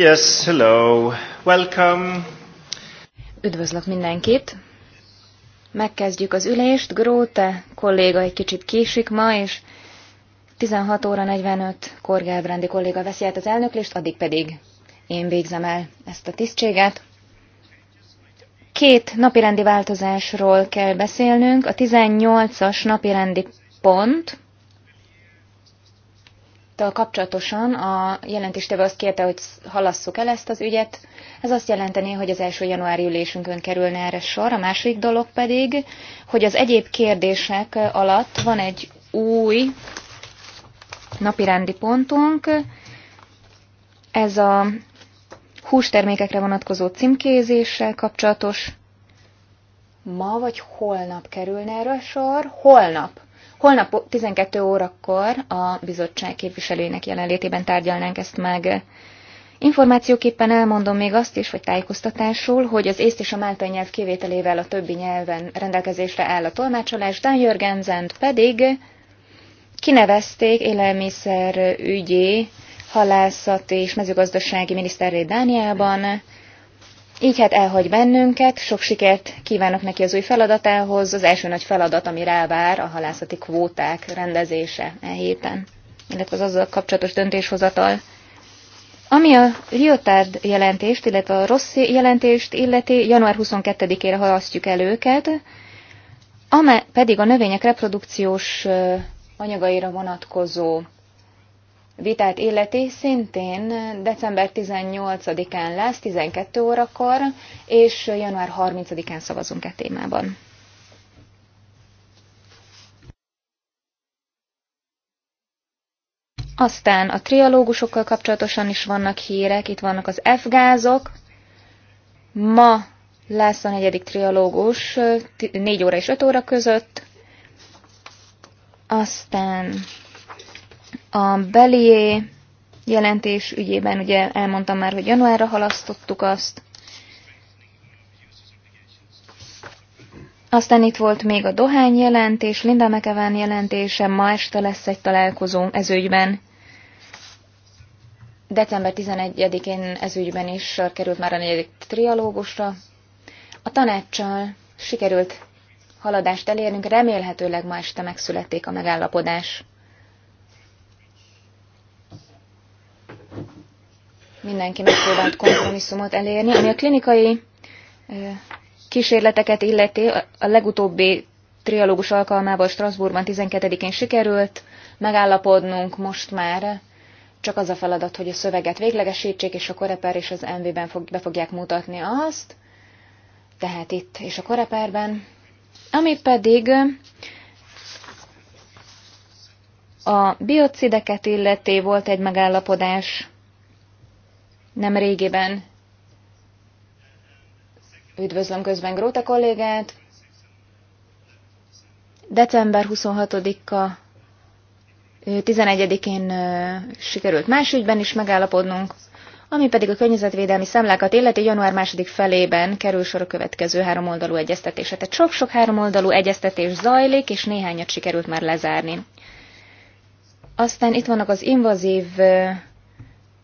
Yes, hello. Welcome. Üdvözlök mindenkit. Megkezdjük az ülést. Gróte kolléga egy kicsit késik ma, és 16 óra 45 Korgelbrendi kolléga veszi át az elnöklést, addig pedig én végzem el ezt a tisztséget. Két napirendi változásról kell beszélnünk. A 18-as napirendi pont, kapcsolatosan a jelentéstevő azt kérte, hogy halasszuk el ezt az ügyet. Ez azt jelenteni, hogy az első januári ülésünkön kerülne erre sor. A másik dolog pedig, hogy az egyéb kérdések alatt van egy új napirendi pontunk. Ez a hústermékekre vonatkozó címkézéssel kapcsolatos. Ma vagy holnap kerülne erre sor? Holnap! Holnap 12 órakor a bizottság képviselőinek jelenlétében tárgyalnánk ezt meg. Információképpen elmondom még azt is, hogy tájékoztatásul, hogy az észt és a máltai nyelv kivételével a többi nyelven rendelkezésre áll a tolmácsolás, Dan Jörgenzent pedig kinevezték élelmiszer ügyi, halászat és mezőgazdasági miniszterré Dániában, így hát elhagy bennünket, sok sikert kívánok neki az új feladatához, az első nagy feladat, ami rávár, a halászati kvóták rendezése e héten, illetve az azzal kapcsolatos döntéshozatal. Ami a Riotard jelentést, illetve a rossz jelentést illeti, január 22-ére halasztjuk el őket, amely pedig a növények reprodukciós anyagaira vonatkozó vitát illeti, szintén december 18-án lesz, 12 órakor, és január 30-án szavazunk e témában. Aztán a trialógusokkal kapcsolatosan is vannak hírek, itt vannak az F-gázok. Ma lesz a negyedik trialógus 4 óra és 5 óra között. Aztán a Belié jelentés ügyében ugye elmondtam már, hogy januárra halasztottuk azt. Aztán itt volt még a Dohány jelentés, Linda McEwan jelentése, ma este lesz egy találkozó ezügyben. December 11-én ezügyben is sor került már a negyedik trialógusra. A tanácssal sikerült haladást elérnünk, remélhetőleg ma este megszületik a megállapodás. mindenki megpróbált kompromisszumot elérni. Ami a klinikai kísérleteket illeti, a legutóbbi trialógus alkalmával Strasbourgban 12-én sikerült megállapodnunk most már, csak az a feladat, hogy a szöveget véglegesítsék, és a Koreper és az MV-ben fog, be fogják mutatni azt, tehát itt és a Koreperben. Ami pedig a biocideket illeté volt egy megállapodás nem régiben üdvözlöm közben Gróta kollégát. December 26-a 11-én sikerült más ügyben is megállapodnunk, ami pedig a környezetvédelmi számlákat illeti január második felében kerül sor a következő háromoldalú egyeztetésre. Tehát sok-sok háromoldalú egyeztetés zajlik, és néhányat sikerült már lezárni. Aztán itt vannak az invazív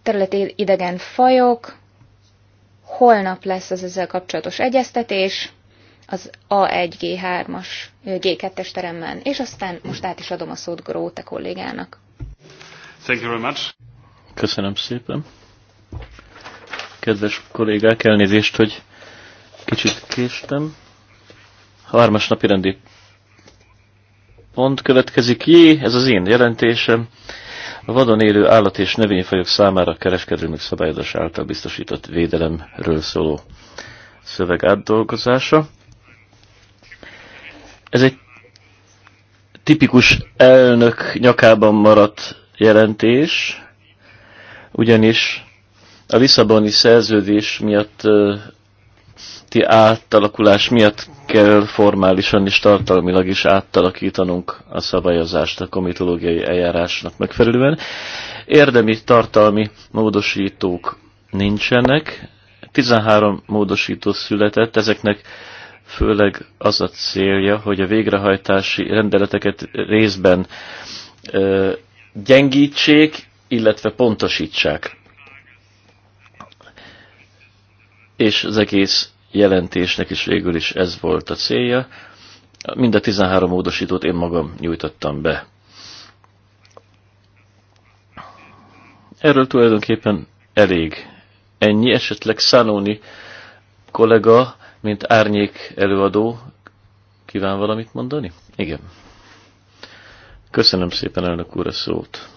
területi idegen fajok, holnap lesz az ezzel kapcsolatos egyeztetés, az A1G3-as, G2-es teremben, és aztán most át is adom a szót Gróte kollégának. Thank you very much. Köszönöm szépen. Kedves kollégák, elnézést, hogy kicsit késtem. Hármas napi rendi pont következik. Jé, ez az én jelentésem a vadon élő állat és növényfajok számára kereskedelmi szabályozás által biztosított védelemről szóló szöveg átdolgozása. Ez egy tipikus elnök nyakában maradt jelentés, ugyanis a Lisszaboni szerződés miatt szervezeti átalakulás miatt kell formálisan és tartalmilag is áttalakítanunk a szabályozást a komitológiai eljárásnak megfelelően. Érdemi tartalmi módosítók nincsenek. 13 módosító született, ezeknek főleg az a célja, hogy a végrehajtási rendeleteket részben ö, gyengítsék, illetve pontosítsák. És az egész jelentésnek is végül is ez volt a célja. Mind a 13 módosítót én magam nyújtottam be. Erről tulajdonképpen elég ennyi, esetleg Szánóni kollega, mint árnyék előadó, kíván valamit mondani? Igen. Köszönöm szépen, elnök úr, a szót.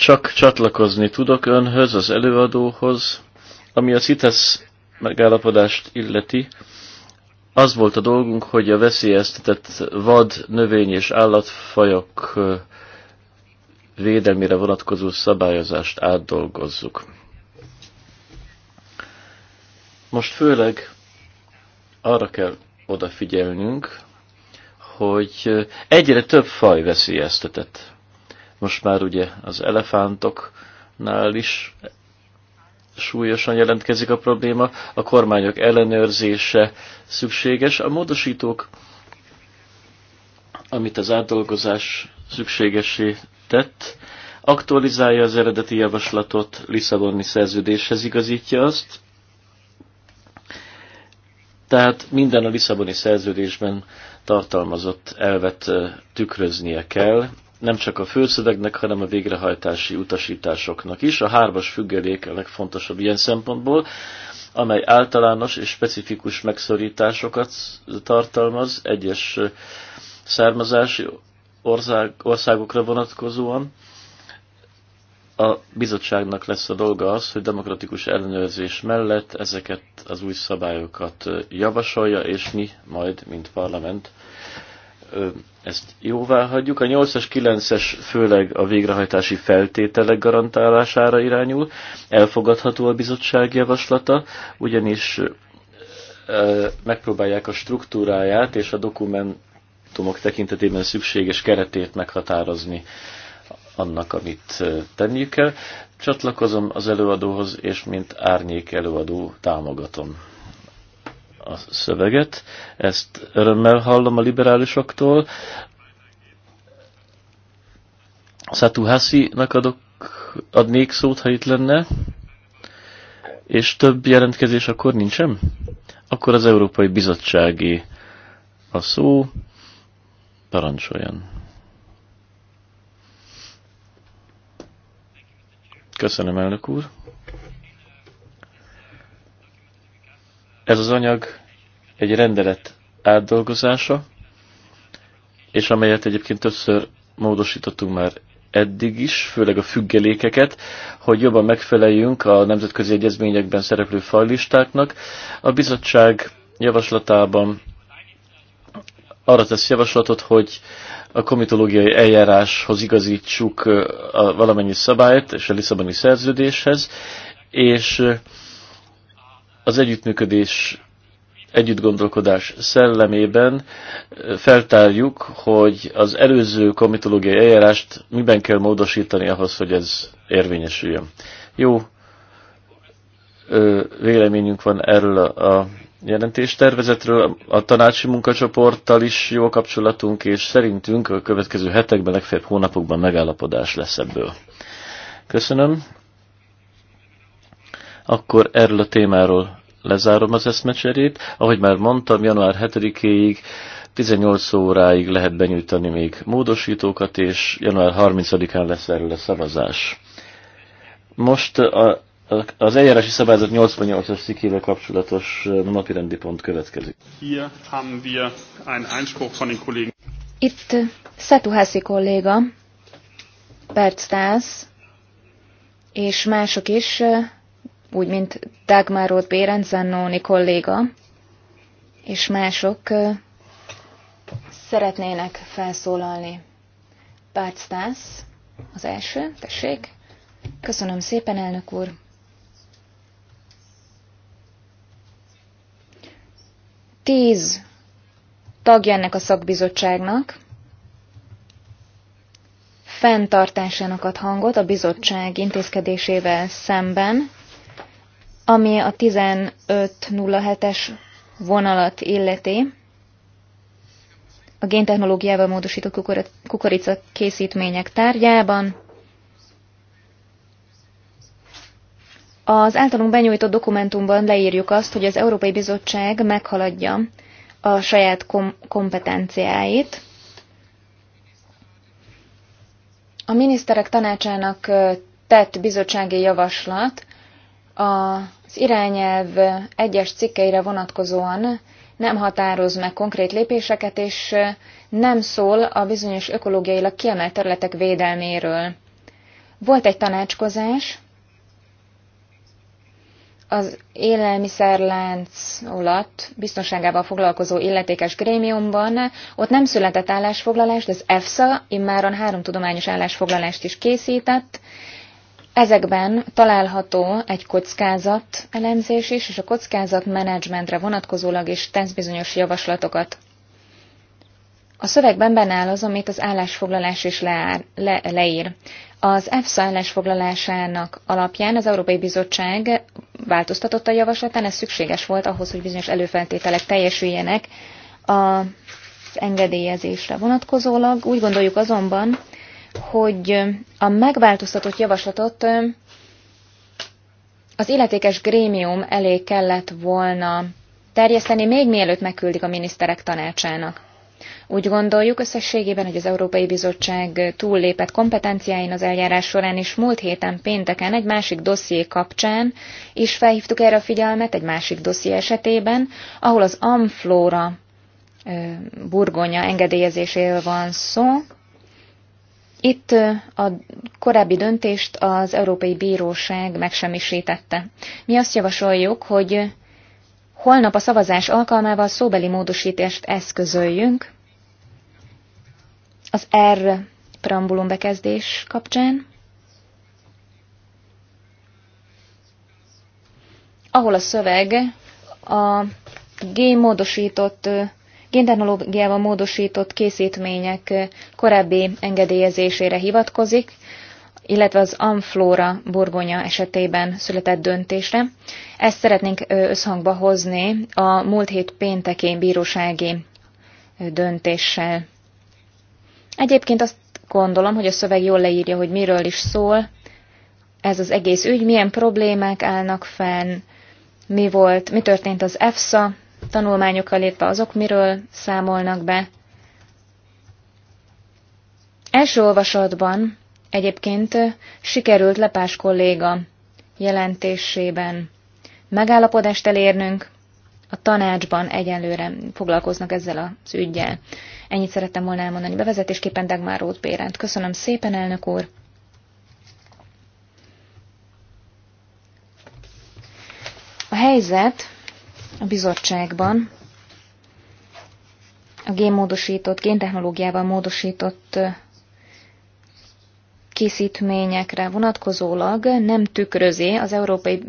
Csak csatlakozni tudok önhöz, az előadóhoz, ami a CITES megállapodást illeti. Az volt a dolgunk, hogy a veszélyeztetett vad, növény és állatfajok védelmére vonatkozó szabályozást átdolgozzuk. Most főleg arra kell odafigyelnünk, hogy egyre több faj veszélyeztetett. Most már ugye az elefántoknál is súlyosan jelentkezik a probléma, a kormányok ellenőrzése szükséges. A módosítók, amit az átdolgozás szükségesé tett, aktualizálja az eredeti javaslatot, Lisszaboni szerződéshez igazítja azt, tehát minden a Lisszaboni szerződésben tartalmazott elvet tükröznie kell, nem csak a főszövegnek, hanem a végrehajtási utasításoknak is. A hármas függelék a legfontosabb ilyen szempontból, amely általános és specifikus megszorításokat tartalmaz egyes származási ország, országokra vonatkozóan. A bizottságnak lesz a dolga az, hogy demokratikus ellenőrzés mellett ezeket az új szabályokat javasolja, és mi majd, mint parlament, ezt jóvá hagyjuk. A 8-as, 9-es főleg a végrehajtási feltételek garantálására irányul. Elfogadható a bizottság javaslata, ugyanis megpróbálják a struktúráját és a dokumentumok tekintetében szükséges keretét meghatározni annak, amit tenniük kell. Csatlakozom az előadóhoz, és mint árnyék előadó támogatom a szöveget. Ezt örömmel hallom a liberálisoktól. Satu Hassi-nak adok, adnék szót, ha itt lenne. És több jelentkezés akkor nincsen? Akkor az Európai Bizottsági a szó. Parancsoljon. Köszönöm, elnök úr. Ez az anyag egy rendelet átdolgozása, és amelyet egyébként többször módosítottunk már eddig is, főleg a függelékeket, hogy jobban megfeleljünk a nemzetközi egyezményekben szereplő fajlistáknak. A bizottság javaslatában arra tesz javaslatot, hogy a komitológiai eljáráshoz igazítsuk a valamennyi szabályt és a Lisszaboni szerződéshez, és az együttműködés, együttgondolkodás szellemében feltárjuk, hogy az előző komitológiai eljárást miben kell módosítani ahhoz, hogy ez érvényesüljön. Jó véleményünk van erről a tervezetről, a tanácsi munkacsoporttal is jó kapcsolatunk, és szerintünk a következő hetekben, legfeljebb hónapokban megállapodás lesz ebből. Köszönöm. Akkor erről a témáról lezárom az eszmecserét. Ahogy már mondtam, január 7-éig 18 óráig lehet benyújtani még módosítókat, és január 30-án lesz erről a szavazás. Most a, a, az eljárási szabályzat 88-as szikével kapcsolatos uh, napirendi pont következik. Itt uh, Szetuhászi kolléga, Perc Stász és mások is uh, úgy mint Dagmarot Bérenzennóni kolléga és mások szeretnének felszólalni. Bárt Stász az első, tessék. Köszönöm szépen, elnök úr. Tíz tagja ennek a szakbizottságnak, fenntartásának ad hangot a bizottság intézkedésével szemben, ami a 1507-es vonalat illeti, a géntechnológiával módosított kukorica készítmények tárgyában, Az általunk benyújtott dokumentumban leírjuk azt, hogy az Európai Bizottság meghaladja a saját kom kompetenciáit. A miniszterek tanácsának tett bizottsági javaslat a az irányelv egyes cikkeire vonatkozóan nem határoz meg konkrét lépéseket, és nem szól a bizonyos ökológiailag kiemelt területek védelméről. Volt egy tanácskozás, az élelmiszerlánc alatt biztonságával foglalkozó illetékes grémiumban, ott nem született állásfoglalást, az EFSA immáron három tudományos állásfoglalást is készített, Ezekben található egy kockázat elemzés is, és a kockázat menedzsmentre vonatkozólag is tesz bizonyos javaslatokat. A szövegben benne áll az, amit az állásfoglalás is leár, le, leír. Az EFSA állásfoglalásának alapján az Európai Bizottság változtatott a javaslatán, ez szükséges volt ahhoz, hogy bizonyos előfeltételek teljesüljenek az engedélyezésre vonatkozólag. Úgy gondoljuk azonban, hogy a megváltoztatott javaslatot az illetékes grémium elé kellett volna terjeszteni, még mielőtt megküldik a miniszterek tanácsának. Úgy gondoljuk összességében, hogy az Európai Bizottság túllépett kompetenciáin az eljárás során, és múlt héten pénteken egy másik dosszié kapcsán is felhívtuk erre a figyelmet, egy másik dosszié esetében, ahol az Amflora burgonya engedélyezéséről van szó, itt a korábbi döntést az Európai Bíróság megsemmisítette. Mi azt javasoljuk, hogy holnap a szavazás alkalmával szóbeli módosítást eszközöljünk az R preambulum bekezdés kapcsán, ahol a szöveg a G módosított géntenológiával módosított készítmények korábbi engedélyezésére hivatkozik, illetve az Amflora burgonya esetében született döntésre. Ezt szeretnénk összhangba hozni a múlt hét péntekén bírósági döntéssel. Egyébként azt gondolom, hogy a szöveg jól leírja, hogy miről is szól ez az egész ügy, milyen problémák állnak fenn, mi volt, mi történt az EFSA tanulmányokkal lépve azok miről számolnak be. Első olvasatban egyébként sikerült Lepás kolléga jelentésében megállapodást elérnünk, a tanácsban egyelőre foglalkoznak ezzel az ügyjel. Ennyit szerettem volna elmondani bevezetésképpen Dagmar Rót Bérent. Köszönöm szépen, elnök úr! A helyzet a bizottságban a génmódosított, géntechnológiával módosított készítményekre vonatkozólag nem tükrözi az Európai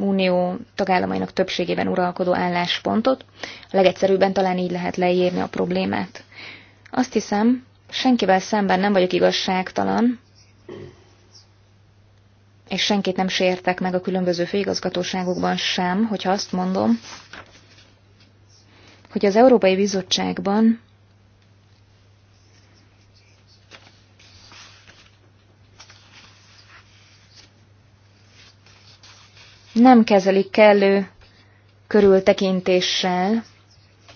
Unió tagállamainak többségében uralkodó álláspontot. Legegyszerűbben talán így lehet leírni a problémát. Azt hiszem, senkivel szemben nem vagyok igazságtalan, és senkit nem sértek meg a különböző főigazgatóságokban sem, hogyha azt mondom, hogy az Európai Bizottságban nem kezelik kellő körültekintéssel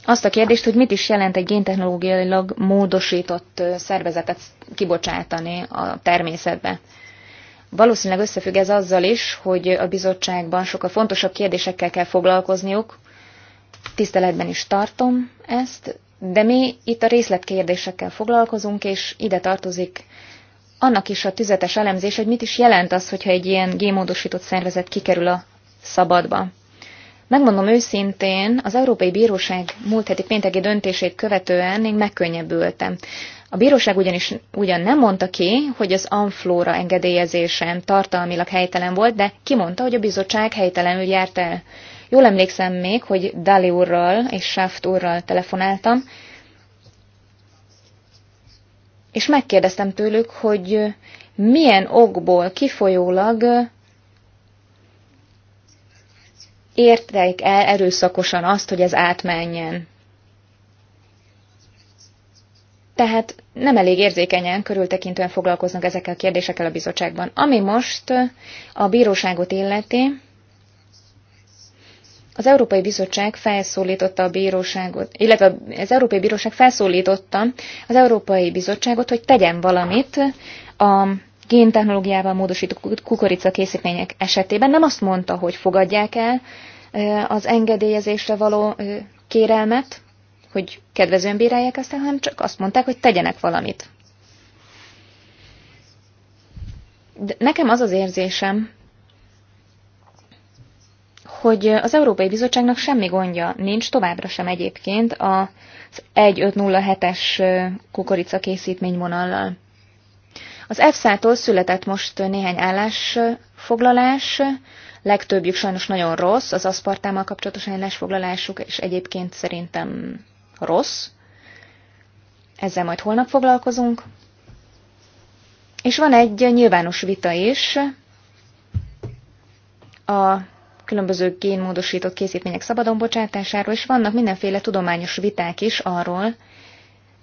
azt a kérdést, hogy mit is jelent egy géntechnológiailag módosított szervezetet kibocsátani a természetbe. Valószínűleg összefügg ez azzal is, hogy a bizottságban sokkal fontosabb kérdésekkel kell foglalkozniuk. Tiszteletben is tartom ezt, de mi itt a részletkérdésekkel foglalkozunk, és ide tartozik annak is a tüzetes elemzés, hogy mit is jelent az, hogyha egy ilyen gémódosított szervezet kikerül a szabadba. Megmondom őszintén, az Európai Bíróság múlt heti pénteki döntését követően még megkönnyebbültem. A bíróság ugyanis ugyan nem mondta ki, hogy az Anflóra engedélyezésen tartalmilag helytelen volt, de kimondta, hogy a bizottság helytelenül járt el. Jól emlékszem még, hogy Dali úrral és Shaft úrral telefonáltam, és megkérdeztem tőlük, hogy milyen okból kifolyólag értek el erőszakosan azt, hogy ez átmenjen tehát nem elég érzékenyen, körültekintően foglalkoznak ezekkel a kérdésekkel a bizottságban. Ami most a bíróságot illeti, az Európai Bizottság felszólította a bíróságot, illetve az Európai Bíróság felszólította az Európai Bizottságot, hogy tegyen valamit a géntechnológiával módosított kukorica készítmények esetében. Nem azt mondta, hogy fogadják el az engedélyezésre való kérelmet, hogy kedvezően bírálják aztán, hanem csak azt mondták, hogy tegyenek valamit. De nekem az az érzésem, hogy az Európai Bizottságnak semmi gondja nincs továbbra sem egyébként az 1507-es kukoricakészítmény vonallal. Az EFSA-tól született most néhány állásfoglalás, legtöbbjük sajnos nagyon rossz, az aszpartámmal kapcsolatos állásfoglalásuk, és egyébként szerintem rossz, ezzel majd holnap foglalkozunk. És van egy nyilvános vita is a különböző génmódosított készítmények szabadon bocsátásáról, és vannak mindenféle tudományos viták is arról,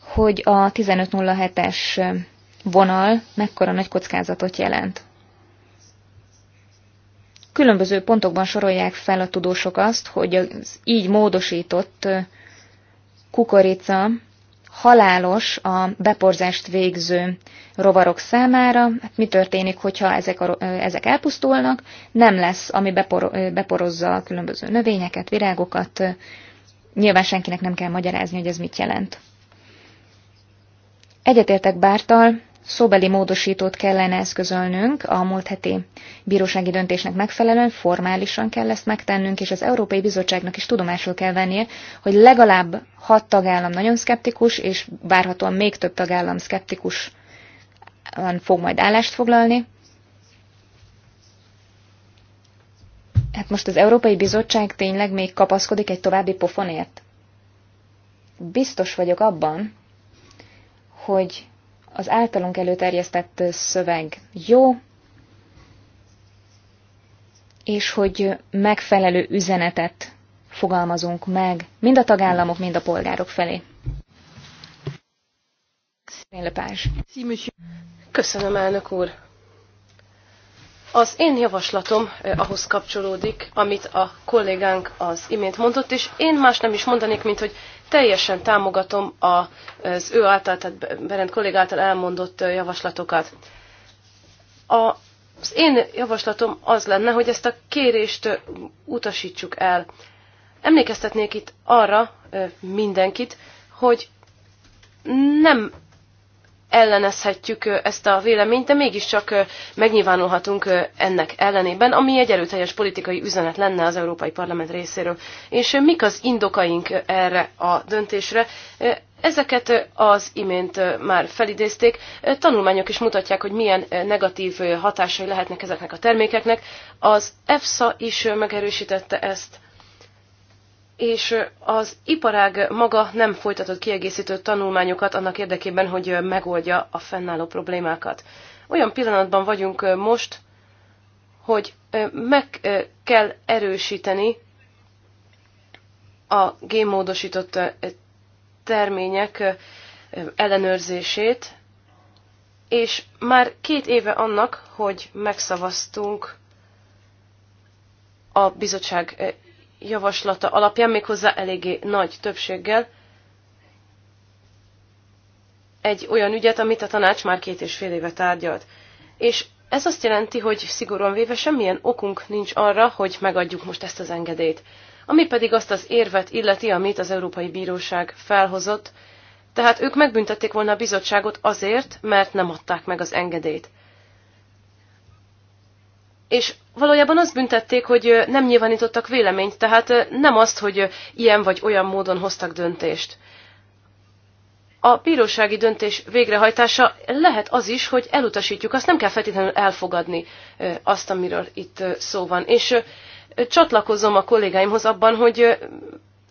hogy a 1507-es vonal mekkora nagy kockázatot jelent. Különböző pontokban sorolják fel a tudósok azt, hogy az így módosított kukorica halálos a beporzást végző rovarok számára. Hát mi történik, hogyha ezek, a, ezek elpusztulnak? Nem lesz, ami bepor, beporozza a különböző növényeket, virágokat. Nyilván senkinek nem kell magyarázni, hogy ez mit jelent. Egyetértek Bártal, szóbeli módosítót kellene eszközölnünk a múlt heti bírósági döntésnek megfelelően, formálisan kell ezt megtennünk, és az Európai Bizottságnak is tudomásul kell vennie, hogy legalább hat tagállam nagyon szkeptikus, és várhatóan még több tagállam szkeptikus fog majd állást foglalni. Hát most az Európai Bizottság tényleg még kapaszkodik egy további pofonért? Biztos vagyok abban, hogy az általunk előterjesztett szöveg jó, és hogy megfelelő üzenetet fogalmazunk meg mind a tagállamok, mind a polgárok felé. Köszönöm, elnök úr! Az én javaslatom eh, ahhoz kapcsolódik, amit a kollégánk az imént mondott, és én más nem is mondanék, mint hogy teljesen támogatom az ő által, tehát Berend kollég által elmondott javaslatokat. A az én javaslatom az lenne, hogy ezt a kérést utasítsuk el. Emlékeztetnék itt arra mindenkit, hogy nem ellenezhetjük ezt a véleményt, de mégiscsak megnyilvánulhatunk ennek ellenében, ami egy erőteljes politikai üzenet lenne az Európai Parlament részéről. És mik az indokaink erre a döntésre? Ezeket az imént már felidézték. Tanulmányok is mutatják, hogy milyen negatív hatásai lehetnek ezeknek a termékeknek. Az EFSA is megerősítette ezt és az iparág maga nem folytatott kiegészítő tanulmányokat annak érdekében, hogy megoldja a fennálló problémákat. Olyan pillanatban vagyunk most, hogy meg kell erősíteni a gémmódosított termények ellenőrzését, és már két éve annak, hogy megszavaztunk a bizottság javaslata alapján méghozzá eléggé nagy többséggel egy olyan ügyet, amit a tanács már két és fél éve tárgyalt. És ez azt jelenti, hogy szigorúan véve semmilyen okunk nincs arra, hogy megadjuk most ezt az engedélyt. Ami pedig azt az érvet illeti, amit az Európai Bíróság felhozott, tehát ők megbüntették volna a bizottságot azért, mert nem adták meg az engedélyt és valójában azt büntették, hogy nem nyilvánítottak véleményt, tehát nem azt, hogy ilyen vagy olyan módon hoztak döntést. A bírósági döntés végrehajtása lehet az is, hogy elutasítjuk, azt nem kell feltétlenül elfogadni azt, amiről itt szó van. És csatlakozom a kollégáimhoz abban, hogy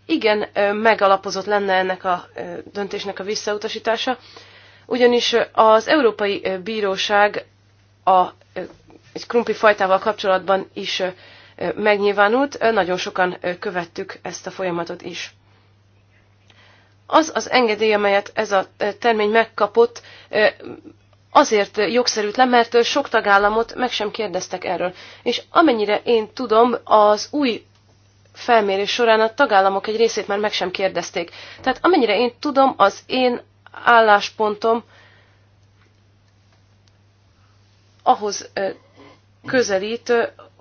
igen, megalapozott lenne ennek a döntésnek a visszautasítása, ugyanis az Európai Bíróság a egy krumpli fajtával kapcsolatban is megnyilvánult, nagyon sokan követtük ezt a folyamatot is. Az az engedély, amelyet ez a termény megkapott, azért jogszerűtlen, mert sok tagállamot meg sem kérdeztek erről. És amennyire én tudom, az új felmérés során a tagállamok egy részét már meg sem kérdezték. Tehát amennyire én tudom, az én álláspontom ahhoz közelít,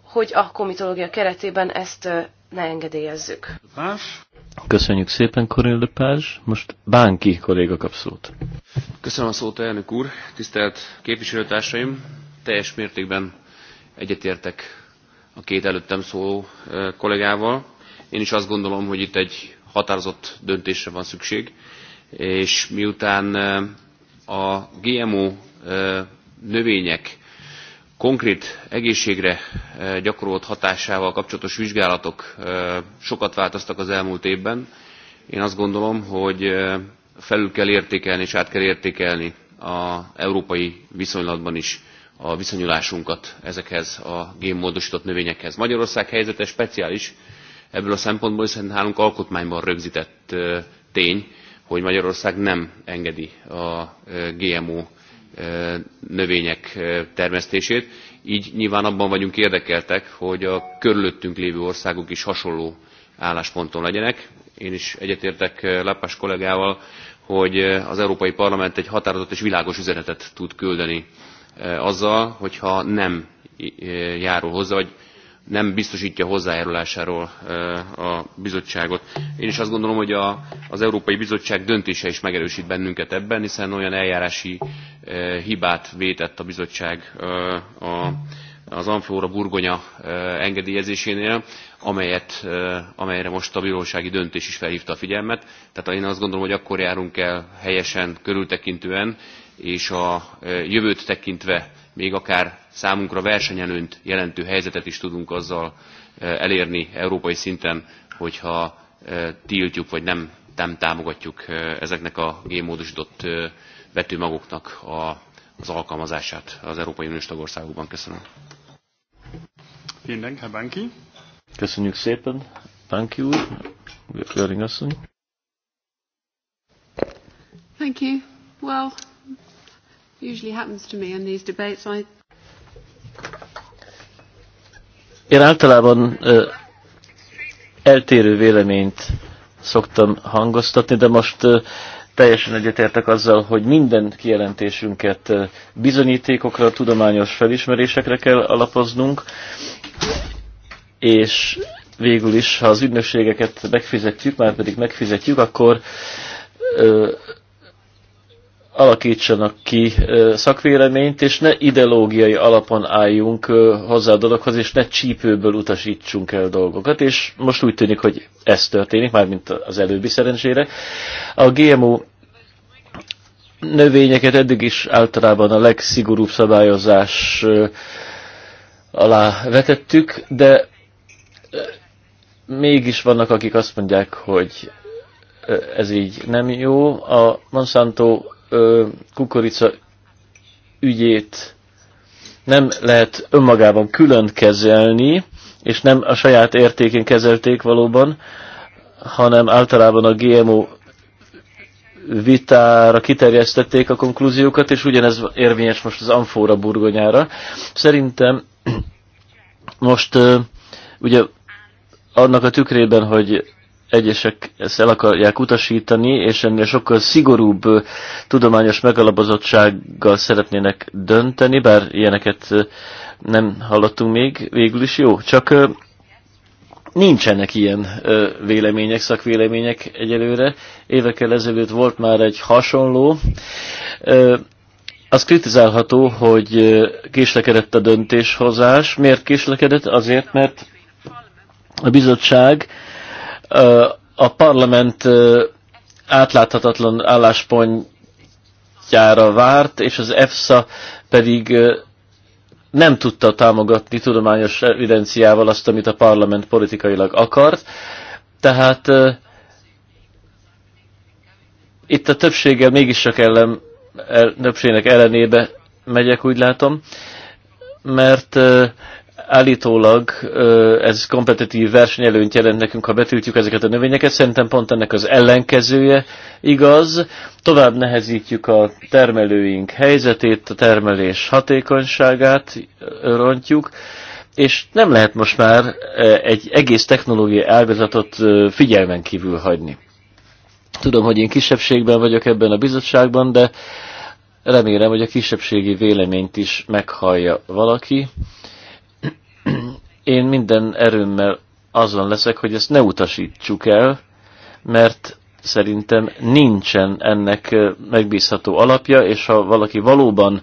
hogy a komitológia keretében ezt ne engedélyezzük. Köszönjük szépen, Corinne Lepage. Most Bánki kolléga kap szót. Köszönöm a szót, elnök úr. Tisztelt képviselőtársaim, teljes mértékben egyetértek a két előttem szóló kollégával. Én is azt gondolom, hogy itt egy határozott döntésre van szükség, és miután a GMO növények konkrét egészségre eh, gyakorolt hatásával kapcsolatos vizsgálatok eh, sokat változtak az elmúlt évben. Én azt gondolom, hogy eh, felül kell értékelni és át kell értékelni az európai viszonylatban is a viszonyulásunkat ezekhez a génmódosított növényekhez. Magyarország helyzete speciális ebből a szempontból, hiszen nálunk alkotmányban rögzített tény, hogy Magyarország nem engedi a GMO növények termesztését. Így nyilván abban vagyunk érdekeltek, hogy a körülöttünk lévő országok is hasonló állásponton legyenek. Én is egyetértek Lápás kollégával, hogy az Európai Parlament egy határozott és világos üzenetet tud küldeni azzal, hogyha nem járul hozzá, vagy nem biztosítja hozzájárulásáról a bizottságot. Én is azt gondolom, hogy a, az Európai Bizottság döntése is megerősít bennünket ebben, hiszen olyan eljárási hibát vétett a bizottság a, az Anflóra burgonya engedélyezésénél, amelyet, amelyre most a bírósági döntés is felhívta a figyelmet. Tehát én azt gondolom, hogy akkor járunk el helyesen, körültekintően, és a e, jövőt tekintve még akár számunkra versenyelőnt jelentő helyzetet is tudunk azzal e, elérni európai szinten, hogyha e, tiltjuk vagy nem, nem támogatjuk ezeknek a gémódosított vetőmagoknak a, az alkalmazását az Európai Uniós tagországokban. Köszönöm. Köszönjük szépen, Banki úr, Göring asszony. Thank you. Well, usually happens to me in these debates. I... Én általában ö, eltérő véleményt szoktam hangoztatni, de most ö, teljesen egyetértek azzal, hogy minden kijelentésünket ö, bizonyítékokra, tudományos felismerésekre kell alapoznunk, és végül is, ha az ügynökségeket megfizetjük, már pedig megfizetjük, akkor ö, alakítsanak ki szakvéleményt, és ne ideológiai alapon álljunk hozzá a dologhoz, és ne csípőből utasítsunk el dolgokat, és most úgy tűnik, hogy ez történik, mármint az előbbi szerencsére. A GMO növényeket eddig is általában a legszigorúbb szabályozás alá vetettük, de mégis vannak, akik azt mondják, hogy ez így nem jó. A Monsanto kukorica ügyét nem lehet önmagában külön kezelni, és nem a saját értékén kezelték valóban, hanem általában a GMO vitára kiterjesztették a konklúziókat, és ugyanez érvényes most az amfóra burgonyára. Szerintem most ugye annak a tükrében, hogy egyesek ezt el akarják utasítani, és ennél sokkal szigorúbb tudományos megalapozottsággal szeretnének dönteni, bár ilyeneket nem hallottunk még, végül is jó, csak nincsenek ilyen vélemények, szakvélemények egyelőre. Évekkel ezelőtt volt már egy hasonló. Az kritizálható, hogy késlekedett a döntéshozás. Miért késlekedett? Azért, mert a bizottság a parlament átláthatatlan álláspontjára várt, és az EFSA pedig nem tudta támogatni tudományos evidenciával azt, amit a parlament politikailag akart. Tehát uh, itt a többséggel mégiscsak ellen, el, többségnek ellenébe megyek, úgy látom, mert uh, állítólag ez kompetitív versenyelőnyt jelent nekünk, ha betiltjuk ezeket a növényeket. Szerintem pont ennek az ellenkezője igaz. Tovább nehezítjük a termelőink helyzetét, a termelés hatékonyságát rontjuk, és nem lehet most már egy egész technológiai ágazatot figyelmen kívül hagyni. Tudom, hogy én kisebbségben vagyok ebben a bizottságban, de remélem, hogy a kisebbségi véleményt is meghallja valaki én minden erőmmel azon leszek, hogy ezt ne utasítsuk el, mert szerintem nincsen ennek megbízható alapja, és ha valaki valóban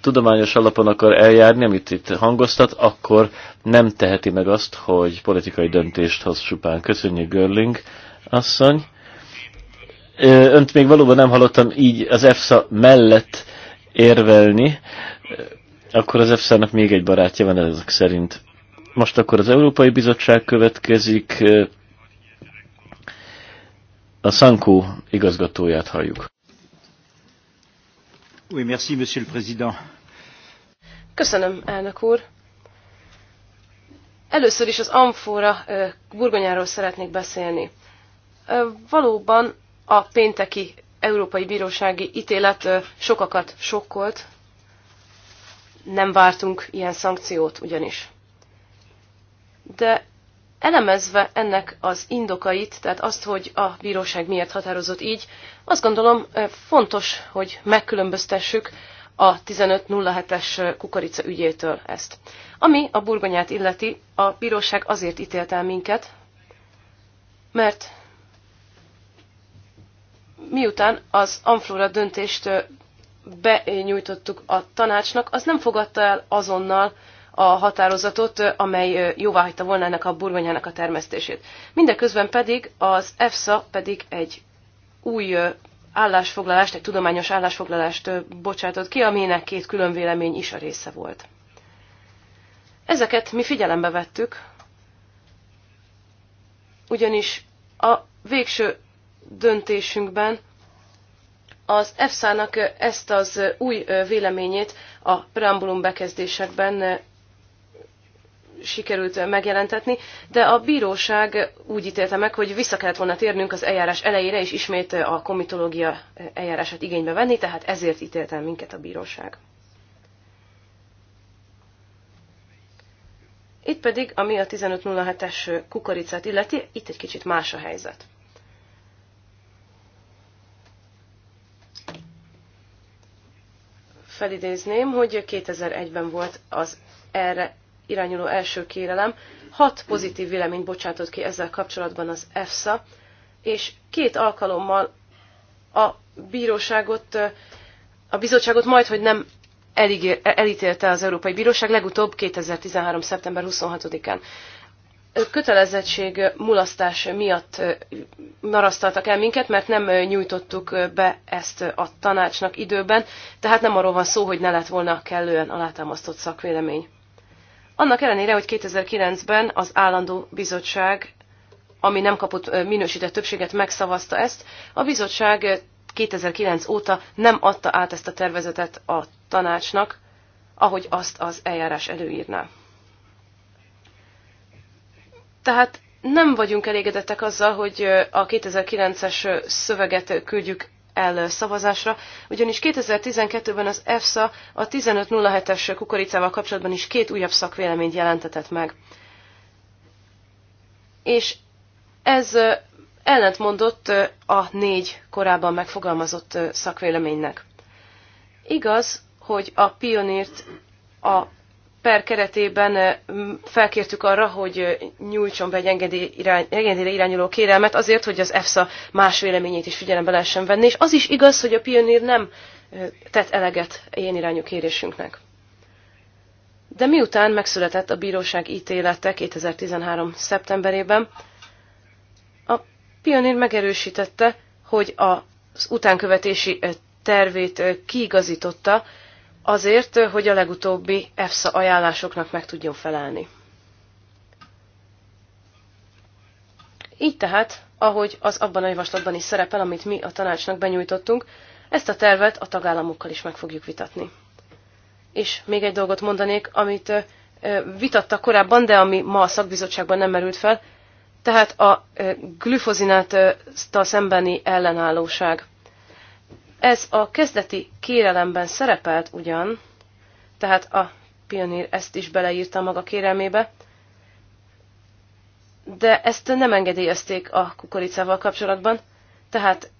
tudományos alapon akar eljárni, amit itt hangoztat, akkor nem teheti meg azt, hogy politikai döntést hoz csupán. Köszönjük, Görling asszony. Önt még valóban nem hallottam így az EFSA mellett érvelni, akkor az EFSA-nak még egy barátja van ezek szerint. Most akkor az Európai Bizottság következik. A Sankó igazgatóját halljuk. Oui, merci, monsieur le président. Köszönöm, elnök úr. Először is az amfóra burgonyáról szeretnék beszélni. Valóban a pénteki Európai Bírósági ítélet sokakat sokkolt. Nem vártunk ilyen szankciót ugyanis de elemezve ennek az indokait, tehát azt, hogy a bíróság miért határozott így, azt gondolom eh, fontos, hogy megkülönböztessük a 1507-es eh, kukorica ügyétől ezt. Ami a burgonyát illeti, a bíróság azért ítélt el minket, mert miután az Amflora döntést eh, benyújtottuk a tanácsnak, az nem fogadta el azonnal a határozatot, amely jóváhagyta volna ennek a burgonyának a termesztését. Mindeközben pedig az EFSA pedig egy új állásfoglalást, egy tudományos állásfoglalást bocsátott ki, aminek két külön vélemény is a része volt. Ezeket mi figyelembe vettük, ugyanis a végső döntésünkben az EFSA-nak ezt az új véleményét a preambulum bekezdésekben sikerült megjelentetni, de a bíróság úgy ítélte meg, hogy vissza kellett volna térnünk az eljárás elejére, és ismét a komitológia eljárását igénybe venni, tehát ezért ítélt el minket a bíróság. Itt pedig, ami a 1507-es kukoricát illeti, itt egy kicsit más a helyzet. Felidézném, hogy 2001-ben volt az erre irányuló első kérelem, hat pozitív véleményt bocsátott ki ezzel kapcsolatban az EFSA, és két alkalommal a bíróságot, a bizottságot majd, hogy nem e, elítélte az Európai Bíróság, legutóbb 2013. szeptember 26-án. Kötelezettség mulasztás miatt narasztaltak el minket, mert nem nyújtottuk be ezt a tanácsnak időben, tehát nem arról van szó, hogy ne lett volna kellően alátámasztott szakvélemény. Annak ellenére, hogy 2009-ben az állandó bizottság, ami nem kapott minősített többséget, megszavazta ezt, a bizottság 2009 óta nem adta át ezt a tervezetet a tanácsnak, ahogy azt az eljárás előírná. Tehát nem vagyunk elégedettek azzal, hogy a 2009-es szöveget küldjük el szavazásra, ugyanis 2012-ben az EFSA a 1507-es kukoricával kapcsolatban is két újabb szakvéleményt jelentetett meg. És ez ellentmondott a négy korábban megfogalmazott szakvéleménynek. Igaz, hogy a pionírt a per keretében felkértük arra, hogy nyújtson be egy engedélyre irányuló kérelmet azért, hogy az EFSA más véleményét is figyelembe lehessen venni, és az is igaz, hogy a Pionír nem tett eleget ilyen irányú kérésünknek. De miután megszületett a bíróság ítélete 2013. szeptemberében, a Pionír megerősítette, hogy az utánkövetési tervét kiigazította, azért, hogy a legutóbbi EFSA ajánlásoknak meg tudjon felelni. Így tehát, ahogy az abban a javaslatban is szerepel, amit mi a tanácsnak benyújtottunk, ezt a tervet a tagállamokkal is meg fogjuk vitatni. És még egy dolgot mondanék, amit vitatta korábban, de ami ma a szakbizottságban nem merült fel, tehát a glüfozináttal szembeni ellenállóság. Ez a kezdeti kérelemben szerepelt ugyan, tehát a pionír ezt is beleírta maga kérelmébe, de ezt nem engedélyezték a kukoricával kapcsolatban, tehát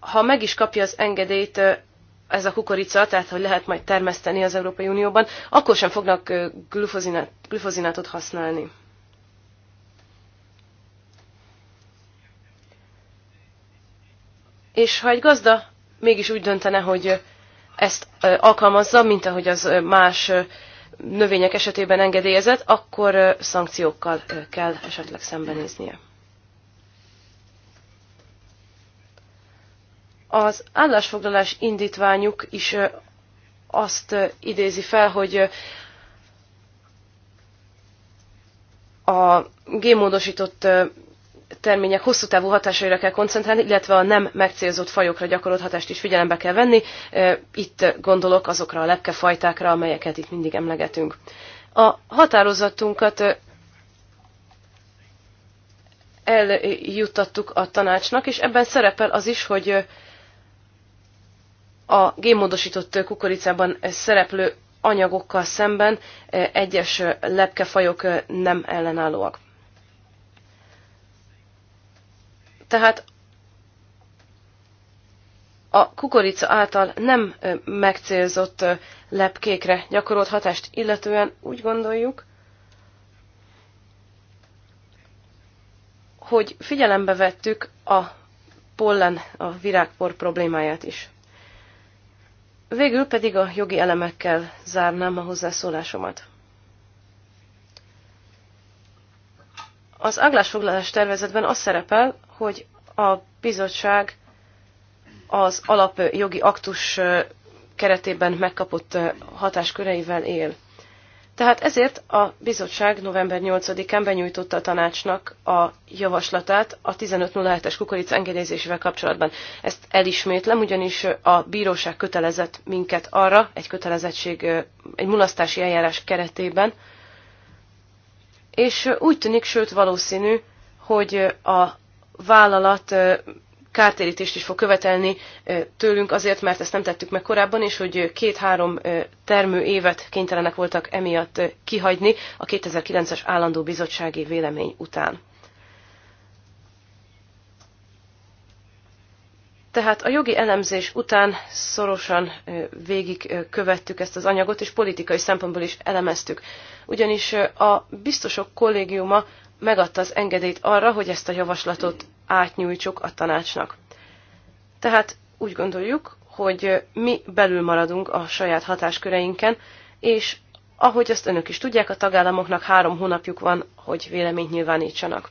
ha meg is kapja az engedélyt ez a kukorica, tehát hogy lehet majd termeszteni az Európai Unióban, akkor sem fognak glufozinátot használni. És ha egy gazda mégis úgy döntene, hogy ezt alkalmazza, mint ahogy az más növények esetében engedélyezett, akkor szankciókkal kell esetleg szembenéznie. Az állásfoglalás indítványuk is azt idézi fel, hogy a gémódosított termények hosszú távú hatásaira kell koncentrálni, illetve a nem megcélzott fajokra gyakorolt hatást is figyelembe kell venni. Itt gondolok azokra a lepkefajtákra, amelyeket itt mindig emlegetünk. A határozatunkat eljuttattuk a tanácsnak, és ebben szerepel az is, hogy a gémmódosított kukoricában szereplő anyagokkal szemben egyes lepkefajok nem ellenállóak. Tehát a kukorica által nem megcélzott lepkékre gyakorolt hatást illetően úgy gondoljuk, hogy figyelembe vettük a pollen, a virágpor problémáját is. Végül pedig a jogi elemekkel zárnám a hozzászólásomat. Az állásfoglalás tervezetben az szerepel, hogy a bizottság az alapjogi aktus keretében megkapott hatásköreivel él. Tehát ezért a bizottság november 8-án benyújtotta a tanácsnak a javaslatát a 1507-es kukoric engedélyezésével kapcsolatban. Ezt elismétlem, ugyanis a bíróság kötelezett minket arra, egy kötelezettség, egy mulasztási eljárás keretében, és úgy tűnik, sőt valószínű, hogy a vállalat kártérítést is fog követelni tőlünk azért, mert ezt nem tettük meg korábban, és hogy két-három termő évet kénytelenek voltak emiatt kihagyni a 2009-es állandó bizottsági vélemény után. Tehát a jogi elemzés után szorosan végig követtük ezt az anyagot, és politikai szempontból is elemeztük. Ugyanis a biztosok kollégiuma megadta az engedélyt arra, hogy ezt a javaslatot átnyújtsuk a tanácsnak. Tehát úgy gondoljuk, hogy mi belül maradunk a saját hatásköreinken, és ahogy azt önök is tudják, a tagállamoknak három hónapjuk van, hogy véleményt nyilvánítsanak.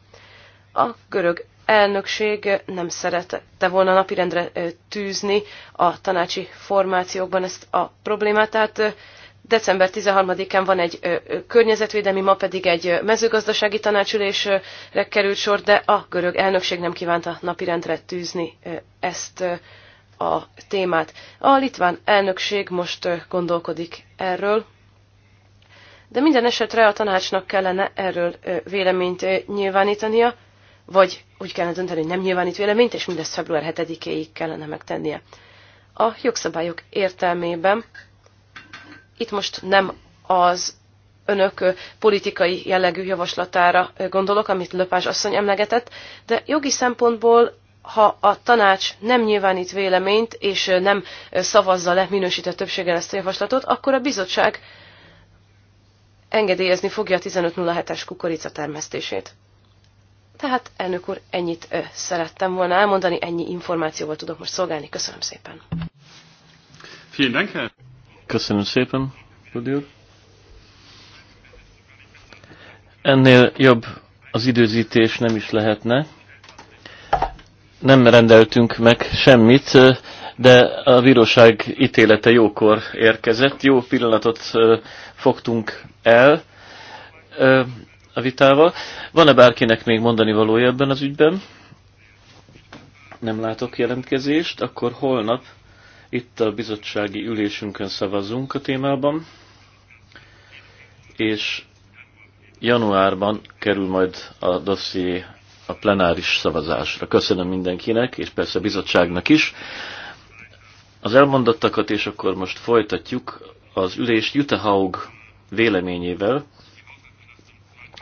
A görög elnökség nem szerette volna napirendre tűzni a tanácsi formációkban ezt a problémát, tehát december 13-án van egy környezetvédelmi, ma pedig egy mezőgazdasági tanácsülésre került sor, de a görög elnökség nem kívánta napirendre tűzni ezt a témát. A litván elnökség most gondolkodik erről, de minden esetre a tanácsnak kellene erről véleményt nyilvánítania, vagy úgy kellene dönteni, hogy nem nyilvánít véleményt, és mindezt február 7-éig kellene megtennie. A jogszabályok értelmében itt most nem az önök politikai jellegű javaslatára gondolok, amit Löpás asszony emlegetett, de jogi szempontból, ha a tanács nem nyilvánít véleményt, és nem szavazza le minősített többséggel ezt a javaslatot, akkor a bizottság engedélyezni fogja a 1507-es kukorica termesztését. Tehát, elnök úr, ennyit ö, szerettem volna elmondani, ennyi információval tudok most szolgálni. Köszönöm szépen. Köszönöm szépen, Rudi úr. Ennél jobb az időzítés nem is lehetne. Nem rendeltünk meg semmit, de a bíróság ítélete jókor érkezett. Jó pillanatot fogtunk el a vitával. Van-e bárkinek még mondani valója ebben az ügyben? Nem látok jelentkezést, akkor holnap itt a bizottsági ülésünkön szavazunk a témában, és januárban kerül majd a dosszié a plenáris szavazásra. Köszönöm mindenkinek, és persze a bizottságnak is. Az elmondottakat, és akkor most folytatjuk az ülést Jutehaug véleményével,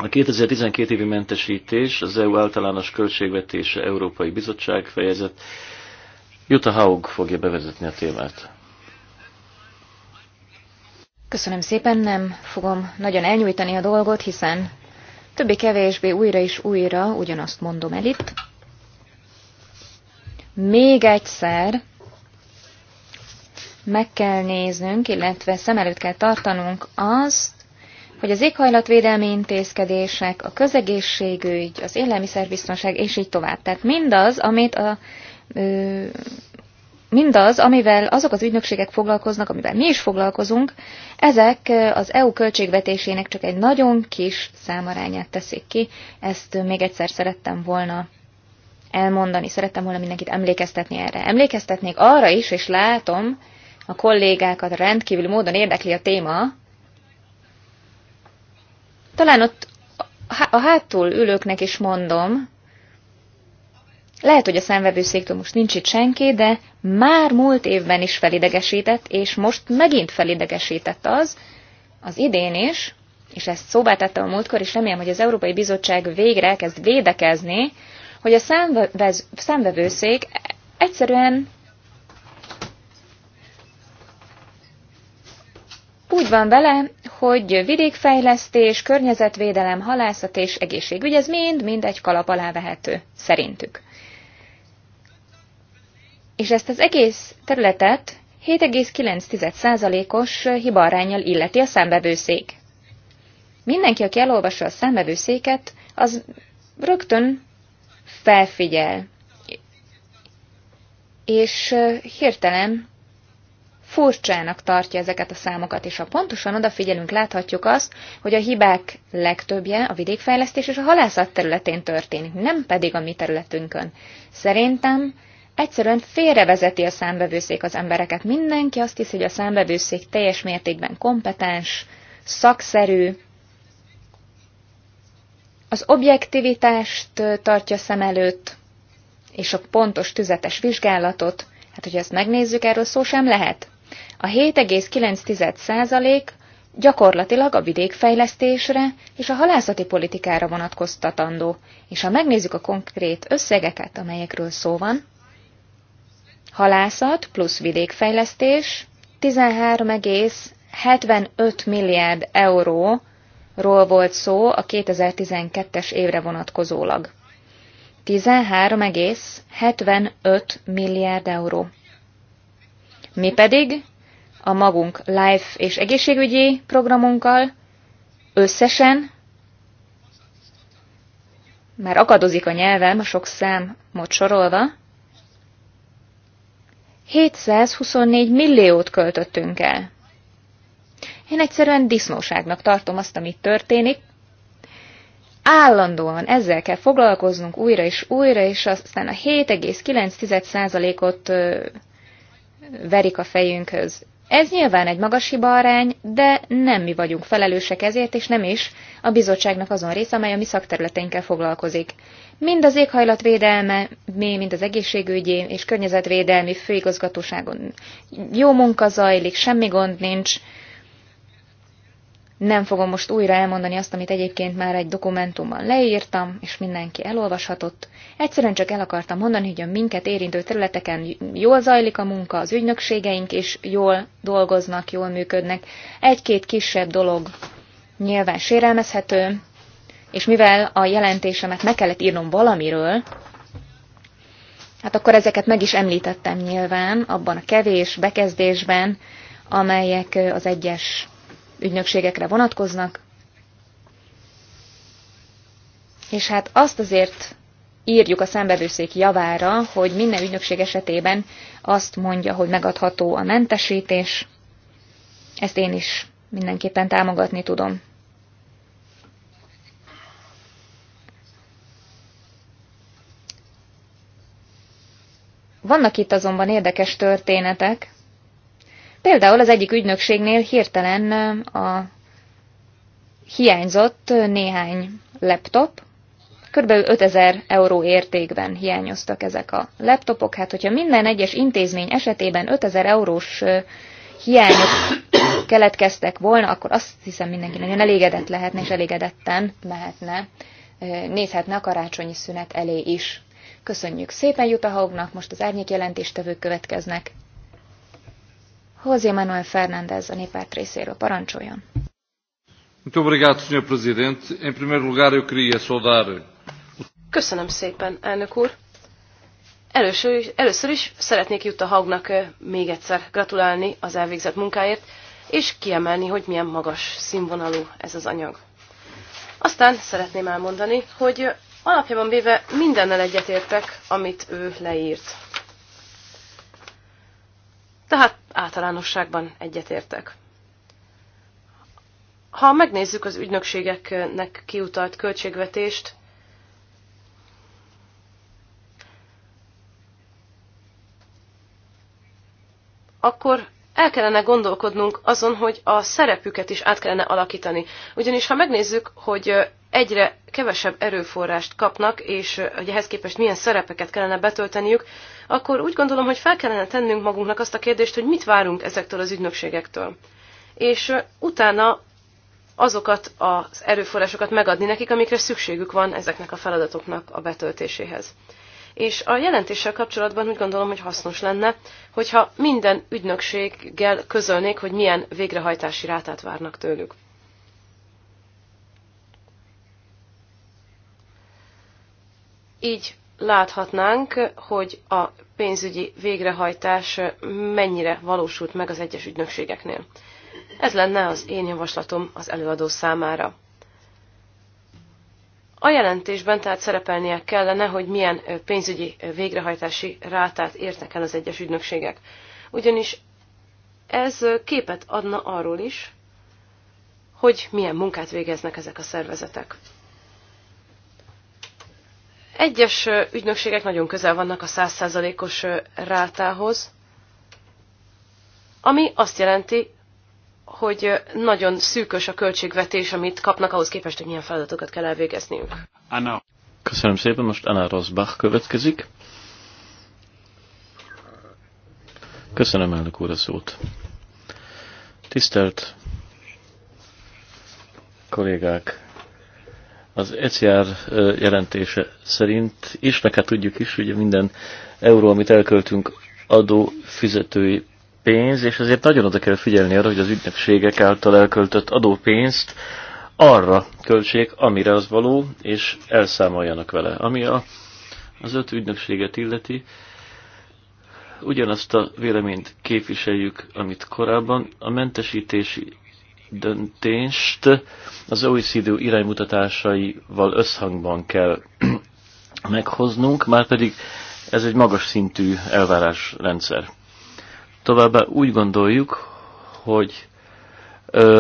a 2012 évi mentesítés az EU általános költségvetése Európai Bizottság fejezet. Jutta Haug fogja bevezetni a témát. Köszönöm szépen, nem fogom nagyon elnyújtani a dolgot, hiszen többé-kevésbé újra és újra ugyanazt mondom el itt. Még egyszer meg kell néznünk, illetve szem előtt kell tartanunk azt, hogy az éghajlatvédelmi intézkedések, a közegészségügy, az élelmiszerbiztonság, és így tovább. Tehát mindaz, amit a, ö, mindaz, amivel azok az ügynökségek foglalkoznak, amivel mi is foglalkozunk, ezek az EU költségvetésének csak egy nagyon kis számarányát teszik ki. Ezt még egyszer szerettem volna elmondani, szerettem volna mindenkit emlékeztetni erre. Emlékeztetnék arra is, és látom, a kollégákat rendkívül módon érdekli a téma, talán ott a hátul ülőknek is mondom, lehet, hogy a szenvedőszéktől most nincs itt senki, de már múlt évben is felidegesített, és most megint felidegesített az, az idén is, és ezt szóvá tette a múltkor, és remélem, hogy az Európai Bizottság végre elkezd védekezni, hogy a szenvevőszék egyszerűen úgy van vele, hogy vidékfejlesztés, környezetvédelem, halászat és egészségügy, ez mind-mind egy kalap alá vehető, szerintük. És ezt az egész területet 7,9%-os hibarányjal illeti a szembevőszék. Mindenki, aki elolvassa a szembevőszéket, az rögtön felfigyel, és hirtelen furcsának tartja ezeket a számokat, és ha pontosan odafigyelünk, láthatjuk azt, hogy a hibák legtöbbje a vidékfejlesztés és a halászat területén történik, nem pedig a mi területünkön. Szerintem egyszerűen félrevezeti a számbevőszék az embereket. Mindenki azt hiszi, hogy a számbevőszék teljes mértékben kompetens, szakszerű, az objektivitást tartja szem előtt, és a pontos, tüzetes vizsgálatot, hát hogy ezt megnézzük, erről szó sem lehet. A 7,9% gyakorlatilag a vidékfejlesztésre és a halászati politikára vonatkoztatandó, és ha megnézzük a konkrét összegeket, amelyekről szó van, halászat plusz vidékfejlesztés 13,75 milliárd euróról volt szó a 2012-es évre vonatkozólag. 13,75 milliárd euró. Mi pedig a magunk life és egészségügyi programunkkal összesen, már akadozik a nyelvem a sok számot sorolva, 724 milliót költöttünk el. Én egyszerűen disznóságnak tartom azt, amit történik. Állandóan ezzel kell foglalkoznunk újra és újra, és aztán a 7,9%-ot verik a fejünkhöz. Ez nyilván egy magas hiba arány, de nem mi vagyunk felelősek ezért, és nem is a bizottságnak azon része, amely a mi szakterületeinkkel foglalkozik. Mind az éghajlatvédelme, mi, mind az egészségügyi és környezetvédelmi főigazgatóságon jó munka zajlik, semmi gond nincs, nem fogom most újra elmondani azt, amit egyébként már egy dokumentumban leírtam, és mindenki elolvashatott. Egyszerűen csak el akartam mondani, hogy a minket érintő területeken jól zajlik a munka, az ügynökségeink is jól dolgoznak, jól működnek. Egy-két kisebb dolog nyilván sérelmezhető, és mivel a jelentésemet meg kellett írnom valamiről, hát akkor ezeket meg is említettem nyilván abban a kevés bekezdésben, amelyek az egyes ügynökségekre vonatkoznak. És hát azt azért írjuk a szembevőszék javára, hogy minden ügynökség esetében azt mondja, hogy megadható a mentesítés. Ezt én is mindenképpen támogatni tudom. Vannak itt azonban érdekes történetek, Például az egyik ügynökségnél hirtelen a hiányzott néhány laptop, kb. 5000 euró értékben hiányoztak ezek a laptopok. Hát, hogyha minden egyes intézmény esetében 5000 eurós hiányok keletkeztek volna, akkor azt hiszem mindenki nagyon elégedett lehetne, és elégedetten lehetne, nézhetne a karácsonyi szünet elé is. Köszönjük szépen Jutta most az árnyék jelentéstevők következnek. José Manuel Fernández a néppárt részéről parancsoljon. Köszönöm szépen, elnök úr. Először is, először is szeretnék Jutta Haugnak még egyszer gratulálni az elvégzett munkáért, és kiemelni, hogy milyen magas színvonalú ez az anyag. Aztán szeretném elmondani, hogy alapjában véve mindennel egyetértek, amit ő leírt tehát általánosságban egyetértek. Ha megnézzük az ügynökségeknek kiutalt költségvetést, akkor el kellene gondolkodnunk azon, hogy a szerepüket is át kellene alakítani. Ugyanis ha megnézzük, hogy egyre kevesebb erőforrást kapnak, és hogy ehhez képest milyen szerepeket kellene betölteniük, akkor úgy gondolom, hogy fel kellene tennünk magunknak azt a kérdést, hogy mit várunk ezektől az ügynökségektől. És utána azokat az erőforrásokat megadni nekik, amikre szükségük van ezeknek a feladatoknak a betöltéséhez. És a jelentéssel kapcsolatban úgy gondolom, hogy hasznos lenne, hogyha minden ügynökséggel közölnék, hogy milyen végrehajtási rátát várnak tőlük. Így láthatnánk, hogy a pénzügyi végrehajtás mennyire valósult meg az egyes ügynökségeknél. Ez lenne az én javaslatom az előadó számára. A jelentésben tehát szerepelnie kellene, hogy milyen pénzügyi végrehajtási rátát értek el az egyes ügynökségek. Ugyanis ez képet adna arról is, hogy milyen munkát végeznek ezek a szervezetek. Egyes ügynökségek nagyon közel vannak a 100%-os rátához, ami azt jelenti, hogy nagyon szűkös a költségvetés, amit kapnak ahhoz képest, hogy milyen feladatokat kell elvégezniük. Anna. Köszönöm szépen, most Anna Rosbach következik. Köszönöm elnök úr a szót. Tisztelt kollégák, az ECR jelentése szerint, és meg hát tudjuk is, ugye minden euró, amit elköltünk adó fizetői pénz, és ezért nagyon oda kell figyelni arra, hogy az ügynökségek által elköltött adópénzt arra költsék, amire az való, és elszámoljanak vele. Ami a, az öt ügynökséget illeti, ugyanazt a véleményt képviseljük, amit korábban. A mentesítési döntést az OECD iránymutatásaival összhangban kell meghoznunk, már pedig ez egy magas szintű elvárásrendszer. Továbbá úgy gondoljuk, hogy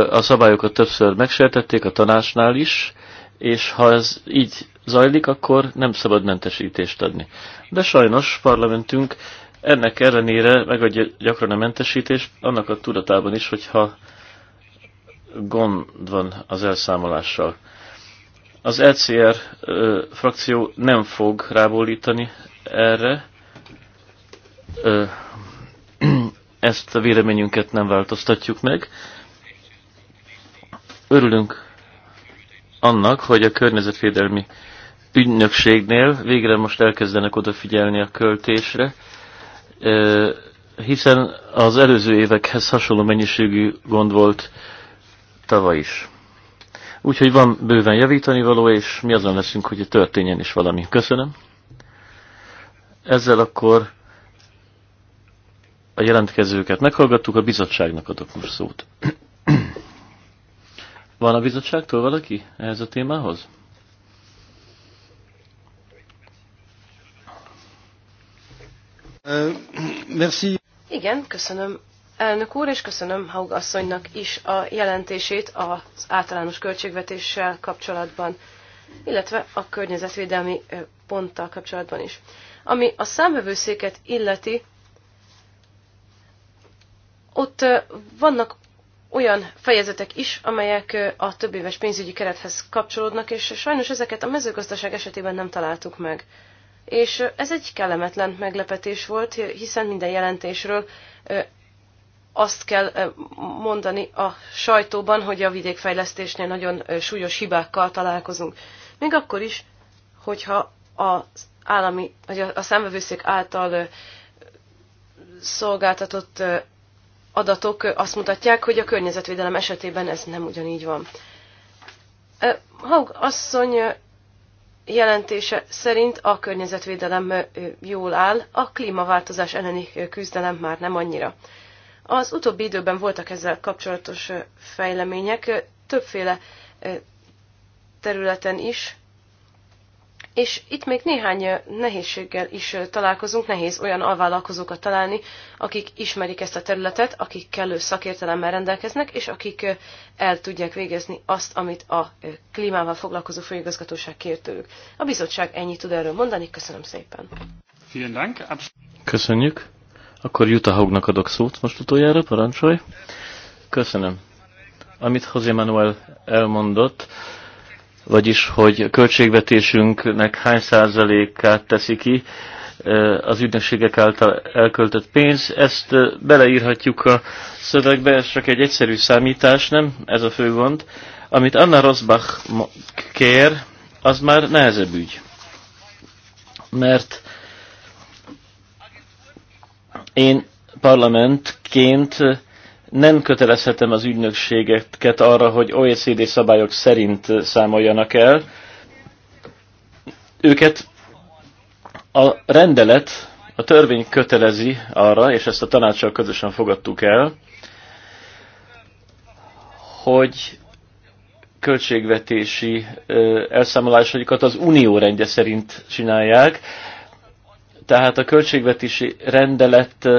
a szabályokat többször megsértették a tanácsnál is, és ha ez így zajlik, akkor nem szabad mentesítést adni. De sajnos parlamentünk ennek ellenére megadja gyakran a mentesítést, annak a tudatában is, hogyha gond van az elszámolással. Az ECR ö, frakció nem fog rábólítani erre. Ö, ezt a véleményünket nem változtatjuk meg. Örülünk annak, hogy a környezetvédelmi ügynökségnél végre most elkezdenek odafigyelni a költésre, hiszen az előző évekhez hasonló mennyiségű gond volt tavaly is. Úgyhogy van bőven javítani való, és mi azon leszünk, hogy történjen is valami. Köszönöm. Ezzel akkor a jelentkezőket meghallgattuk, a bizottságnak adok most szót. Van a bizottságtól valaki ehhez a témához? Euh, merci. Igen, köszönöm, elnök úr, és köszönöm Haug asszonynak is a jelentését az általános költségvetéssel kapcsolatban, illetve a környezetvédelmi ponttal kapcsolatban is. Ami a számvevőszéket illeti, ott vannak olyan fejezetek is, amelyek a több éves pénzügyi kerethez kapcsolódnak, és sajnos ezeket a mezőgazdaság esetében nem találtuk meg. És ez egy kellemetlen meglepetés volt, hiszen minden jelentésről azt kell eh, mondani a sajtóban, hogy a vidékfejlesztésnél nagyon eh, súlyos hibákkal találkozunk. Még akkor is, hogyha az állami, vagy a számvevőszék által eh, szolgáltatott adatok azt mutatják, hogy a környezetvédelem esetében ez nem ugyanígy van. Haug asszony jelentése szerint a környezetvédelem jól áll, a klímaváltozás elleni küzdelem már nem annyira. Az utóbbi időben voltak ezzel kapcsolatos fejlemények, többféle területen is, és itt még néhány nehézséggel is találkozunk, nehéz olyan alvállalkozókat találni, akik ismerik ezt a területet, akik kellő szakértelemmel rendelkeznek, és akik el tudják végezni azt, amit a klímával foglalkozó főigazgatóság kért tőlük. A bizottság ennyit tud erről mondani, köszönöm szépen. Köszönjük. Akkor Jutta Haugnak adok szót most utoljára, parancsolj. Köszönöm. Amit José Manuel elmondott, vagyis, hogy a költségvetésünknek hány százalékát teszi ki az ügynökségek által elköltött pénz, ezt beleírhatjuk a szövegbe, ez csak egy egyszerű számítás, nem? Ez a fő gond. Amit Anna Rosbach kér, az már nehezebb ügy. Mert én parlamentként nem kötelezhetem az ügynökségeket arra, hogy OECD szabályok szerint számoljanak el. Őket a rendelet, a törvény kötelezi arra, és ezt a tanácssal közösen fogadtuk el, hogy költségvetési elszámolásaikat az unió rendje szerint csinálják. Tehát a költségvetési rendelet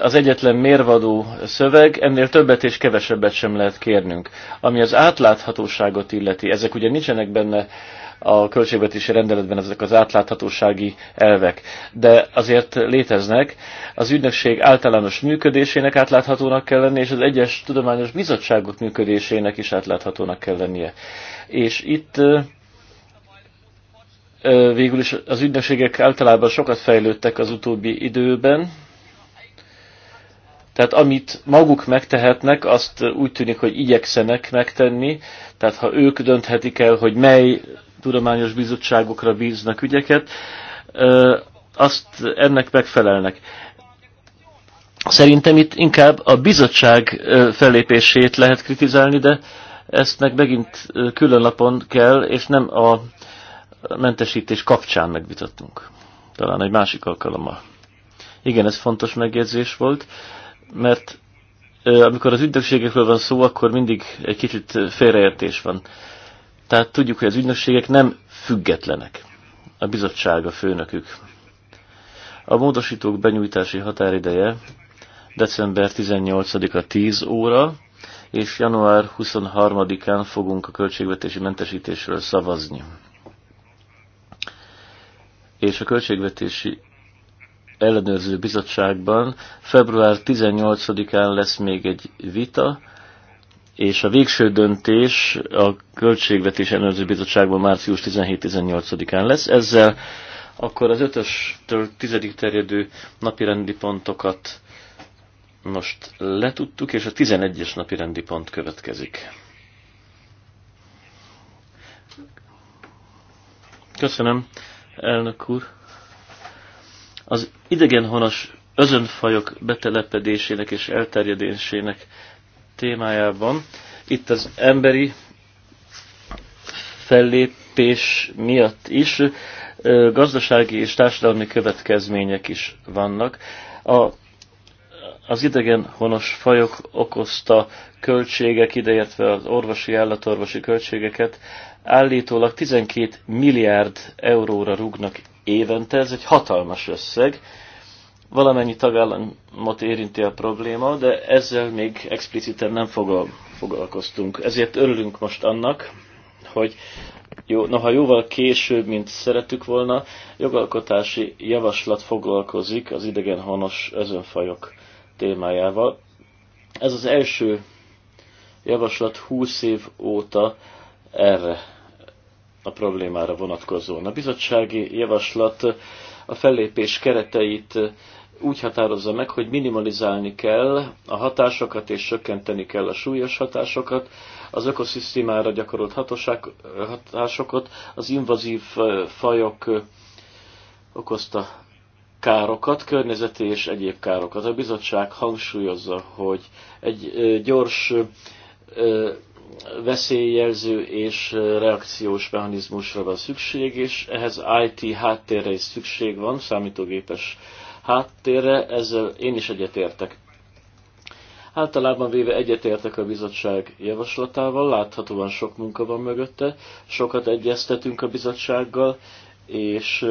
az egyetlen mérvadó szöveg, ennél többet és kevesebbet sem lehet kérnünk. Ami az átláthatóságot illeti, ezek ugye nincsenek benne a költségvetési rendeletben ezek az átláthatósági elvek, de azért léteznek. Az ügynökség általános működésének átláthatónak kell lennie, és az egyes tudományos bizottságok működésének is átláthatónak kell lennie. És itt végül is az ügynökségek általában sokat fejlődtek az utóbbi időben, tehát amit maguk megtehetnek, azt úgy tűnik, hogy igyekszenek megtenni, tehát ha ők dönthetik el, hogy mely tudományos bizottságokra bíznak ügyeket, azt ennek megfelelnek. Szerintem itt inkább a bizottság fellépését lehet kritizálni, de ezt meg megint külön lapon kell, és nem a mentesítés kapcsán megvitattunk. Talán egy másik alkalommal. Igen, ez fontos megjegyzés volt, mert amikor az ügynökségekről van szó, akkor mindig egy kicsit félreértés van. Tehát tudjuk, hogy az ügynökségek nem függetlenek. A bizottság a főnökük. A módosítók benyújtási határideje december 18-a 10 óra, és január 23-án fogunk a költségvetési mentesítésről szavazni és a Költségvetési Ellenőrző Bizottságban február 18-án lesz még egy vita, és a végső döntés a költségvetési Ellenőrző Bizottságban március 17-18-án lesz. Ezzel akkor az 5-től 10 terjedő napirendi pontokat most letudtuk, és a 11-es napirendi pont következik. Köszönöm elnök úr. Az idegenhonos özönfajok betelepedésének és elterjedésének témájában itt az emberi fellépés miatt is gazdasági és társadalmi következmények is vannak. A, az idegen honos fajok okozta költségek, ideértve az orvosi, állatorvosi költségeket állítólag 12 milliárd euróra rúgnak évente, ez egy hatalmas összeg, valamennyi tagállamot érinti a probléma, de ezzel még expliciten nem foglalkoztunk. Ezért örülünk most annak, hogy jó, noha jóval később, mint szeretük volna, jogalkotási javaslat foglalkozik az idegenhonos özönfajok témájával. Ez az első javaslat 20 év óta erre a problémára vonatkozóan. A bizottsági javaslat a fellépés kereteit úgy határozza meg, hogy minimalizálni kell a hatásokat és csökkenteni kell a súlyos hatásokat, az ökoszisztémára gyakorolt hatóság, hatásokat, az invazív fajok okozta károkat, környezeti és egyéb károkat. A bizottság hangsúlyozza, hogy egy gyors veszélyjelző és reakciós mechanizmusra van szükség, és ehhez IT háttérre is szükség van, számítógépes háttérre, ezzel én is egyetértek. Általában véve egyetértek a bizottság javaslatával, láthatóan sok munka van mögötte, sokat egyeztetünk a bizottsággal, és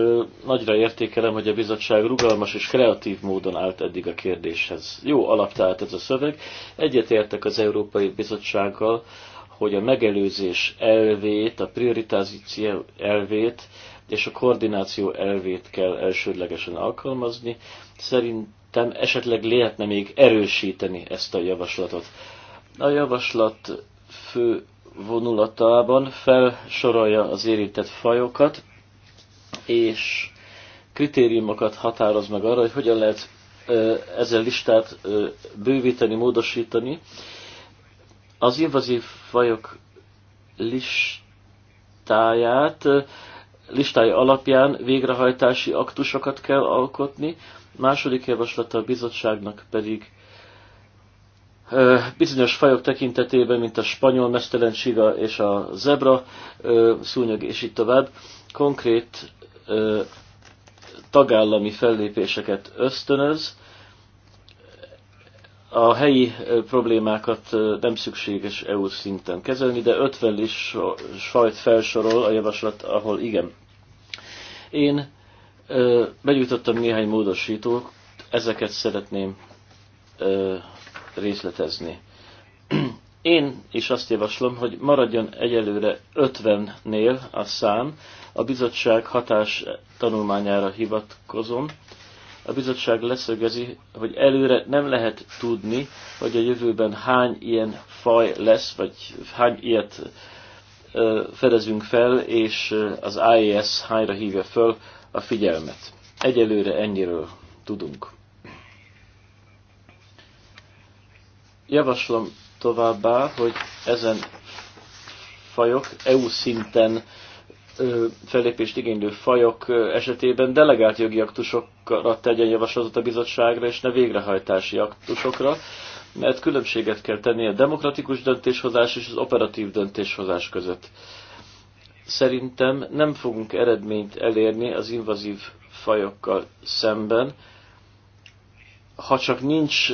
nagyra értékelem, hogy a bizottság rugalmas és kreatív módon állt eddig a kérdéshez. Jó alaptált ez a szöveg. Egyetértek az Európai Bizottsággal, hogy a megelőzés elvét, a prioritáció elvét és a koordináció elvét kell elsődlegesen alkalmazni. Szerintem esetleg lehetne még erősíteni ezt a javaslatot. A javaslat fő vonulatában felsorolja az érintett fajokat, és kritériumokat határoz meg arra, hogy hogyan lehet ezzel listát bővíteni, módosítani. Az invazív fajok listáját, listája alapján végrehajtási aktusokat kell alkotni, második javaslata a bizottságnak pedig bizonyos fajok tekintetében, mint a spanyol mesztelen és a zebra szúnyog és így tovább, konkrét ö, tagállami fellépéseket ösztönöz, a helyi problémákat nem szükséges EU szinten kezelni, de 50 is sajt felsorol a javaslat, ahol igen. Én ö, begyújtottam néhány módosítót, ezeket szeretném ö, részletezni. Én is azt javaslom, hogy maradjon egyelőre 50-nél a szám, a bizottság hatás tanulmányára hivatkozom. A bizottság leszögezi, hogy előre nem lehet tudni, hogy a jövőben hány ilyen faj lesz, vagy hány ilyet fedezünk fel, és az IES hányra hívja föl a figyelmet. Egyelőre ennyiről tudunk. Javaslom továbbá, hogy ezen fajok EU szinten felépést igénylő fajok esetében delegált jogi aktusokra tegyen javaslatot a bizottságra, és ne végrehajtási aktusokra, mert különbséget kell tenni a demokratikus döntéshozás és az operatív döntéshozás között. Szerintem nem fogunk eredményt elérni az invazív fajokkal szemben, ha csak nincs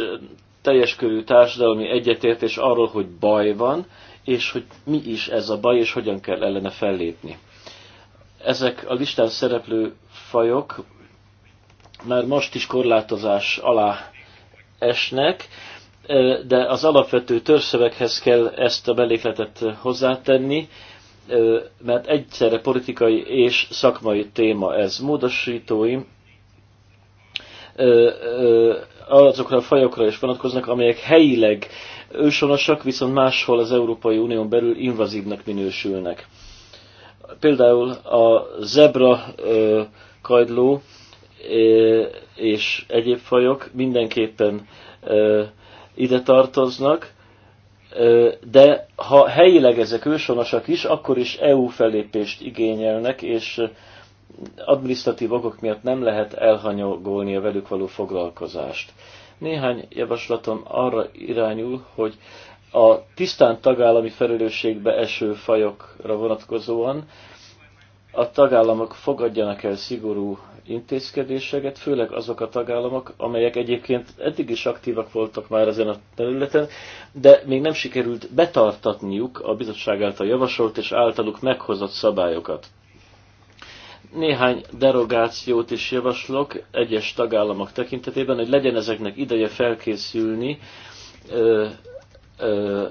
teljes körű társadalmi egyetértés arról, hogy baj van, és hogy mi is ez a baj, és hogyan kell ellene fellépni. Ezek a listán szereplő fajok már most is korlátozás alá esnek, de az alapvető törszöveghez kell ezt a belékletet hozzátenni, mert egyszerre politikai és szakmai téma ez. Módosítóim azokra a fajokra is vonatkoznak, amelyek helyileg ősonosak, viszont máshol az Európai Unión belül invazívnak minősülnek. Például a zebra kajdló és egyéb fajok mindenképpen ide tartoznak, de ha helyileg ezek ősonosak is, akkor is EU fellépést igényelnek, és Administratív okok miatt nem lehet elhanyagolni a velük való foglalkozást. Néhány javaslatom arra irányul, hogy a tisztán tagállami felelősségbe eső fajokra vonatkozóan a tagállamok fogadjanak el szigorú intézkedéseket, főleg azok a tagállamok, amelyek egyébként eddig is aktívak voltak már ezen a területen, de még nem sikerült betartatniuk a bizottság által javasolt és általuk meghozott szabályokat. Néhány derogációt is javaslok egyes tagállamok tekintetében, hogy legyen ezeknek ideje felkészülni ö, ö,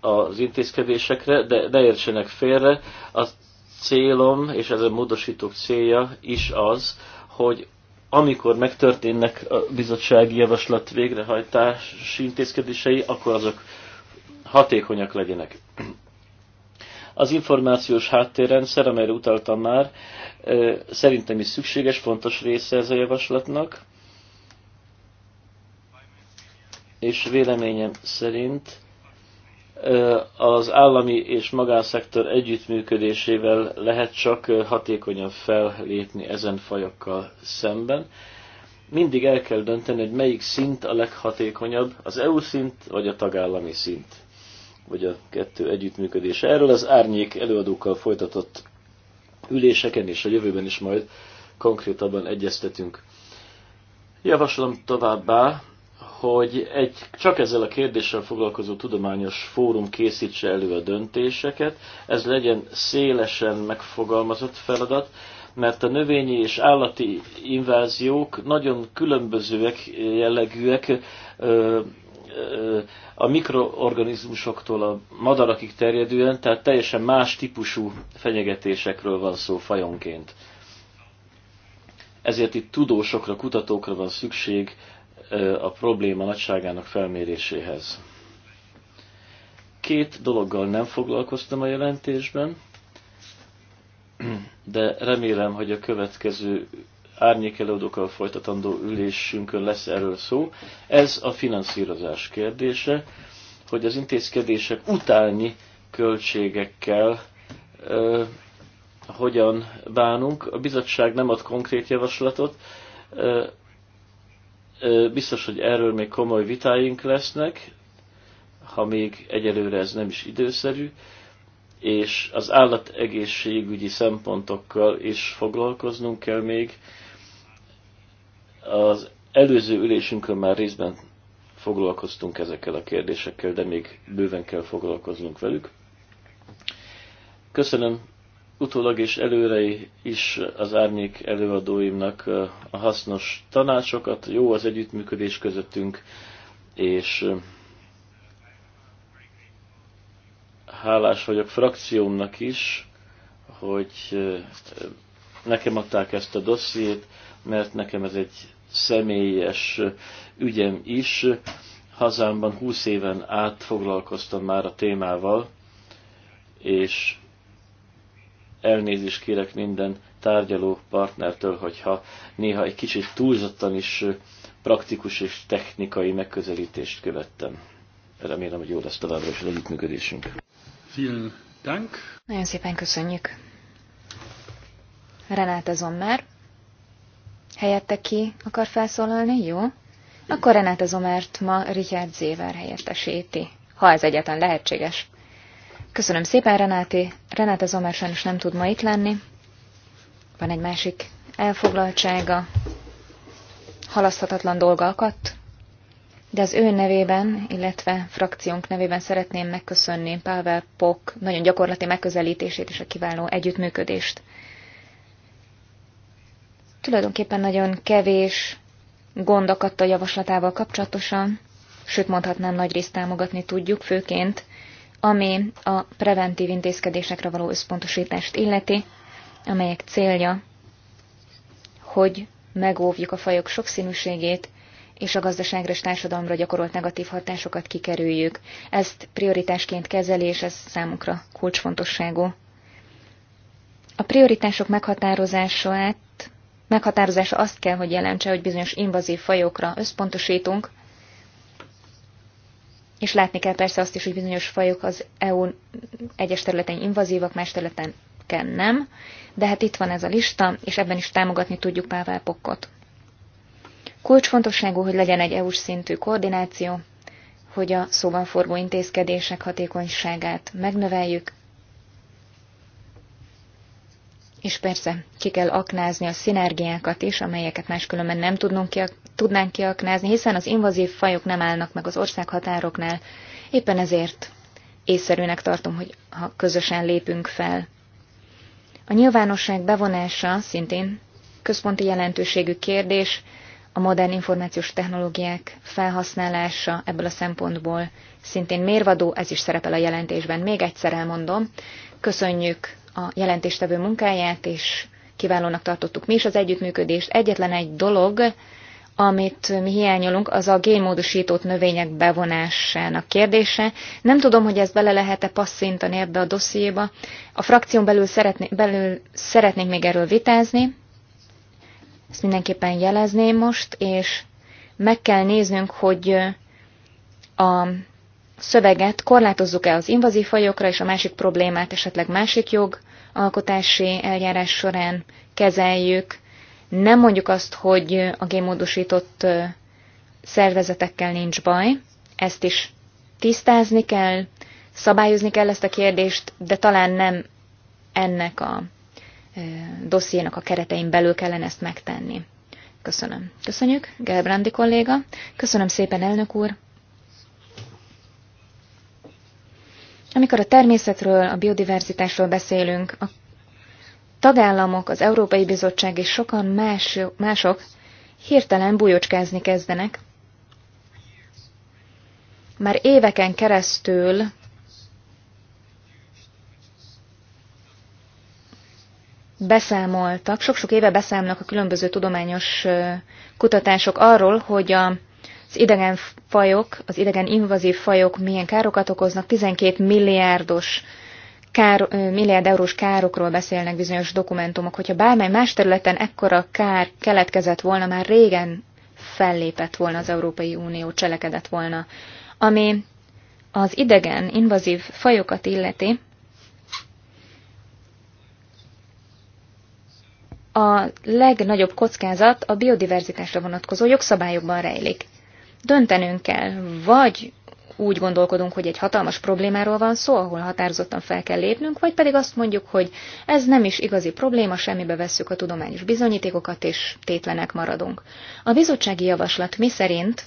az intézkedésekre, de ne értsenek félre. A célom és ez a módosítók célja is az, hogy amikor megtörténnek a bizottsági javaslat végrehajtási intézkedései, akkor azok hatékonyak legyenek. Az információs háttérrendszer, amelyre utaltam már, szerintem is szükséges, fontos része ez a javaslatnak. És véleményem szerint az állami és magánszektor együttműködésével lehet csak hatékonyan fellépni ezen fajokkal szemben. Mindig el kell dönteni, hogy melyik szint a leghatékonyabb, az EU szint vagy a tagállami szint vagy a kettő együttműködése. Erről az árnyék előadókkal folytatott üléseken és a jövőben is majd konkrétabban egyeztetünk. Javaslom továbbá, hogy egy csak ezzel a kérdéssel foglalkozó tudományos fórum készítse elő a döntéseket. Ez legyen szélesen megfogalmazott feladat, mert a növényi és állati inváziók nagyon különbözőek jellegűek, a mikroorganizmusoktól a madarakig terjedően, tehát teljesen más típusú fenyegetésekről van szó fajonként. Ezért itt tudósokra, kutatókra van szükség a probléma nagyságának felméréséhez. Két dologgal nem foglalkoztam a jelentésben, de remélem, hogy a következő árnyékelődőkkel folytatandó ülésünkön lesz erről szó. Ez a finanszírozás kérdése, hogy az intézkedések utáni költségekkel ö, hogyan bánunk. A bizottság nem ad konkrét javaslatot. Ö, ö, biztos, hogy erről még komoly vitáink lesznek, ha még egyelőre ez nem is időszerű és az állategészségügyi szempontokkal is foglalkoznunk kell még, az előző ülésünkön már részben foglalkoztunk ezekkel a kérdésekkel, de még bőven kell foglalkoznunk velük. Köszönöm utólag és előre is az árnyék előadóimnak a hasznos tanácsokat, jó az együttműködés közöttünk, és hálás vagyok frakciómnak is, hogy nekem adták ezt a dossziét, mert nekem ez egy személyes ügyem is. Hazámban 20 éven át foglalkoztam már a témával, és elnézést kérek minden tárgyaló partnertől, hogyha néha egy kicsit túlzottan is praktikus és technikai megközelítést követtem. Remélem, hogy jó lesz továbbra is az együttműködésünk. Vielen Dank. Nagyon szépen köszönjük. Renáta már helyette ki akar felszólalni? Jó. Akkor Renát az Omert ma Richard Zéver helyettesíti, ha ez egyetlen lehetséges. Köszönöm szépen, Renáti. Renát az Omer sajnos nem tud ma itt lenni. Van egy másik elfoglaltsága. Halaszthatatlan dolga akadt. De az ő nevében, illetve frakciónk nevében szeretném megköszönni Pavel Pok nagyon gyakorlati megközelítését és a kiváló együttműködést tulajdonképpen nagyon kevés gond a javaslatával kapcsolatosan, sőt mondhatnám nagy részt támogatni tudjuk, főként ami a preventív intézkedésekre való összpontosítást illeti, amelyek célja, hogy megóvjuk a fajok sokszínűségét, és a gazdaságra és társadalomra gyakorolt negatív hatásokat kikerüljük. Ezt prioritásként kezeli, és ez számunkra kulcsfontosságú. A prioritások meghatározását meghatározása azt kell, hogy jelentse, hogy bizonyos invazív fajokra összpontosítunk, és látni kell persze azt is, hogy bizonyos fajok az EU egyes területen invazívak, más területen nem, de hát itt van ez a lista, és ebben is támogatni tudjuk Pável Pokkot. Kulcsfontosságú, hogy legyen egy EU-s szintű koordináció, hogy a szóban forgó intézkedések hatékonyságát megnöveljük, és persze ki kell aknázni a szinergiákat is, amelyeket máskülönben nem tudnunk ki, tudnánk kiaknázni, hiszen az invazív fajok nem állnak meg az ország határoknál. Éppen ezért észszerűnek tartom, hogy ha közösen lépünk fel. A nyilvánosság bevonása szintén központi jelentőségű kérdés, a modern információs technológiák felhasználása ebből a szempontból szintén mérvadó, ez is szerepel a jelentésben. Még egyszer elmondom, köszönjük a jelentéstevő munkáját, és kiválónak tartottuk mi is az együttműködést. Egyetlen egy dolog, amit mi hiányolunk, az a génmódosított növények bevonásának kérdése. Nem tudom, hogy ezt bele lehet-e passzintani ebbe a dossziéba. A frakción belül, szeretné, belül szeretnék még erről vitázni. Ezt mindenképpen jelezném most, és meg kell néznünk, hogy a szöveget korlátozzuk-e az invazív fajokra, és a másik problémát esetleg másik jogalkotási eljárás során kezeljük. Nem mondjuk azt, hogy a gémódosított szervezetekkel nincs baj, ezt is tisztázni kell, szabályozni kell ezt a kérdést, de talán nem ennek a dossziénak a keretein belül kellene ezt megtenni. Köszönöm. Köszönjük, Gelbrandi kolléga. Köszönöm szépen, elnök úr. Amikor a természetről, a biodiverzitásról beszélünk, a tagállamok, az Európai Bizottság és sokan más, mások hirtelen bujócskázni kezdenek. Már éveken keresztül beszámoltak, sok-sok éve beszámolnak a különböző tudományos kutatások arról, hogy a az idegen fajok, az idegen invazív fajok milyen károkat okoznak, 12 milliárdos kár, milliárd eurós károkról beszélnek bizonyos dokumentumok. Hogyha bármely más területen ekkora kár keletkezett volna, már régen fellépett volna az Európai Unió, cselekedett volna. Ami az idegen, invazív fajokat illeti, a legnagyobb kockázat a biodiverzitásra vonatkozó jogszabályokban rejlik. Döntenünk kell, vagy úgy gondolkodunk, hogy egy hatalmas problémáról van szó, ahol határozottan fel kell lépnünk, vagy pedig azt mondjuk, hogy ez nem is igazi probléma, semmibe vesszük a tudományos bizonyítékokat, és tétlenek maradunk. A bizottsági javaslat mi szerint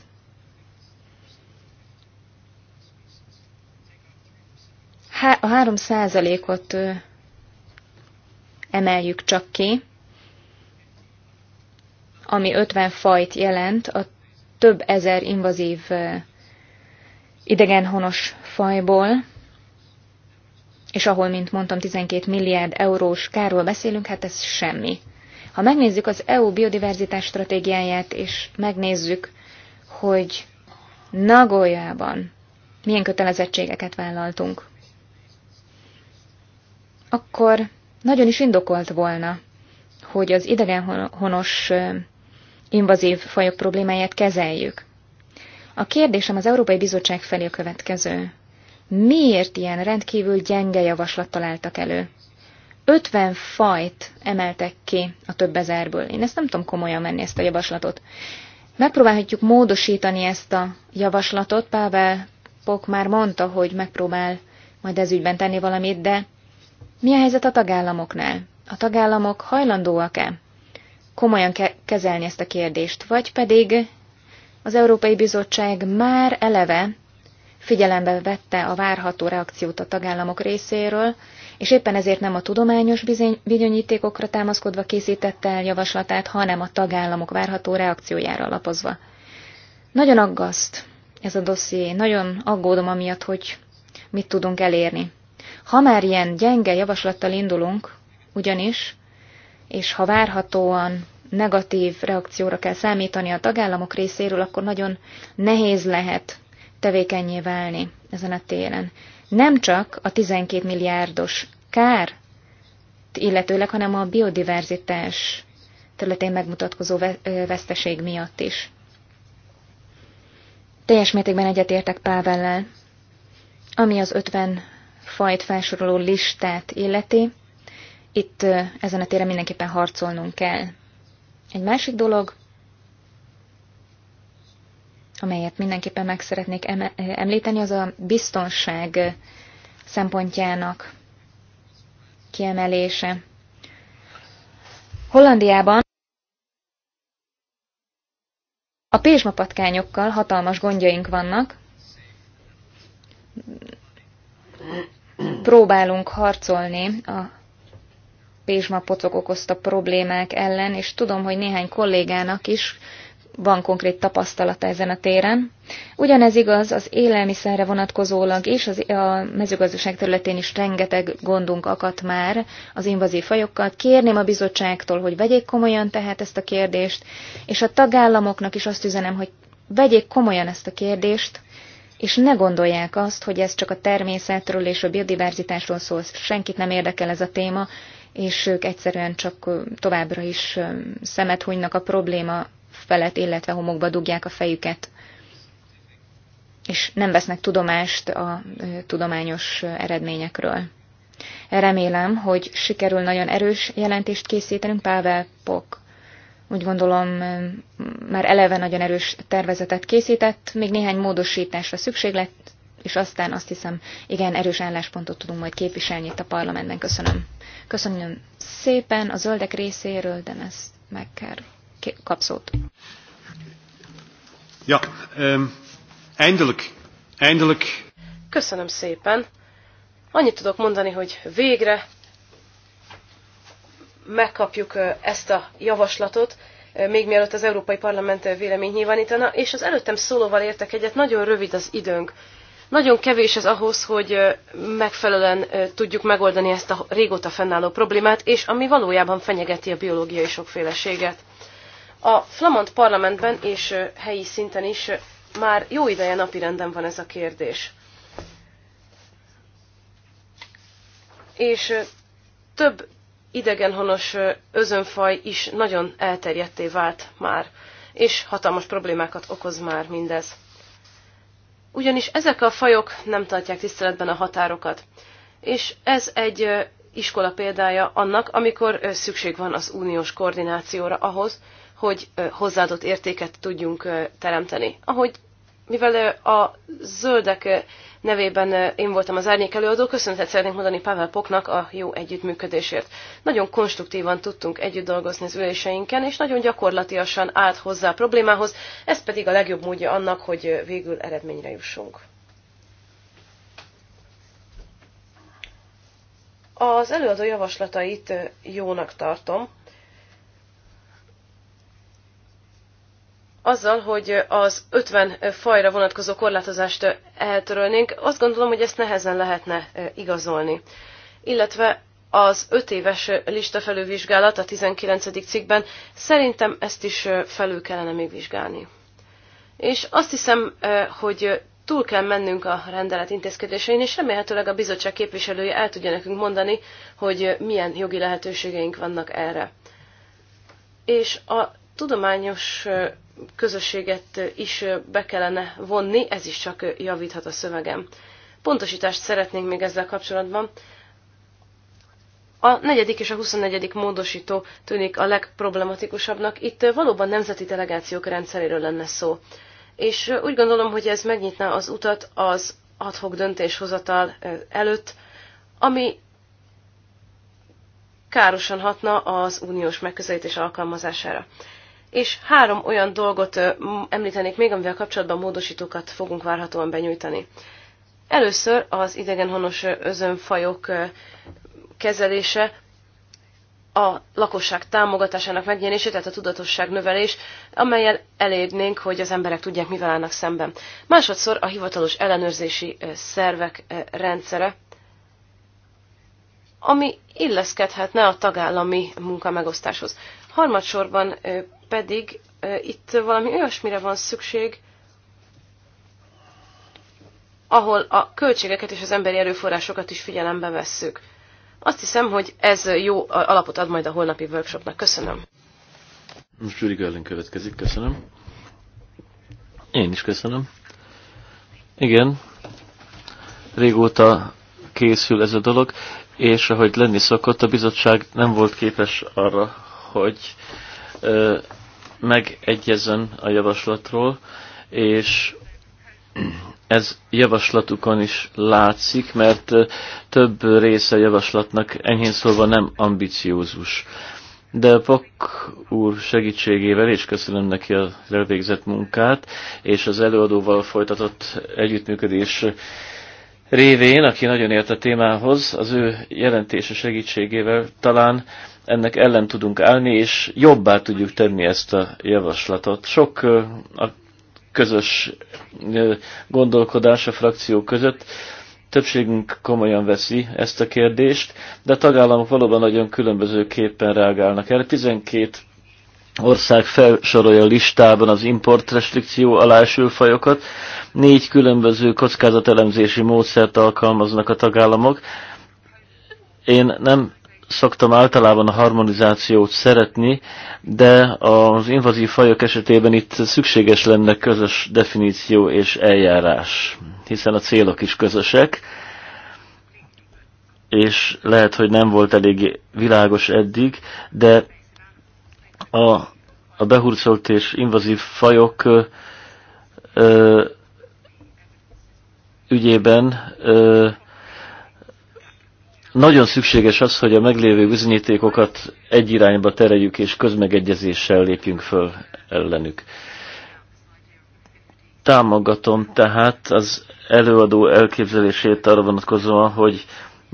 a 3 ot emeljük csak ki, ami 50 fajt jelent a több ezer invazív idegenhonos fajból, és ahol, mint mondtam, 12 milliárd eurós kárról beszélünk, hát ez semmi. Ha megnézzük az EU biodiverzitás stratégiáját, és megnézzük, hogy Nagoyában milyen kötelezettségeket vállaltunk, akkor nagyon is indokolt volna, hogy az idegenhonos invazív fajok problémáját kezeljük. A kérdésem az Európai Bizottság felé a következő. Miért ilyen rendkívül gyenge javaslat találtak elő? 50 fajt emeltek ki a több ezerből. Én ezt nem tudom komolyan menni, ezt a javaslatot. Megpróbálhatjuk módosítani ezt a javaslatot. Pável Pok már mondta, hogy megpróbál majd ez ügyben tenni valamit, de mi a helyzet a tagállamoknál? A tagállamok hajlandóak-e komolyan ke- kezelni ezt a kérdést, vagy pedig az Európai Bizottság már eleve figyelembe vette a várható reakciót a tagállamok részéről, és éppen ezért nem a tudományos bizonyítékokra támaszkodva készítette el javaslatát, hanem a tagállamok várható reakciójára alapozva. Nagyon aggaszt ez a dosszié, nagyon aggódom amiatt, hogy mit tudunk elérni. Ha már ilyen gyenge javaslattal indulunk, ugyanis és ha várhatóan negatív reakcióra kell számítani a tagállamok részéről, akkor nagyon nehéz lehet tevékenyé válni ezen a téren. Nem csak a 12 milliárdos kár, illetőleg, hanem a biodiverzitás területén megmutatkozó veszteség miatt is. Teljes mértékben egyetértek Pávellel. Ami az 50 fajt felsoroló listát illeti, itt ezen a téren mindenképpen harcolnunk kell. Egy másik dolog, amelyet mindenképpen meg szeretnék említeni, az a biztonság szempontjának kiemelése. Hollandiában a pésmapatkányokkal hatalmas gondjaink vannak. Próbálunk harcolni a pézsmapocok okozta problémák ellen, és tudom, hogy néhány kollégának is van konkrét tapasztalata ezen a téren. Ugyanez igaz az élelmiszerre vonatkozólag és az, a mezőgazdaság területén is rengeteg gondunk akadt már az invazív fajokkal. Kérném a bizottságtól, hogy vegyék komolyan tehát ezt a kérdést, és a tagállamoknak is azt üzenem, hogy vegyék komolyan ezt a kérdést, és ne gondolják azt, hogy ez csak a természetről és a biodiverzitásról szól, senkit nem érdekel ez a téma, és ők egyszerűen csak továbbra is szemet hunynak a probléma felett, illetve homokba dugják a fejüket, és nem vesznek tudomást a tudományos eredményekről. Remélem, hogy sikerül nagyon erős jelentést készítenünk Pável Pok. Úgy gondolom, már eleve nagyon erős tervezetet készített, még néhány módosításra szükség lett, és aztán azt hiszem, igen, erős álláspontot tudunk majd képviselni itt a parlamentben. Köszönöm. Köszönöm szépen a zöldek részéről, de ezt meg kell kapszót. Ja, um, eindelijk, eindelijk. Köszönöm szépen. Annyit tudok mondani, hogy végre megkapjuk ezt a javaslatot, még mielőtt az Európai Parlament vélemény nyilvánítana, és az előttem szólóval értek egyet, nagyon rövid az időnk. Nagyon kevés ez ahhoz, hogy megfelelően tudjuk megoldani ezt a régóta fennálló problémát, és ami valójában fenyegeti a biológiai sokféleséget. A flamand parlamentben és helyi szinten is már jó ideje napirenden van ez a kérdés. És több idegenhonos özönfaj is nagyon elterjedté vált már, és hatalmas problémákat okoz már mindez ugyanis ezek a fajok nem tartják tiszteletben a határokat. És ez egy iskola példája annak, amikor szükség van az uniós koordinációra ahhoz, hogy hozzáadott értéket tudjunk teremteni. Ahogy mivel a zöldek nevében én voltam az árnyék előadó, köszönetet szeretnék mondani Pavel Poknak a jó együttműködésért. Nagyon konstruktívan tudtunk együtt dolgozni az üléseinken, és nagyon gyakorlatiasan állt hozzá a problémához, ez pedig a legjobb módja annak, hogy végül eredményre jussunk. Az előadó javaslatait jónak tartom, azzal, hogy az 50 fajra vonatkozó korlátozást eltörölnénk, azt gondolom, hogy ezt nehezen lehetne e, igazolni. Illetve az 5 éves listafelővizsgálat a 19. cikkben szerintem ezt is e, felül kellene még vizsgálni. És azt hiszem, e, hogy túl kell mennünk a rendelet intézkedésein, és remélhetőleg a bizottság képviselője el tudja nekünk mondani, hogy milyen jogi lehetőségeink vannak erre. És a tudományos közösséget is be kellene vonni, ez is csak javíthat a szövegem. Pontosítást szeretnénk még ezzel kapcsolatban. A negyedik és a 24. módosító tűnik a legproblematikusabbnak. Itt valóban nemzeti delegációk rendszeréről lenne szó. És úgy gondolom, hogy ez megnyitná az utat az adhok döntéshozatal előtt, ami károsan hatna az uniós megközelítés alkalmazására és három olyan dolgot említenék még, amivel kapcsolatban módosítókat fogunk várhatóan benyújtani. Először az idegenhonos özönfajok kezelése, a lakosság támogatásának megjelenése, tehát a tudatosság növelés, amelyel elérnénk, hogy az emberek tudják, mivel állnak szemben. Másodszor a hivatalos ellenőrzési szervek rendszere, ami illeszkedhetne a tagállami munkamegosztáshoz. Harmadsorban pedig itt valami olyasmire van szükség, ahol a költségeket és az emberi erőforrásokat is figyelembe vesszük. Azt hiszem, hogy ez jó alapot ad majd a holnapi workshopnak. Köszönöm. Most Gyuri Görling következik, köszönöm. Én is köszönöm. Igen, régóta készül ez a dolog, és ahogy lenni szokott, a bizottság nem volt képes arra, hogy megegyezzen a javaslatról, és ez javaslatukon is látszik, mert több része a javaslatnak enyhén szólva nem ambiciózus. De Pak úr segítségével, és köszönöm neki a elvégzett munkát, és az előadóval folytatott együttműködés révén, aki nagyon ért a témához, az ő jelentése segítségével talán ennek ellen tudunk állni, és jobbá tudjuk tenni ezt a javaslatot. Sok a közös gondolkodás a frakció között, többségünk komolyan veszi ezt a kérdést, de a tagállamok valóban nagyon különbözőképpen reagálnak erre. 12 ország felsorolja listában az importrestrikció alá eső fajokat. Négy különböző kockázatelemzési módszert alkalmaznak a tagállamok. Én nem szoktam általában a harmonizációt szeretni, de az invazív fajok esetében itt szükséges lenne közös definíció és eljárás, hiszen a célok is közösek, és lehet, hogy nem volt elég világos eddig, de a, a behurcolt és invazív fajok ö, ö, ügyében ö, nagyon szükséges az, hogy a meglévő bizonyítékokat egy irányba tereljük, és közmegegyezéssel lépjünk föl ellenük. Támogatom tehát az előadó elképzelését arra vonatkozóan, hogy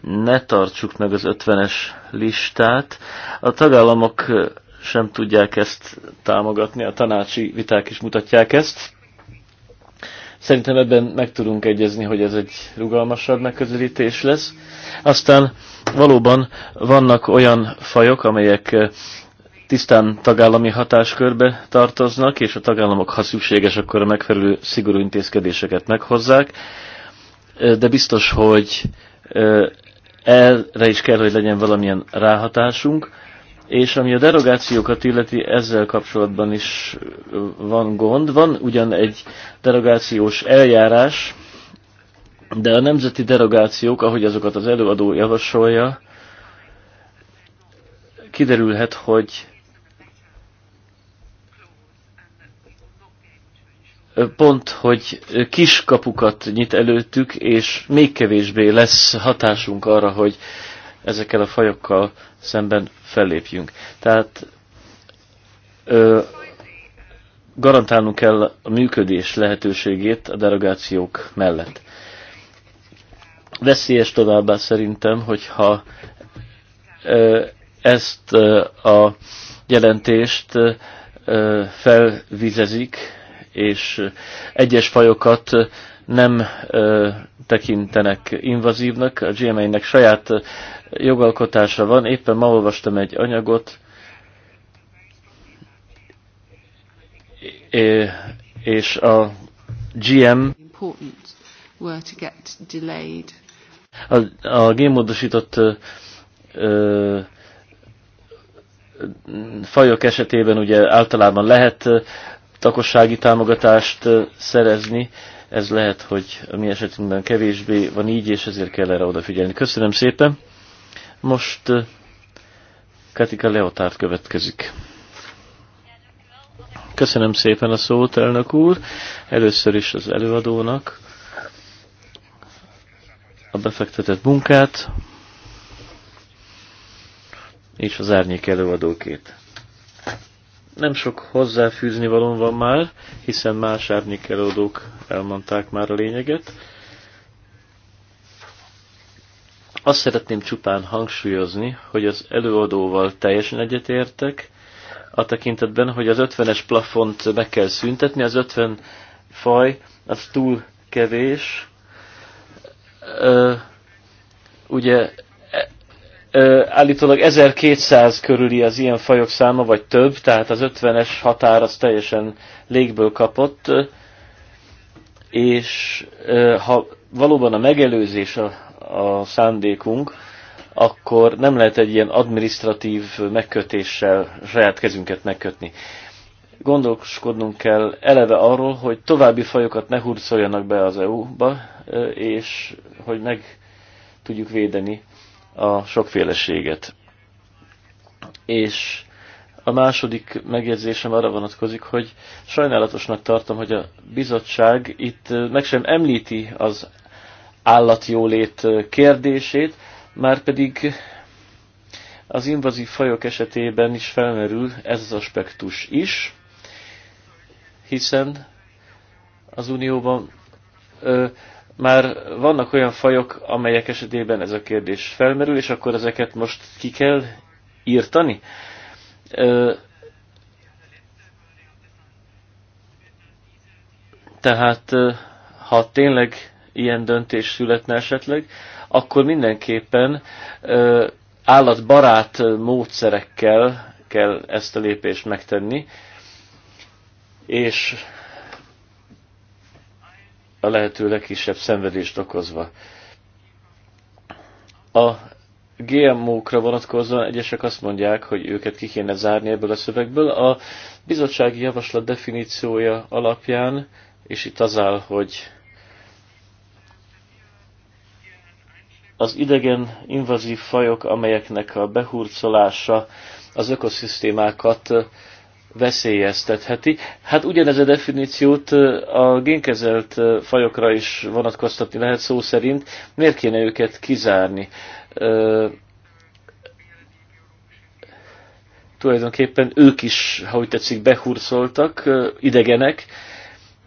ne tartsuk meg az 50-es listát. A tagállamok sem tudják ezt támogatni, a tanácsi viták is mutatják ezt. Szerintem ebben meg tudunk egyezni, hogy ez egy rugalmasabb megközelítés lesz. Aztán valóban vannak olyan fajok, amelyek eh, tisztán tagállami hatáskörbe tartoznak, és a tagállamok, ha szükséges, akkor a megfelelő szigorú intézkedéseket meghozzák, eh, de biztos, hogy eh, erre is kell, hogy legyen valamilyen ráhatásunk. És ami a derogációkat illeti, ezzel kapcsolatban is van gond. Van ugyan egy derogációs eljárás, de a nemzeti derogációk, ahogy azokat az előadó javasolja, kiderülhet, hogy pont, hogy kis kapukat nyit előttük, és még kevésbé lesz hatásunk arra, hogy ezekkel a fajokkal szemben fellépjünk. Tehát ö, garantálnunk kell a működés lehetőségét a derogációk mellett. Veszélyes továbbá szerintem, hogyha ö, ezt ö, a jelentést ö, felvizezik, és egyes fajokat nem ö, tekintenek invazívnak, a GMA-nek saját jogalkotása van. Éppen ma olvastam egy anyagot, és a GM a, a génmódosított ö, fajok esetében ugye általában lehet takossági támogatást szerezni, ez lehet, hogy a mi esetünkben kevésbé van így, és ezért kell erre odafigyelni. Köszönöm szépen. Most eh, Katika Leotárt következik. Köszönöm szépen a szót, elnök úr. Először is az előadónak a befektetett munkát és az árnyék előadókét. Nem sok hozzáfűzni valón van már, hiszen más árnyékelődők elmondták már a lényeget. Azt szeretném csupán hangsúlyozni, hogy az előadóval teljesen egyetértek, a tekintetben, hogy az 50-es plafont meg kell szüntetni, az 50 faj az túl kevés. Ö, ugye állítólag 1200 körüli az ilyen fajok száma, vagy több, tehát az 50-es határ az teljesen légből kapott, és ha valóban a megelőzés a, a szándékunk, akkor nem lehet egy ilyen administratív megkötéssel saját kezünket megkötni. Gondolkodnunk kell eleve arról, hogy további fajokat ne hurcoljanak be az EU-ba, és hogy meg tudjuk védeni a sokféleséget. És a második megjegyzésem arra vonatkozik, hogy sajnálatosnak tartom, hogy a bizottság itt meg sem említi az állatjólét kérdését, már pedig az invazív fajok esetében is felmerül ez az aspektus is, hiszen az Unióban ö, már vannak olyan fajok, amelyek esetében ez a kérdés felmerül, és akkor ezeket most ki kell írtani? Tehát ha tényleg ilyen döntés születne esetleg, akkor mindenképpen állatbarát módszerekkel kell ezt a lépést megtenni, és a lehető legkisebb szenvedést okozva. A GMO-kra vonatkozóan egyesek azt mondják, hogy őket ki kéne zárni ebből a szövegből. A bizottsági javaslat definíciója alapján, és itt az áll, hogy az idegen invazív fajok, amelyeknek a behurcolása az ökoszisztémákat veszélyeztetheti. Hát ugyanez a definíciót a génkezelt fajokra is vonatkoztatni lehet szó szerint. Miért kéne őket kizárni? Ö, tulajdonképpen ők is, ha úgy tetszik, behurcoltak, idegenek,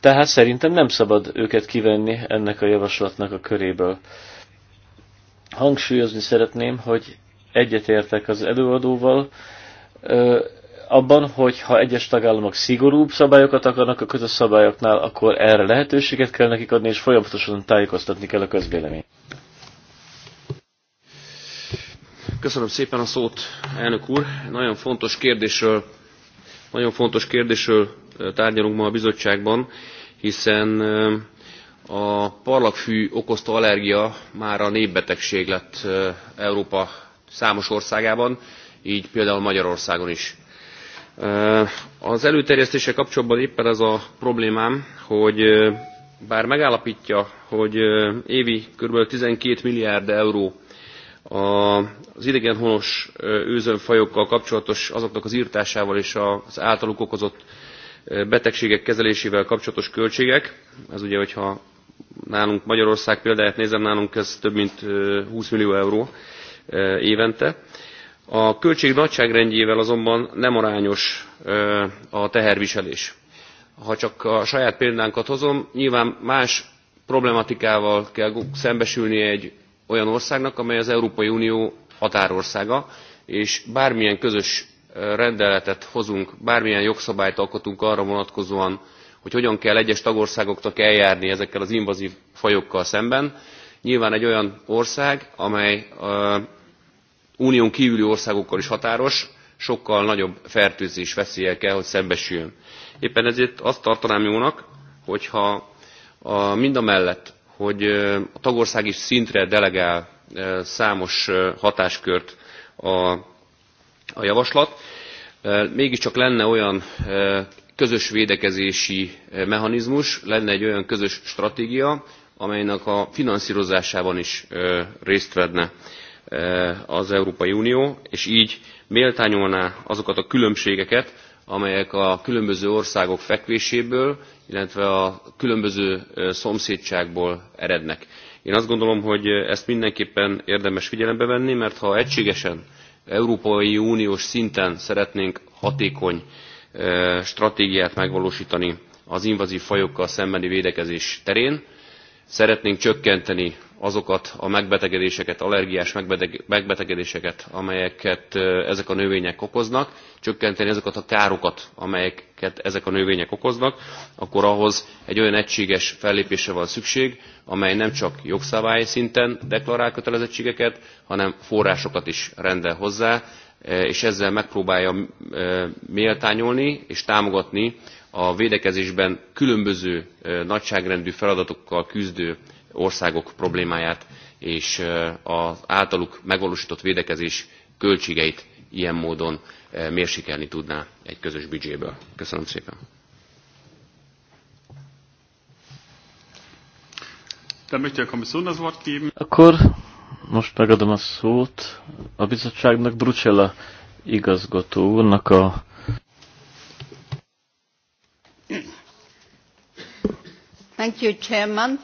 tehát szerintem nem szabad őket kivenni ennek a javaslatnak a köréből. Hangsúlyozni szeretném, hogy egyetértek az előadóval, abban, hogy ha egyes tagállamok szigorúbb szabályokat akarnak a közös szabályoknál, akkor erre lehetőséget kell nekik adni, és folyamatosan tájékoztatni kell a közvéleményt. Köszönöm szépen a szót, elnök úr. Nagyon fontos kérdésről, nagyon fontos kérdésről tárgyalunk ma a bizottságban, hiszen a parlagfű okozta allergia már a népbetegség lett Európa számos országában, így például Magyarországon is. Az előterjesztése kapcsolatban éppen ez a problémám, hogy bár megállapítja, hogy évi kb. 12 milliárd euró az idegenhonos őzönfajokkal kapcsolatos azoknak az írtásával és az általuk okozott betegségek kezelésével kapcsolatos költségek. Ez ugye, hogyha nálunk Magyarország példáját nézem, nálunk ez több mint 20 millió euró évente a költség nagyságrendjével azonban nem arányos a teherviselés. ha csak a saját példánkat hozom nyilván más problematikával kell szembesülnie egy olyan országnak amely az európai unió határországa és bármilyen közös rendeletet hozunk bármilyen jogszabályt alkotunk arra vonatkozóan hogy hogyan kell egyes tagországoknak eljárni ezekkel az invazív fajokkal szemben nyilván egy olyan ország amely unión kvüli országokkal is határos sokkal nagyobb fertőzés veszéllyel kell hogy szembesüljön. éppen ezért azt tartanám jónak hogyha a, mindamellett hogy a tagországi szintre delegál számos hatáskört a, a javaslat mégiscsak lenne olyan közös védekezési mechanizmus lenne egy olyan közös stratégia amelynek a finanszírozásában is részt vedne Eh, az Európai Unió, és így méltányolná azokat a különbségeket, amelyek a különböző országok fekvéséből, illetve a különböző eh, szomszédságból erednek. Én azt gondolom, hogy ezt mindenképpen érdemes figyelembe venni, mert ha egységesen Európai Uniós szinten szeretnénk hatékony eh, stratégiát megvalósítani az invazív fajokkal szembeni védekezés terén, Szeretnénk csökkenteni azokat a megbetegedéseket, allergiás megbetegedéseket, amelyeket ezek a növények okoznak, csökkenteni azokat a károkat, amelyeket ezek a növények okoznak, akkor ahhoz egy olyan egységes fellépésre van szükség, amely nem csak jogszabályi szinten deklarál kötelezettségeket, hanem forrásokat is rendel hozzá, és ezzel megpróbálja méltányolni és támogatni a védekezésben különböző nagyságrendű feladatokkal küzdő országok problémáját és az általuk megvalósított védekezés költségeit ilyen módon mérsékelni tudná egy közös büdzséből. Köszönöm szépen. Akkor most megadom a szót a bizottságnak Brucella igazgató úrnak a Thank you, Chairman.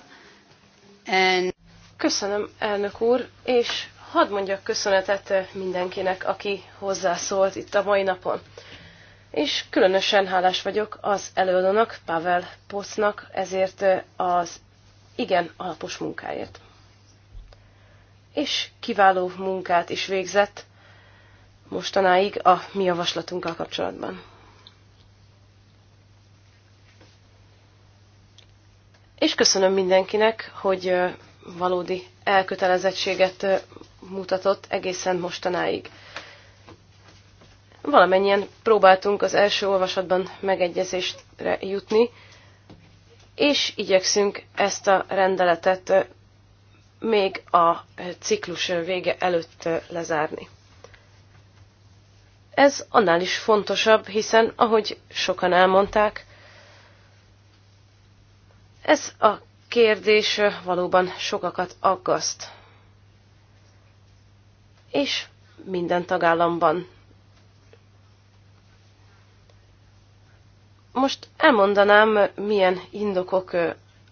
And... Köszönöm, elnök úr, és hadd mondjak köszönetet mindenkinek, aki hozzászólt itt a mai napon. És különösen hálás vagyok az előadónak, Pavel Pocnak ezért az igen alapos munkáért. És kiváló munkát is végzett mostanáig a mi javaslatunkkal kapcsolatban. és köszönöm mindenkinek, hogy valódi elkötelezettséget mutatott egészen mostanáig. Valamennyien próbáltunk az első olvasatban megegyezésre jutni, és igyekszünk ezt a rendeletet még a ciklus vége előtt lezárni. Ez annál is fontosabb, hiszen, ahogy sokan elmondták, ez a kérdés valóban sokakat aggaszt. És minden tagállamban. Most elmondanám, milyen indokok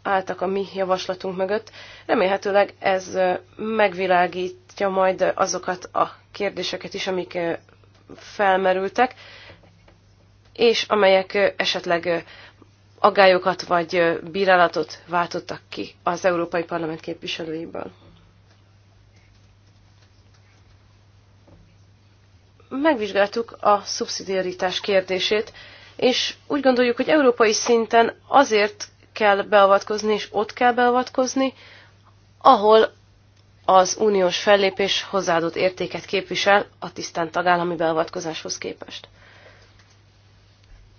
álltak a mi javaslatunk mögött. Remélhetőleg ez megvilágítja majd azokat a kérdéseket is, amik felmerültek, és amelyek esetleg aggályokat vagy bírálatot váltottak ki az Európai Parlament képviselőiből. Megvizsgáltuk a szubszidiaritás kérdését, és úgy gondoljuk, hogy európai szinten azért kell beavatkozni, és ott kell beavatkozni, ahol az uniós fellépés hozzáadott értéket képvisel a tisztán tagállami beavatkozáshoz képest.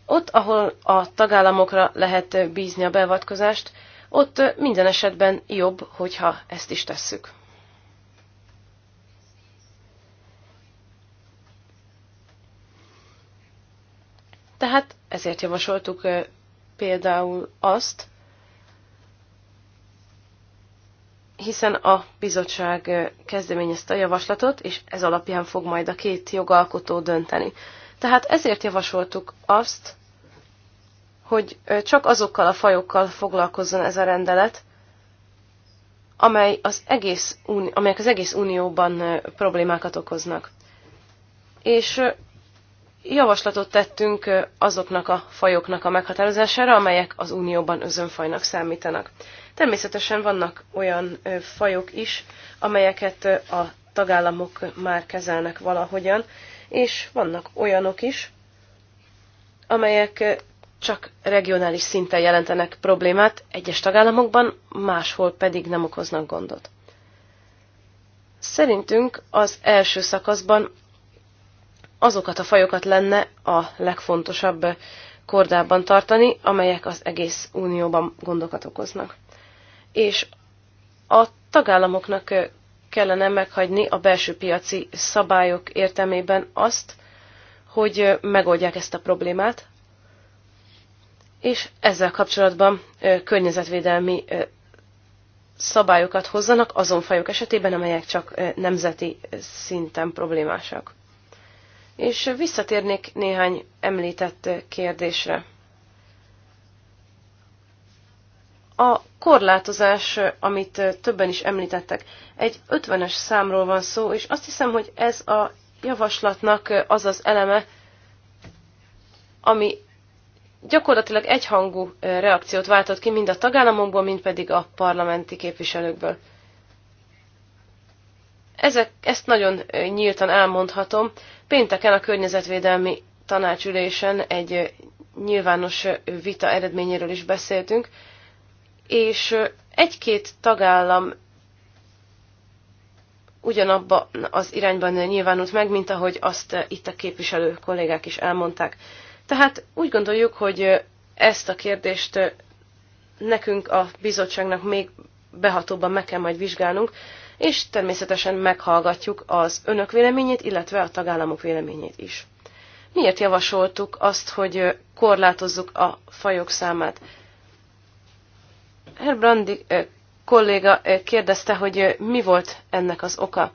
Ott, ahol a tagállamokra lehet bízni a beavatkozást, ott minden esetben jobb, hogyha ezt is tesszük. Tehát ezért javasoltuk például azt, hiszen a bizottság kezdeményezte a javaslatot, és ez alapján fog majd a két jogalkotó dönteni. Tehát ezért javasoltuk azt, hogy csak azokkal a fajokkal foglalkozzon ez a rendelet, amely az egész, amelyek az egész unióban problémákat okoznak. És javaslatot tettünk azoknak a fajoknak a meghatározására, amelyek az unióban özönfajnak számítanak. Természetesen vannak olyan fajok is, amelyeket a tagállamok már kezelnek valahogyan, és vannak olyanok is, amelyek eh, csak regionális szinten jelentenek problémát, egyes tagállamokban, máshol pedig nem okoznak gondot. Szerintünk az első szakaszban azokat a fajokat lenne a legfontosabb kordában tartani, amelyek az egész unióban gondokat okoznak. És a tagállamoknak eh, kellene meghagyni a belső piaci szabályok értelmében azt, hogy megoldják ezt a problémát, és ezzel kapcsolatban környezetvédelmi szabályokat hozzanak azon fajok esetében, amelyek csak nemzeti szinten problémásak. És visszatérnék néhány említett kérdésre. A korlátozás, amit többen is említettek, egy 50-es számról van szó, és azt hiszem, hogy ez a javaslatnak az az eleme, ami gyakorlatilag egyhangú reakciót váltott ki mind a tagállamokból, mind pedig a parlamenti képviselőkből. Ezek, ezt nagyon nyíltan elmondhatom. Pénteken a környezetvédelmi tanácsülésen egy nyilvános vita eredményéről is beszéltünk, és egy-két tagállam ugyanabban az irányban nyilvánult meg, mint ahogy azt itt a képviselő kollégák is elmondták. Tehát úgy gondoljuk, hogy ezt a kérdést nekünk a bizottságnak még behatóban meg kell majd vizsgálnunk, és természetesen meghallgatjuk az önök véleményét, illetve a tagállamok véleményét is. Miért javasoltuk azt, hogy korlátozzuk a fajok számát? Herr Herbrandi eh, kolléga eh, kérdezte, hogy eh, mi volt ennek az oka.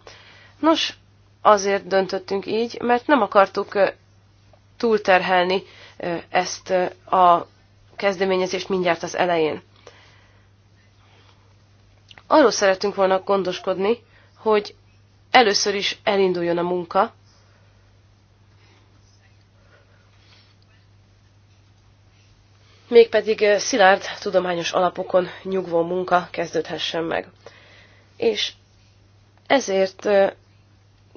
Nos, azért döntöttünk így, mert nem akartuk túlterhelni ezt a kezdeményezést mindjárt az elején. Arról szeretünk volna gondoskodni, hogy először is elinduljon a munka, mégpedig eh, szilárd, tudományos alapokon nyugvó munka kezdődhessen meg. És ezért eh,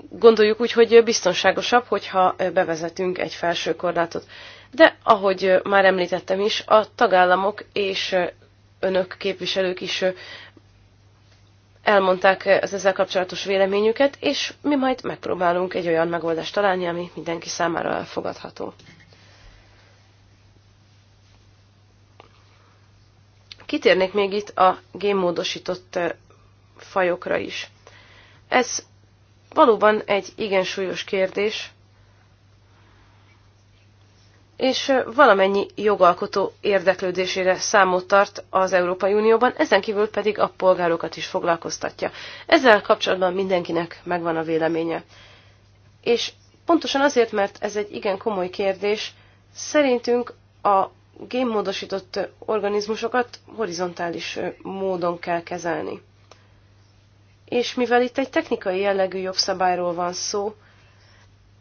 gondoljuk úgy, hogy biztonságosabb, hogyha eh, bevezetünk egy felső korlátot. De ahogy már említettem is, a tagállamok és önök képviselők is elmondták az ezzel kapcsolatos véleményüket, és mi majd megpróbálunk egy olyan megoldást találni, ami mindenki számára elfogadható. Kitérnék még itt a génmódosított fajokra is. Ez valóban egy igen súlyos kérdés, és valamennyi jogalkotó érdeklődésére számot tart az Európai Unióban, ezen kívül pedig a polgárokat is foglalkoztatja. Ezzel kapcsolatban mindenkinek megvan a véleménye. És pontosan azért, mert ez egy igen komoly kérdés, szerintünk a génmódosított organizmusokat horizontális módon kell kezelni. És mivel itt egy technikai jellegű jogszabályról van szó,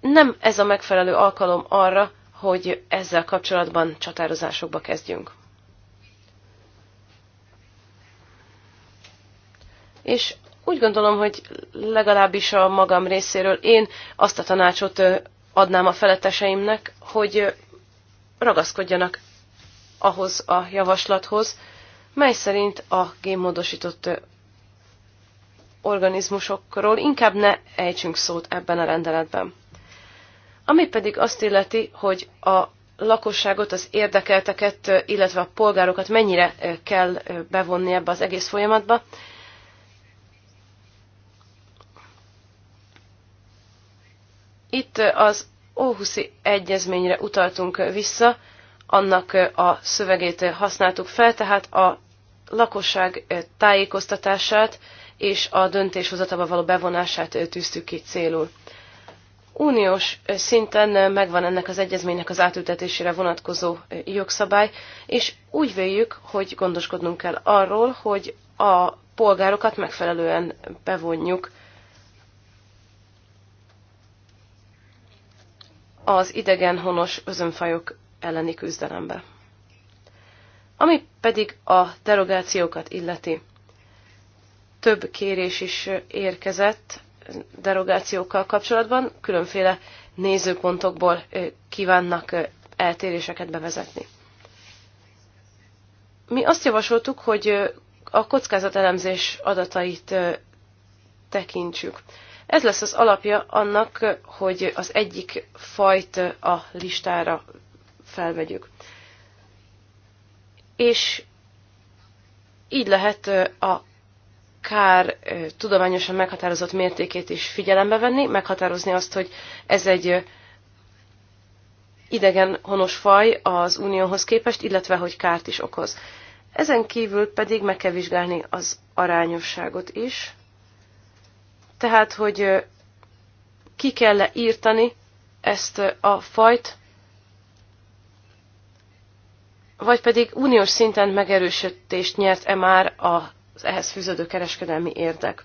nem ez a megfelelő alkalom arra, hogy ezzel kapcsolatban csatározásokba kezdjünk. És úgy gondolom, hogy legalábbis a magam részéről én azt a tanácsot adnám a feletteseimnek, hogy ragaszkodjanak ahhoz a javaslathoz, mely szerint a génmódosított organizmusokról inkább ne ejtsünk szót ebben a rendeletben. Ami pedig azt illeti, hogy a lakosságot, az érdekelteket, illetve a polgárokat mennyire kell bevonni ebbe az egész folyamatba. Itt az Óhuszi Egyezményre utaltunk vissza, annak a szövegét használtuk fel, tehát a lakosság tájékoztatását és a döntéshozatalba való bevonását tűztük ki célul. Uniós szinten megvan ennek az egyezménynek az átültetésére vonatkozó jogszabály, és úgy véljük, hogy gondoskodnunk kell arról, hogy a polgárokat megfelelően bevonjuk az idegenhonos özönfajok elleni küzdelembe. Ami pedig a derogációkat illeti. Több kérés is érkezett derogációkkal kapcsolatban, különféle nézőpontokból kívánnak eltéréseket bevezetni. Mi azt javasoltuk, hogy a kockázatelemzés adatait tekintsük. Ez lesz az alapja annak, hogy az egyik fajt a listára felvegyük. És így lehet a kár tudományosan meghatározott mértékét is figyelembe venni, meghatározni azt, hogy ez egy idegen honos faj az unióhoz képest, illetve hogy kárt is okoz. Ezen kívül pedig meg kell vizsgálni az arányosságot is, tehát hogy ki kell írtani ezt a fajt, vagy pedig uniós szinten megerősítést nyert-e már az ehhez fűződő kereskedelmi érdek.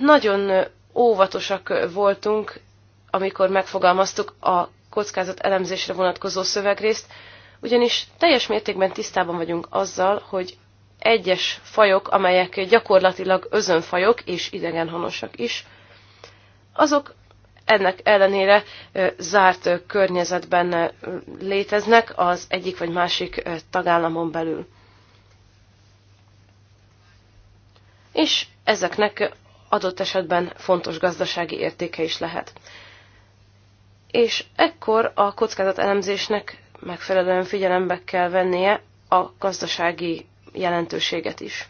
Nagyon óvatosak voltunk, amikor megfogalmaztuk a kockázat elemzésre vonatkozó szövegrészt, ugyanis teljes mértékben tisztában vagyunk azzal, hogy egyes fajok, amelyek gyakorlatilag özönfajok és idegenhonosak is, azok ennek ellenére zárt környezetben léteznek az egyik vagy másik tagállamon belül. És ezeknek adott esetben fontos gazdasági értéke is lehet. És ekkor a kockázat elemzésnek megfelelően figyelembe kell vennie a gazdasági jelentőséget is.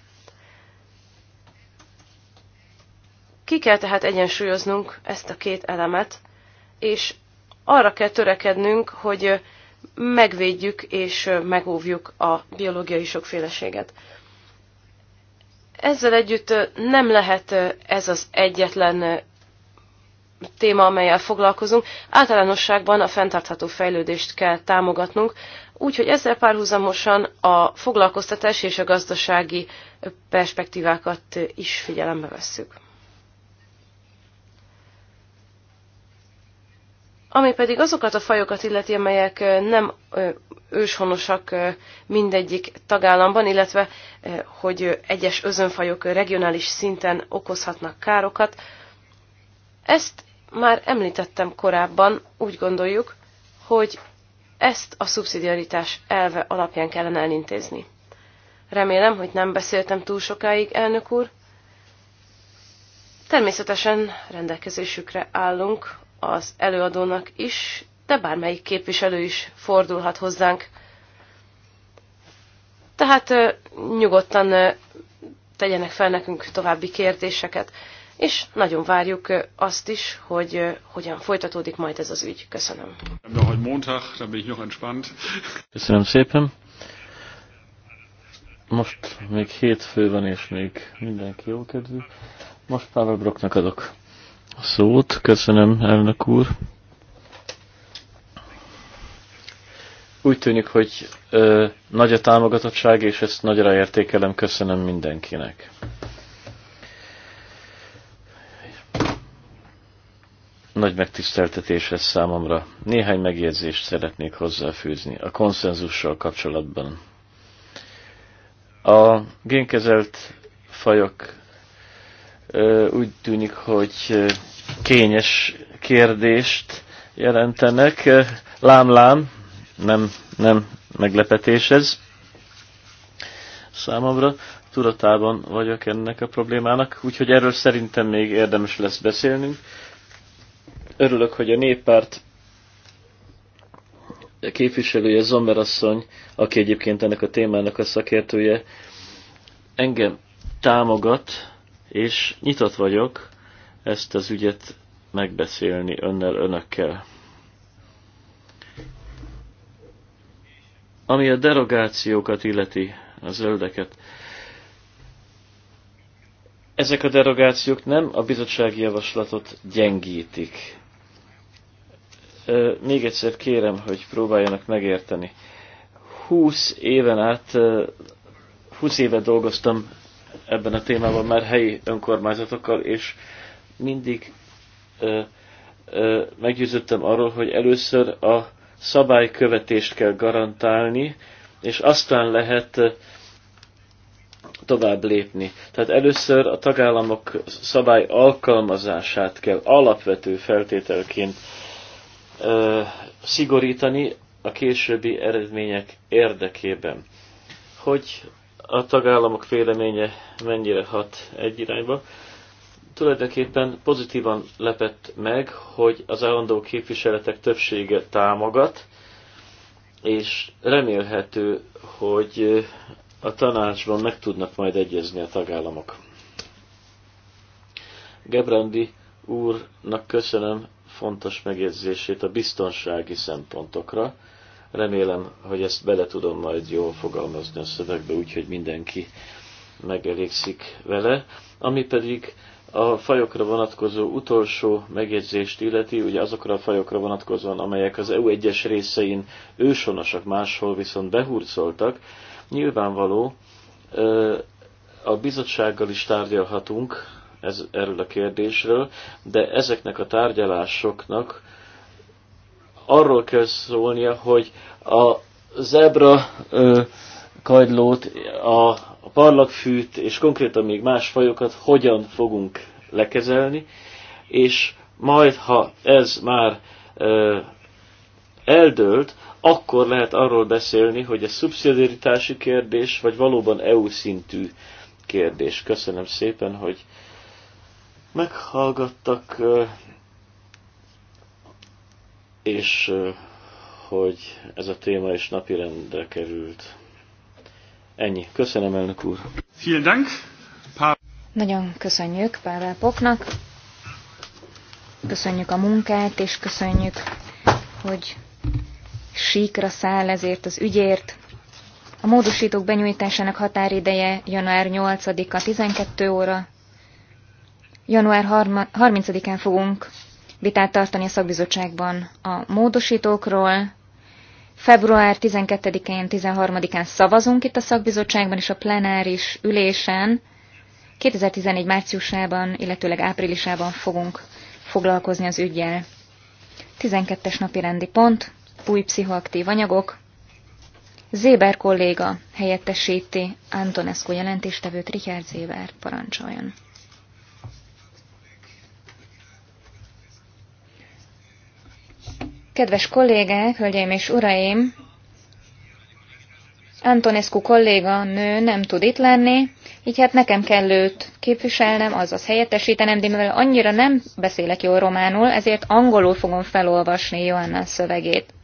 Ki kell tehát egyensúlyoznunk ezt a két elemet, és arra kell törekednünk, hogy megvédjük és megóvjuk a biológiai sokféleséget. Ezzel együtt nem lehet ez az egyetlen téma, amelyel foglalkozunk. Általánosságban a fenntartható fejlődést kell támogatnunk, úgyhogy ezzel párhuzamosan a foglalkoztatás és a gazdasági perspektívákat is figyelembe vesszük. Ami pedig azokat a fajokat illeti, amelyek nem őshonosak mindegyik tagállamban, illetve hogy egyes özönfajok regionális szinten okozhatnak károkat. Ezt már említettem korábban, úgy gondoljuk, hogy ezt a szubszidiaritás elve alapján kellene elintézni. Remélem, hogy nem beszéltem túl sokáig, elnök úr. Természetesen rendelkezésükre állunk az előadónak is, de bármelyik képviselő is fordulhat hozzánk. Tehát nyugodtan tegyenek fel nekünk további kérdéseket, és nagyon várjuk azt is, hogy hogyan folytatódik majd ez az ügy. Köszönöm. Köszönöm szépen. Most még hétfő van, és még mindenki kedvű. Most Pavel Broknak adok a szót. Köszönöm, elnök úr. Úgy tűnik, hogy ö, nagy a támogatottság, és ezt nagyra értékelem. Köszönöm mindenkinek. Nagy megtiszteltetés ez számomra. Néhány megjegyzést szeretnék hozzáfűzni a konszenzussal kapcsolatban. A génkezelt fajok úgy tűnik, hogy kényes kérdést jelentenek. Lám-lám, nem, nem meglepetés ez számomra. Tudatában vagyok ennek a problémának, úgyhogy erről szerintem még érdemes lesz beszélnünk. Örülök, hogy a néppárt képviselője Zomber asszony, aki egyébként ennek a témának a szakértője, engem támogat, és nyitott vagyok ezt az ügyet megbeszélni önnel, önökkel. Ami a derogációkat illeti, a zöldeket, ezek a derogációk nem a bizottsági javaslatot gyengítik. Még egyszer kérem, hogy próbáljanak megérteni. 20 éven át, 20 éve dolgoztam ebben a témában már helyi önkormányzatokkal, és mindig ö, ö, meggyőződtem arról, hogy először a szabálykövetést kell garantálni, és aztán lehet tovább lépni. Tehát először a tagállamok szabály alkalmazását kell alapvető feltételként ö, szigorítani a későbbi eredmények érdekében. Hogy a tagállamok véleménye mennyire hat egy irányba. Tulajdonképpen pozitívan lepett meg, hogy az állandó képviseletek többsége támogat, és remélhető, hogy a tanácsban meg tudnak majd egyezni a tagállamok. Gebrandi úrnak köszönöm fontos megjegyzését a biztonsági szempontokra. Remélem, hogy ezt bele tudom majd jól fogalmazni a szövegbe, úgyhogy mindenki megelégszik vele. Ami pedig a fajokra vonatkozó utolsó megjegyzést illeti, ugye azokra a fajokra vonatkozóan, amelyek az EU egyes részein ősonosak, máshol viszont behurcoltak, nyilvánvaló, a bizottsággal is tárgyalhatunk ez, erről a kérdésről, de ezeknek a tárgyalásoknak arról kell szólnia, hogy a zebra ö, kajdlót, a a parlagfűt és konkrétan még más fajokat hogyan fogunk lekezelni, és majd, ha ez már ö, eldőlt, akkor lehet arról beszélni, hogy ez szubszidiaritási kérdés, vagy valóban EU szintű kérdés. Köszönöm szépen, hogy meghallgattak és hogy ez a téma is napirendre került. Ennyi. Köszönöm, elnök úr. Vielen Dank. Nagyon köszönjük Pável Poknak. Köszönjük a munkát, és köszönjük, hogy síkra száll ezért az ügyért. A módosítók benyújtásának határideje január 8-a 12 óra. Január 30-án fogunk vitát tartani a szakbizottságban a módosítókról. Február 12-én, 13-án szavazunk itt a szakbizottságban és a plenáris ülésen. 2014 márciusában, illetőleg áprilisában fogunk foglalkozni az ügyjel. 12-es napi rendi pont, új pszichoaktív anyagok. Zéber kolléga helyettesíti Antonescu jelentéstevőt Richard Zéber parancsoljon. Kedves kollégák, hölgyeim és uraim! Antonescu kolléga nő nem tud itt lenni, így hát nekem kell őt képviselnem, azaz helyettesítenem, de mivel annyira nem beszélek jól románul, ezért angolul fogom felolvasni Joanna szövegét.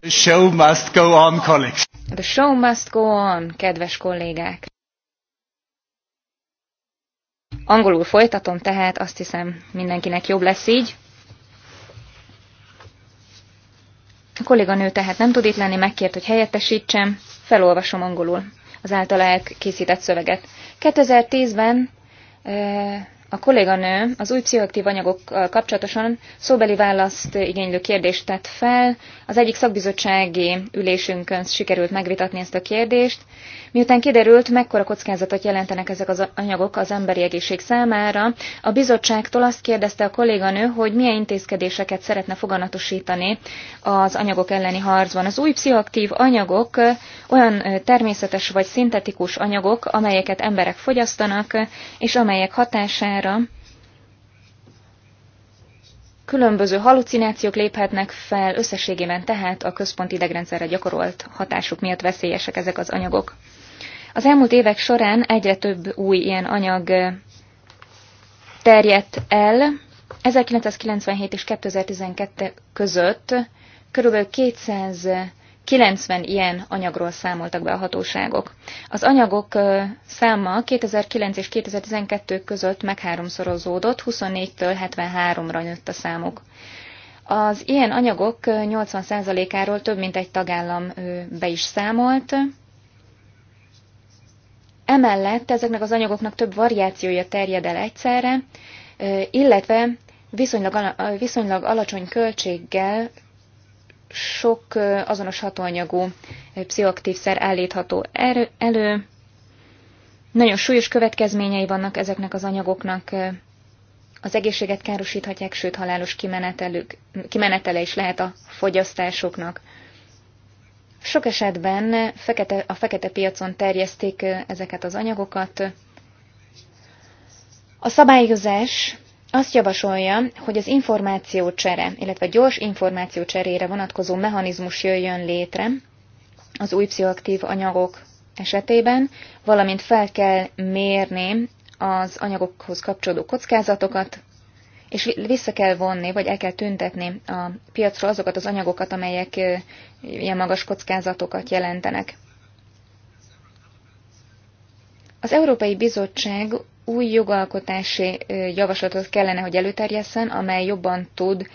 The show must go on, colleagues. The show must go on, kedves kollégák. Angolul folytatom, tehát azt hiszem mindenkinek jobb lesz így. A kolléganő tehát nem tud itt lenni, megkért, hogy helyettesítsem, felolvasom angolul az általa elkészített szöveget. 2010-ben a kolléganő az új pszichoaktív anyagokkal kapcsolatosan szóbeli választ igénylő kérdést tett fel, az egyik szakbizottsági ülésünkön sikerült megvitatni ezt a kérdést, miután kiderült, mekkora kockázatot jelentenek ezek az anyagok az emberi egészség számára, a bizottságtól azt kérdezte a kolléganő, hogy milyen intézkedéseket szeretne foganatosítani az anyagok elleni harcban. Az új pszichoaktív anyagok olyan természetes vagy szintetikus anyagok, amelyeket emberek fogyasztanak, és amelyek hatására Különböző halucinációk léphetnek fel, összességében tehát a központi idegrendszerre gyakorolt hatásuk miatt veszélyesek ezek az anyagok. Az elmúlt évek során egyre több új ilyen anyag eh, terjedt el. 1997 és 2012 között körülbelül 200 90 ilyen anyagról számoltak be a hatóságok. Az anyagok száma 2009 és 2012 között megháromszorozódott, 24-től 73-ra nőtt a számuk. Az ilyen anyagok 80%-áról több mint egy tagállam be is számolt. Emellett ezeknek az anyagoknak több variációja terjed el egyszerre, illetve viszonylag, viszonylag alacsony költséggel sok azonos hatóanyagú pszichoaktív szer állítható elő. Nagyon súlyos következményei vannak ezeknek az anyagoknak, az egészséget károsíthatják, sőt halálos kimenetelük, kimenetele is lehet a fogyasztásoknak. Sok esetben fekete, a fekete piacon terjesztik ezeket az anyagokat. A szabályozás azt javasolja, hogy az információcsere, illetve gyors információcserére vonatkozó mechanizmus jöjjön létre az új pszichoaktív anyagok esetében, valamint fel kell mérni az anyagokhoz kapcsolódó kockázatokat, és vissza kell vonni, vagy el kell tüntetni a piacra azokat az anyagokat, amelyek ilyen magas kockázatokat jelentenek. Az Európai Bizottság új jogalkotási javaslatot kellene, hogy előterjesszen, amely jobban tud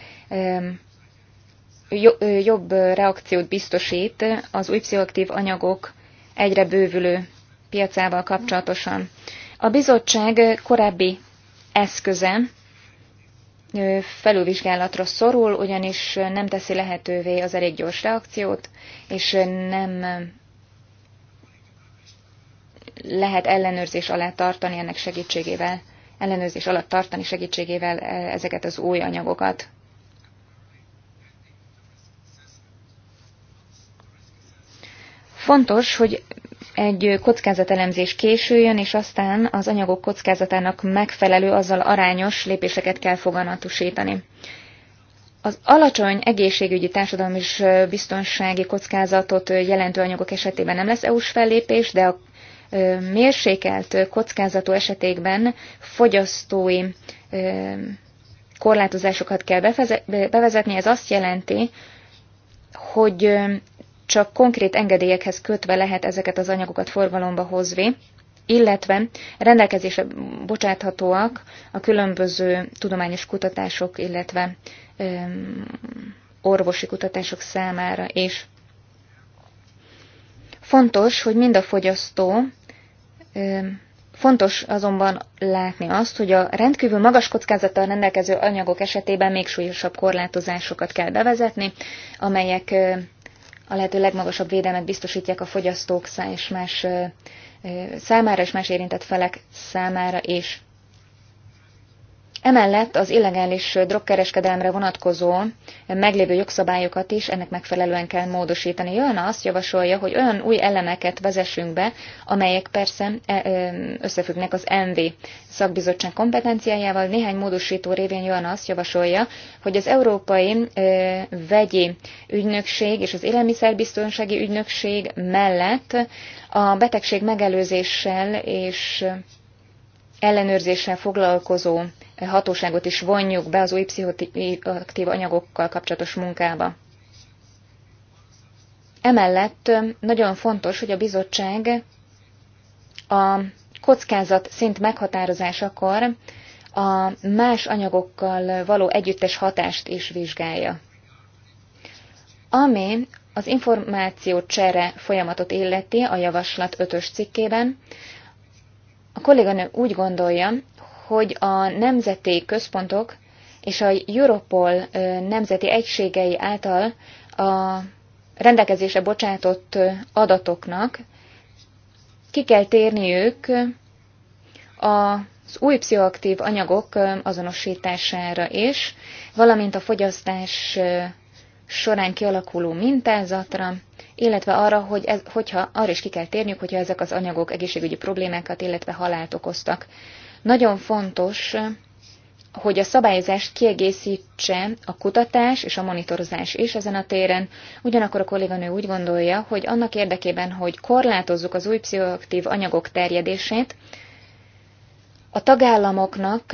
jobb reakciót biztosít az új pszichoaktív anyagok egyre bővülő piacával kapcsolatosan. A bizottság korábbi eszköze felülvizsgálatra szorul, ugyanis nem teszi lehetővé az elég gyors reakciót, és nem lehet ellenőrzés alá tartani ennek segítségével, ellenőrzés alatt tartani segítségével e, ezeket az új anyagokat. Fontos, hogy egy kockázatelemzés későjön, és aztán az anyagok kockázatának megfelelő, azzal arányos lépéseket kell foganatosítani. Az alacsony egészségügyi társadalmi és biztonsági kockázatot jelentő anyagok esetében nem lesz EU-s fellépés, de a mérsékelt kockázatú esetékben fogyasztói korlátozásokat kell bevezetni. Ez azt jelenti, hogy csak konkrét engedélyekhez kötve lehet ezeket az anyagokat forgalomba hozni, illetve rendelkezésre bocsáthatóak a különböző tudományos kutatások, illetve orvosi kutatások számára is. Fontos, hogy mind a fogyasztó, fontos azonban látni azt, hogy a rendkívül magas kockázattal rendelkező anyagok esetében még súlyosabb korlátozásokat kell bevezetni, amelyek a lehető legmagasabb védelmet biztosítják a fogyasztók és más számára és más érintett felek számára is. Emellett az illegális drogkereskedelemre vonatkozó meglévő jogszabályokat is ennek megfelelően kell módosítani. Jön azt javasolja, hogy olyan új elemeket vezessünk be, amelyek persze e, összefüggnek az MV szakbizottság kompetenciájával. Néhány módosító révén Jön azt javasolja, hogy az Európai Vegyi Ügynökség és az Élelmiszerbiztonsági Ügynökség mellett a betegség megelőzéssel és ellenőrzéssel foglalkozó hatóságot is vonjuk be az új pszichoaktív anyagokkal kapcsolatos munkába. Emellett nagyon fontos, hogy a bizottság a kockázat szint meghatározásakor a más anyagokkal való együttes hatást is vizsgálja. Ami az információ csere folyamatot illeti a javaslat ötös cikkében, a kolléganő úgy gondolja, hogy a nemzeti központok és a Europol nemzeti egységei által a rendelkezésre bocsátott adatoknak ki kell térniük az új pszichoaktív anyagok azonosítására is, valamint a fogyasztás során kialakuló mintázatra, illetve arra, hogy ez, hogyha arra is ki kell térniük, hogyha ezek az anyagok egészségügyi problémákat, illetve halált okoztak. Nagyon fontos, hogy a szabályozást kiegészítse a kutatás és a monitorozás is ezen a téren, ugyanakkor a kolléganő úgy gondolja, hogy annak érdekében, hogy korlátozzuk az új pszichoaktív anyagok terjedését, a tagállamoknak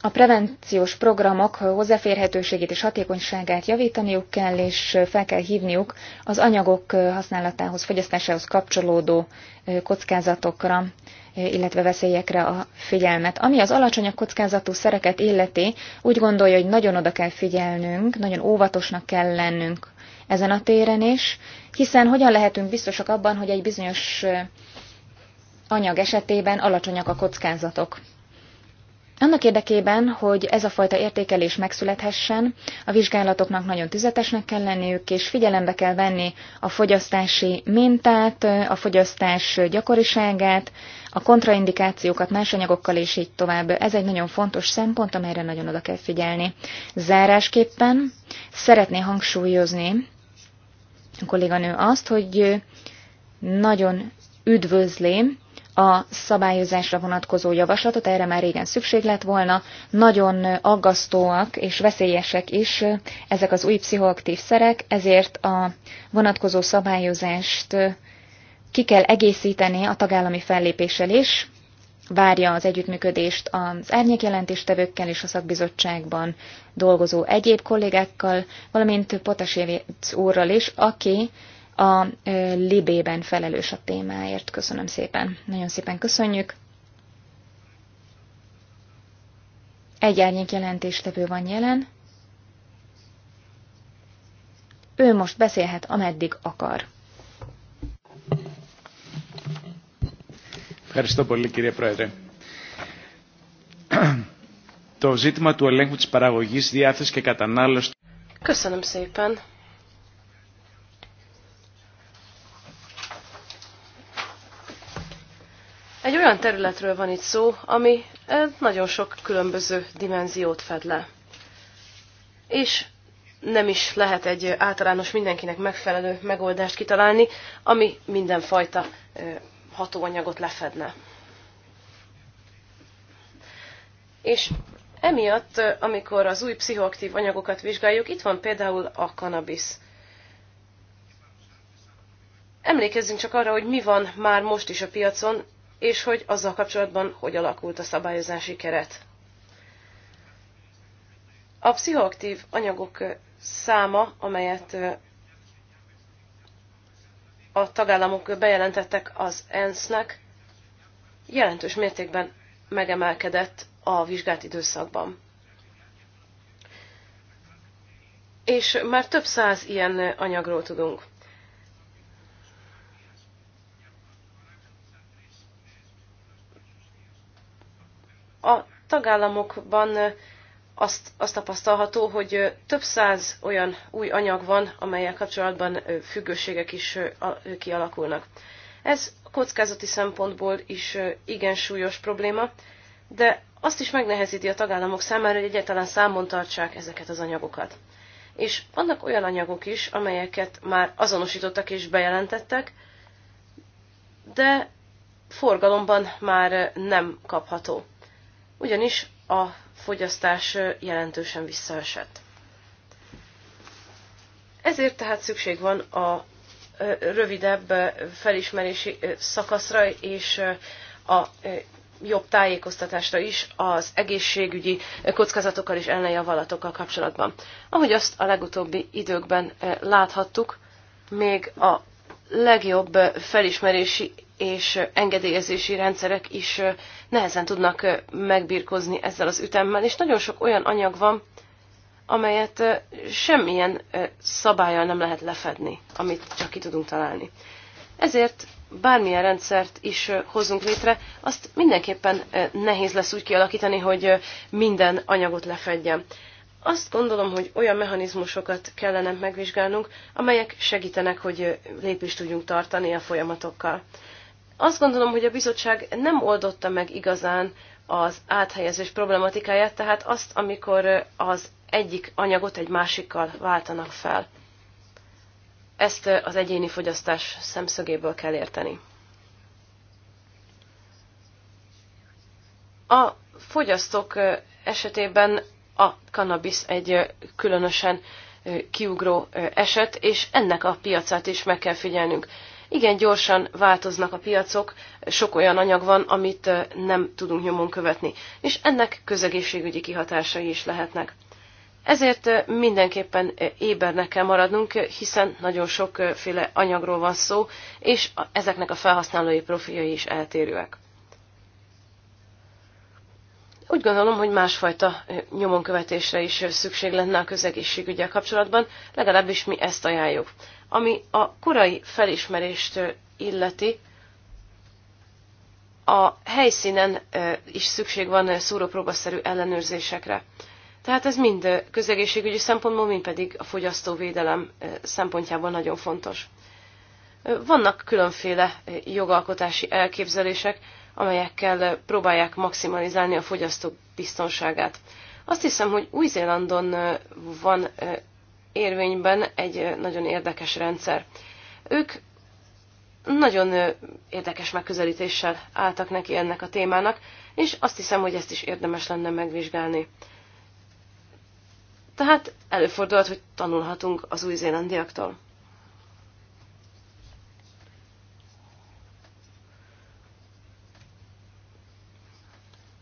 a prevenciós programok hozzáférhetőségét és hatékonyságát javítaniuk kell, és fel kell hívniuk az anyagok használatához, fogyasztásához kapcsolódó kockázatokra, illetve veszélyekre a figyelmet. Ami az alacsonyabb kockázatú szereket illeti, úgy gondolja, hogy nagyon oda kell figyelnünk, nagyon óvatosnak kell lennünk ezen a téren is, hiszen hogyan lehetünk biztosak abban, hogy egy bizonyos anyag esetében alacsonyak a kockázatok. Annak érdekében, hogy ez a fajta értékelés megszülethessen, a vizsgálatoknak nagyon tüzetesnek kell lenniük, és figyelembe kell venni a fogyasztási mintát, a fogyasztás gyakoriságát, a kontraindikációkat más anyagokkal, és így tovább. Ez egy nagyon fontos szempont, amelyre nagyon oda kell figyelni. Zárásképpen szeretné hangsúlyozni a kolléganő azt, hogy nagyon üdvözli a szabályozásra vonatkozó javaslatot, erre már régen szükség lett volna. Nagyon aggasztóak és veszélyesek is ezek az új pszichoaktív szerek, ezért a vonatkozó szabályozást ki kell egészíteni a tagállami fellépéssel is, várja az együttműködést az árnyékjelentéstevőkkel és a szakbizottságban dolgozó egyéb kollégákkal, valamint Potasévic úrral is, aki a Libében felelős a témáért. Köszönöm szépen. Nagyon szépen köszönjük. Egy árnyék jelentéstevő van jelen. Ő most beszélhet, ameddig akar. Ευχαριστώ πολύ κύριε Πρόεδρε. Το ζήτημα του ελέγχου της παραγωγής, διάθεσης και κατανάλωσης. Köszönöm szépen. Egy olyan területről van itt szó, ami nagyon sok különböző dimenziót fed le. És nem is lehet egy általános mindenkinek megfelelő megoldást kitalálni, ami mindenfajta hatóanyagot lefedne. És emiatt, amikor az új pszichoaktív anyagokat vizsgáljuk, itt van például a kanabisz. Emlékezzünk csak arra, hogy mi van már most is a piacon, és hogy azzal kapcsolatban hogy alakult a szabályozási keret. A pszichoaktív anyagok száma, amelyet a tagállamok bejelentettek az ENSZ-nek, jelentős mértékben megemelkedett a vizsgált időszakban. És már több száz ilyen anyagról tudunk. a tagállamokban azt, azt tapasztalható, hogy több száz olyan új anyag van, amelyek kapcsolatban függőségek is kialakulnak. Ez kockázati szempontból is igen súlyos probléma, de azt is megnehezíti a tagállamok számára, hogy egyáltalán számon tartsák ezeket az anyagokat. És vannak olyan anyagok is, amelyeket már azonosítottak és bejelentettek, de forgalomban már nem kapható ugyanis a fogyasztás jelentősen visszaesett. Ezért tehát szükség van a rövidebb felismerési szakaszra és a jobb tájékoztatásra is az egészségügyi kockázatokkal és ellenjavallatokkal kapcsolatban. Ahogy azt a legutóbbi időkben láthattuk, még a legjobb felismerési és engedélyezési rendszerek is nehezen tudnak megbírkozni ezzel az ütemmel, és nagyon sok olyan anyag van, amelyet semmilyen szabályal nem lehet lefedni, amit csak ki tudunk találni. Ezért bármilyen rendszert is hozunk létre, azt mindenképpen nehéz lesz úgy kialakítani, hogy minden anyagot lefedjen. Azt gondolom, hogy olyan mechanizmusokat kellene megvizsgálnunk, amelyek segítenek, hogy lépést tudjunk tartani a folyamatokkal. Azt gondolom, hogy a bizottság nem oldotta meg igazán az áthelyezés problematikáját, tehát azt, amikor az egyik anyagot egy másikkal váltanak fel. Ezt az egyéni fogyasztás szemszögéből kell érteni. A fogyasztók esetében a cannabis egy különösen kiugró eset, és ennek a piacát is meg kell figyelnünk igen gyorsan változnak a piacok, sok olyan anyag van, amit nem tudunk nyomon követni, és ennek közegészségügyi kihatásai is lehetnek. Ezért mindenképpen ébernek kell maradnunk, hiszen nagyon sokféle anyagról van szó, és ezeknek a felhasználói profiljai is eltérőek. Úgy gondolom, hogy másfajta nyomonkövetésre is szükség lenne a közegészségügyel kapcsolatban, legalábbis mi ezt ajánljuk. Ami a korai felismerést illeti, a helyszínen is szükség van szúrópróbaszerű ellenőrzésekre. Tehát ez mind közegészségügyi szempontból, mind pedig a fogyasztóvédelem szempontjából nagyon fontos. Vannak különféle jogalkotási elképzelések, amelyekkel próbálják maximalizálni a fogyasztók biztonságát. Azt hiszem, hogy Új-Zélandon van érvényben egy nagyon érdekes rendszer. Ők nagyon érdekes megközelítéssel álltak neki ennek a témának, és azt hiszem, hogy ezt is érdemes lenne megvizsgálni. Tehát előfordulhat, hogy tanulhatunk az új-zélandiaktól.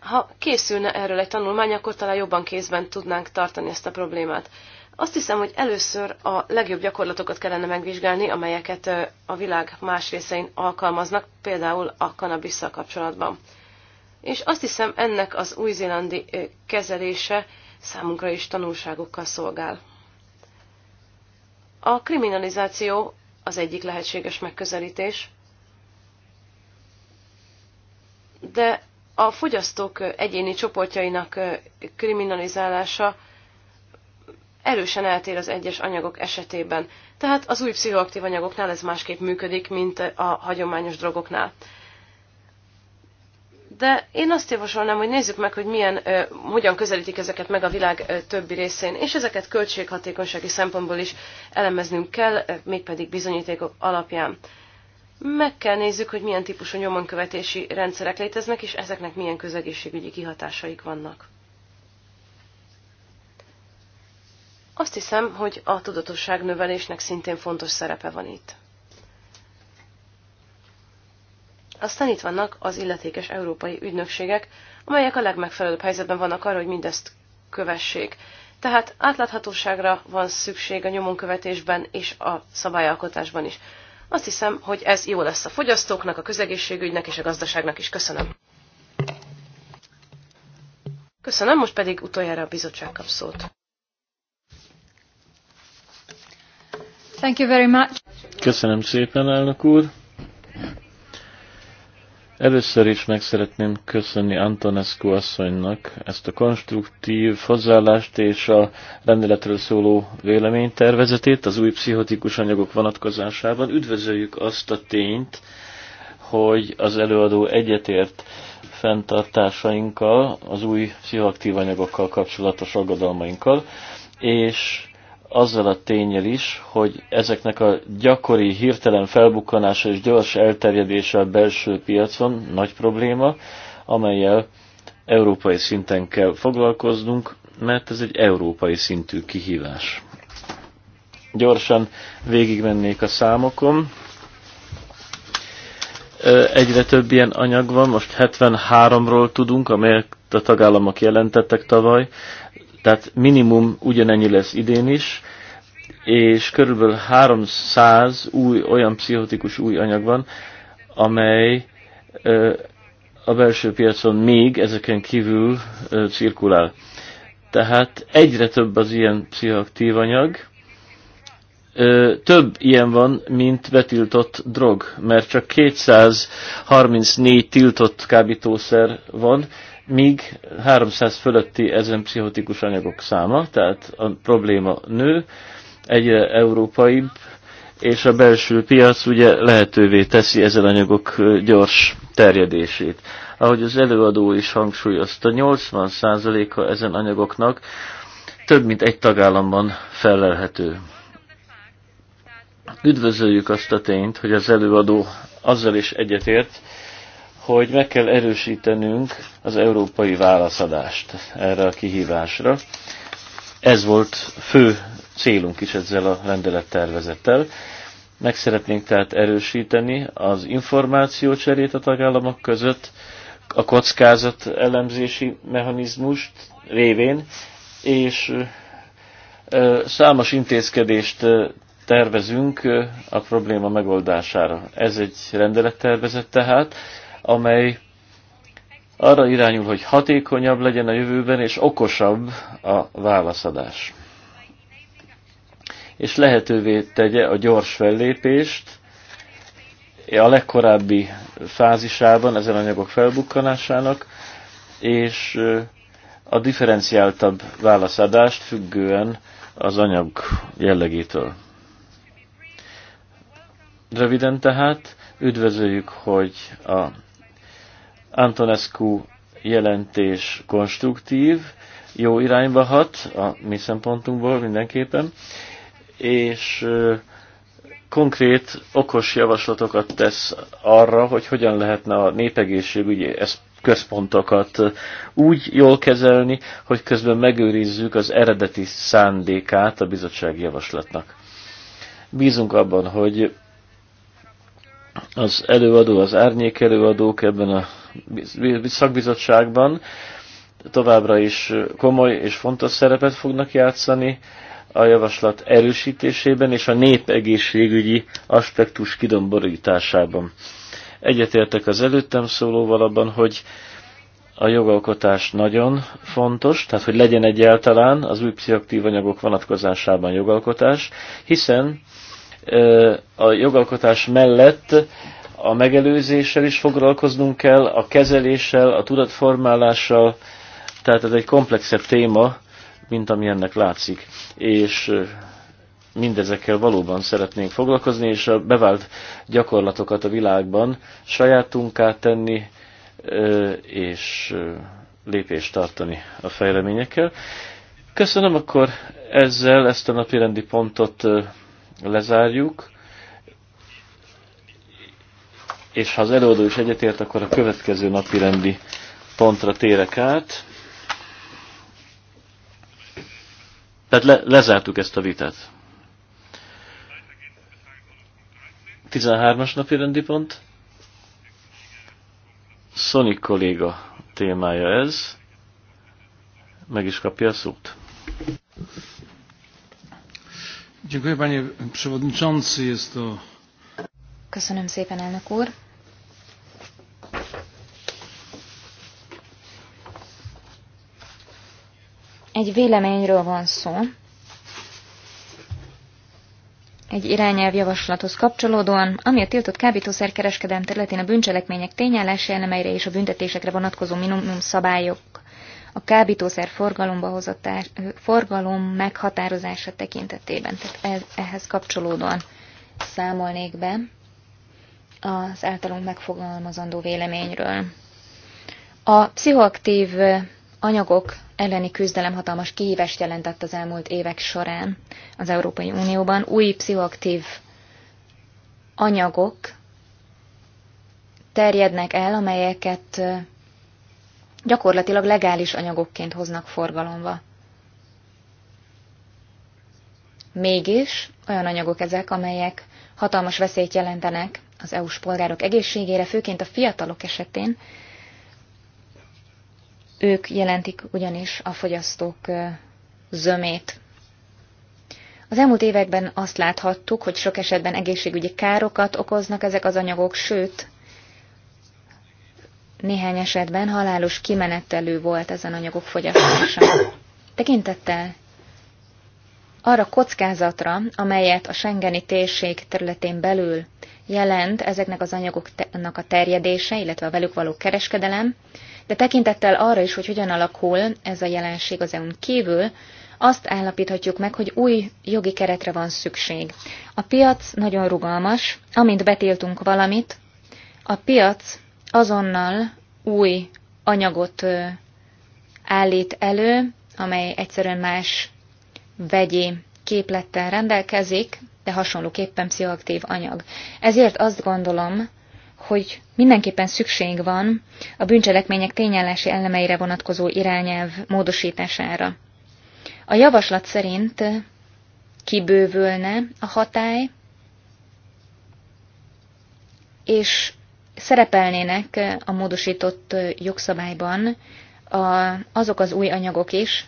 Ha készülne erről egy tanulmány, akkor talán jobban kézben tudnánk tartani ezt a problémát. Azt hiszem, hogy először a legjobb gyakorlatokat kellene megvizsgálni, amelyeket a világ más részein alkalmaznak, például a kannabisszal kapcsolatban. És azt hiszem, ennek az új-zélandi kezelése számunkra is tanulságokkal szolgál. A kriminalizáció az egyik lehetséges megközelítés, de a fogyasztók egyéni csoportjainak kriminalizálása erősen eltér az egyes anyagok esetében. Tehát az új pszichoaktív anyagoknál ez másképp működik, mint a hagyományos drogoknál. De én azt javasolnám, hogy nézzük meg, hogy milyen, hogyan közelítik ezeket meg a világ többi részén, és ezeket költséghatékonysági szempontból is elemeznünk kell, mégpedig bizonyítékok alapján. Meg kell nézzük, hogy milyen típusú nyomonkövetési rendszerek léteznek, és ezeknek milyen közegészségügyi kihatásaik vannak. Azt hiszem, hogy a tudatosság növelésnek szintén fontos szerepe van itt. Aztán itt vannak az illetékes európai ügynökségek, amelyek a legmegfelelőbb helyzetben vannak arra, hogy mindezt kövessék. Tehát átláthatóságra van szükség a nyomonkövetésben és a szabályalkotásban is. Azt hiszem, hogy ez jó lesz a fogyasztóknak, a közegészségügynek és a gazdaságnak is. Köszönöm. Köszönöm, most pedig utoljára a bizottság kap szót. Thank you very much. Köszönöm szépen, elnök úr. Először is meg szeretném köszönni Antonescu asszonynak ezt a konstruktív hozzáállást és a rendeletről szóló véleménytervezetét az új pszichotikus anyagok vonatkozásában. Üdvözöljük azt a tényt, hogy az előadó egyetért fenntartásainkkal, az új pszichoaktív anyagokkal kapcsolatos aggodalmainkkal, és azzal a tényel is, hogy ezeknek a gyakori hirtelen felbukkanása és gyors elterjedése a belső piacon nagy probléma, amelyel európai szinten kell foglalkoznunk, mert ez egy európai szintű kihívás. Gyorsan végigmennék a számokon. Egyre több ilyen anyag van, most 73-ról tudunk, amelyet a tagállamok jelentettek tavaly tehát minimum ugyanennyi lesz idén is, és körülbelül 300 új, olyan pszichotikus új anyag van, amely a belső piacon még ezeken kívül cirkulál. Tehát egyre több az ilyen pszichoaktív anyag, több ilyen van, mint betiltott drog, mert csak 234 tiltott kábítószer van, míg 300 fölötti ezen pszichotikus anyagok száma, tehát a probléma nő, egyre európaibb, és a belső piac ugye lehetővé teszi ezen anyagok gyors terjedését. Ahogy az előadó is hangsúlyozta, 80%-a ezen anyagoknak több mint egy tagállamban felelhető. Üdvözöljük azt a tényt, hogy az előadó azzal is egyetért, hogy meg kell erősítenünk az európai válaszadást erre a kihívásra. Ez volt fő célunk is ezzel a rendelettervezettel. Meg szeretnénk tehát erősíteni az információcserét a tagállamok között, a kockázat elemzési mechanizmust révén, és számos intézkedést tervezünk a probléma megoldására. Ez egy rendelettervezet tehát, amely arra irányul, hogy hatékonyabb legyen a jövőben, és okosabb a válaszadás. És lehetővé tegye a gyors fellépést a legkorábbi fázisában ezen anyagok felbukkanásának, és a differenciáltabb válaszadást függően az anyag jellegétől. Röviden tehát üdvözöljük, hogy a Antonescu jelentés konstruktív, jó irányba hat a mi szempontunkból mindenképpen, és konkrét, okos javaslatokat tesz arra, hogy hogyan lehetne a népegészségügyi központokat úgy jól kezelni, hogy közben megőrizzük az eredeti szándékát a bizottság javaslatnak. Bízunk abban, hogy az előadó, az árnyék előadók ebben a szakbizottságban továbbra is komoly és fontos szerepet fognak játszani a javaslat erősítésében és a népegészségügyi aspektus kidomborításában. Egyetértek az előttem szólóval abban, hogy a jogalkotás nagyon fontos, tehát hogy legyen egyáltalán az új pszichoaktív anyagok vonatkozásában jogalkotás, hiszen a jogalkotás mellett a megelőzéssel is foglalkoznunk kell, a kezeléssel, a tudatformálással, tehát ez egy komplexebb téma, mint ami ennek látszik. És mindezekkel valóban szeretnénk foglalkozni, és a bevált gyakorlatokat a világban sajátunká tenni, és lépést tartani a fejleményekkel. Köszönöm, akkor ezzel ezt a napi rendi pontot lezárjuk és ha az előadó is egyetért, akkor a következő napi rendi pontra térek át. Tehát le, lezártuk ezt a vitát. 13-as napi rendi pont. Sony kolléga témája ez. Meg is kapja a szót. Dziękuję panie przewodniczący. Jest to Köszönöm szépen, elnök úr. Egy véleményről van szó, egy irányelvjavaslathoz kapcsolódóan, ami a tiltott kábítószerkereskedelm területén a bűncselekmények tényállási elemeire és a büntetésekre vonatkozó minimum szabályok a kábítószer forgalomba hozott forgalom meghatározása tekintetében. Tehát ez, ehhez kapcsolódóan számolnék be az általunk megfogalmazandó véleményről. A pszichoaktív anyagok elleni küzdelem hatalmas kihívást jelentett az elmúlt évek során az Európai Unióban. Új pszichoaktív anyagok terjednek el, amelyeket gyakorlatilag legális anyagokként hoznak forgalomba. Mégis olyan anyagok ezek, amelyek hatalmas veszélyt jelentenek az EU-s polgárok egészségére, főként a fiatalok esetén, ők jelentik ugyanis a fogyasztók zömét. Az elmúlt években azt láthattuk, hogy sok esetben egészségügyi károkat okoznak ezek az anyagok, sőt, néhány esetben halálos kimenetelő volt ezen anyagok fogyasztása. Tekintettel arra kockázatra, amelyet a Schengeni térség területén belül jelent ezeknek az anyagoknak a terjedése, illetve a velük való kereskedelem, de tekintettel arra is, hogy hogyan alakul ez a jelenség az EU-n kívül, azt állapíthatjuk meg, hogy új jogi keretre van szükség. A piac nagyon rugalmas, amint betiltunk valamit, a piac azonnal új anyagot állít elő, amely egyszerűen más vegyi képlettel rendelkezik, de hasonlóképpen pszichoaktív anyag. Ezért azt gondolom, hogy mindenképpen szükség van a bűncselekmények tényállási elemeire vonatkozó irányelv módosítására. A javaslat szerint kibővülne a hatály, és szerepelnének a módosított jogszabályban a, azok az új anyagok is,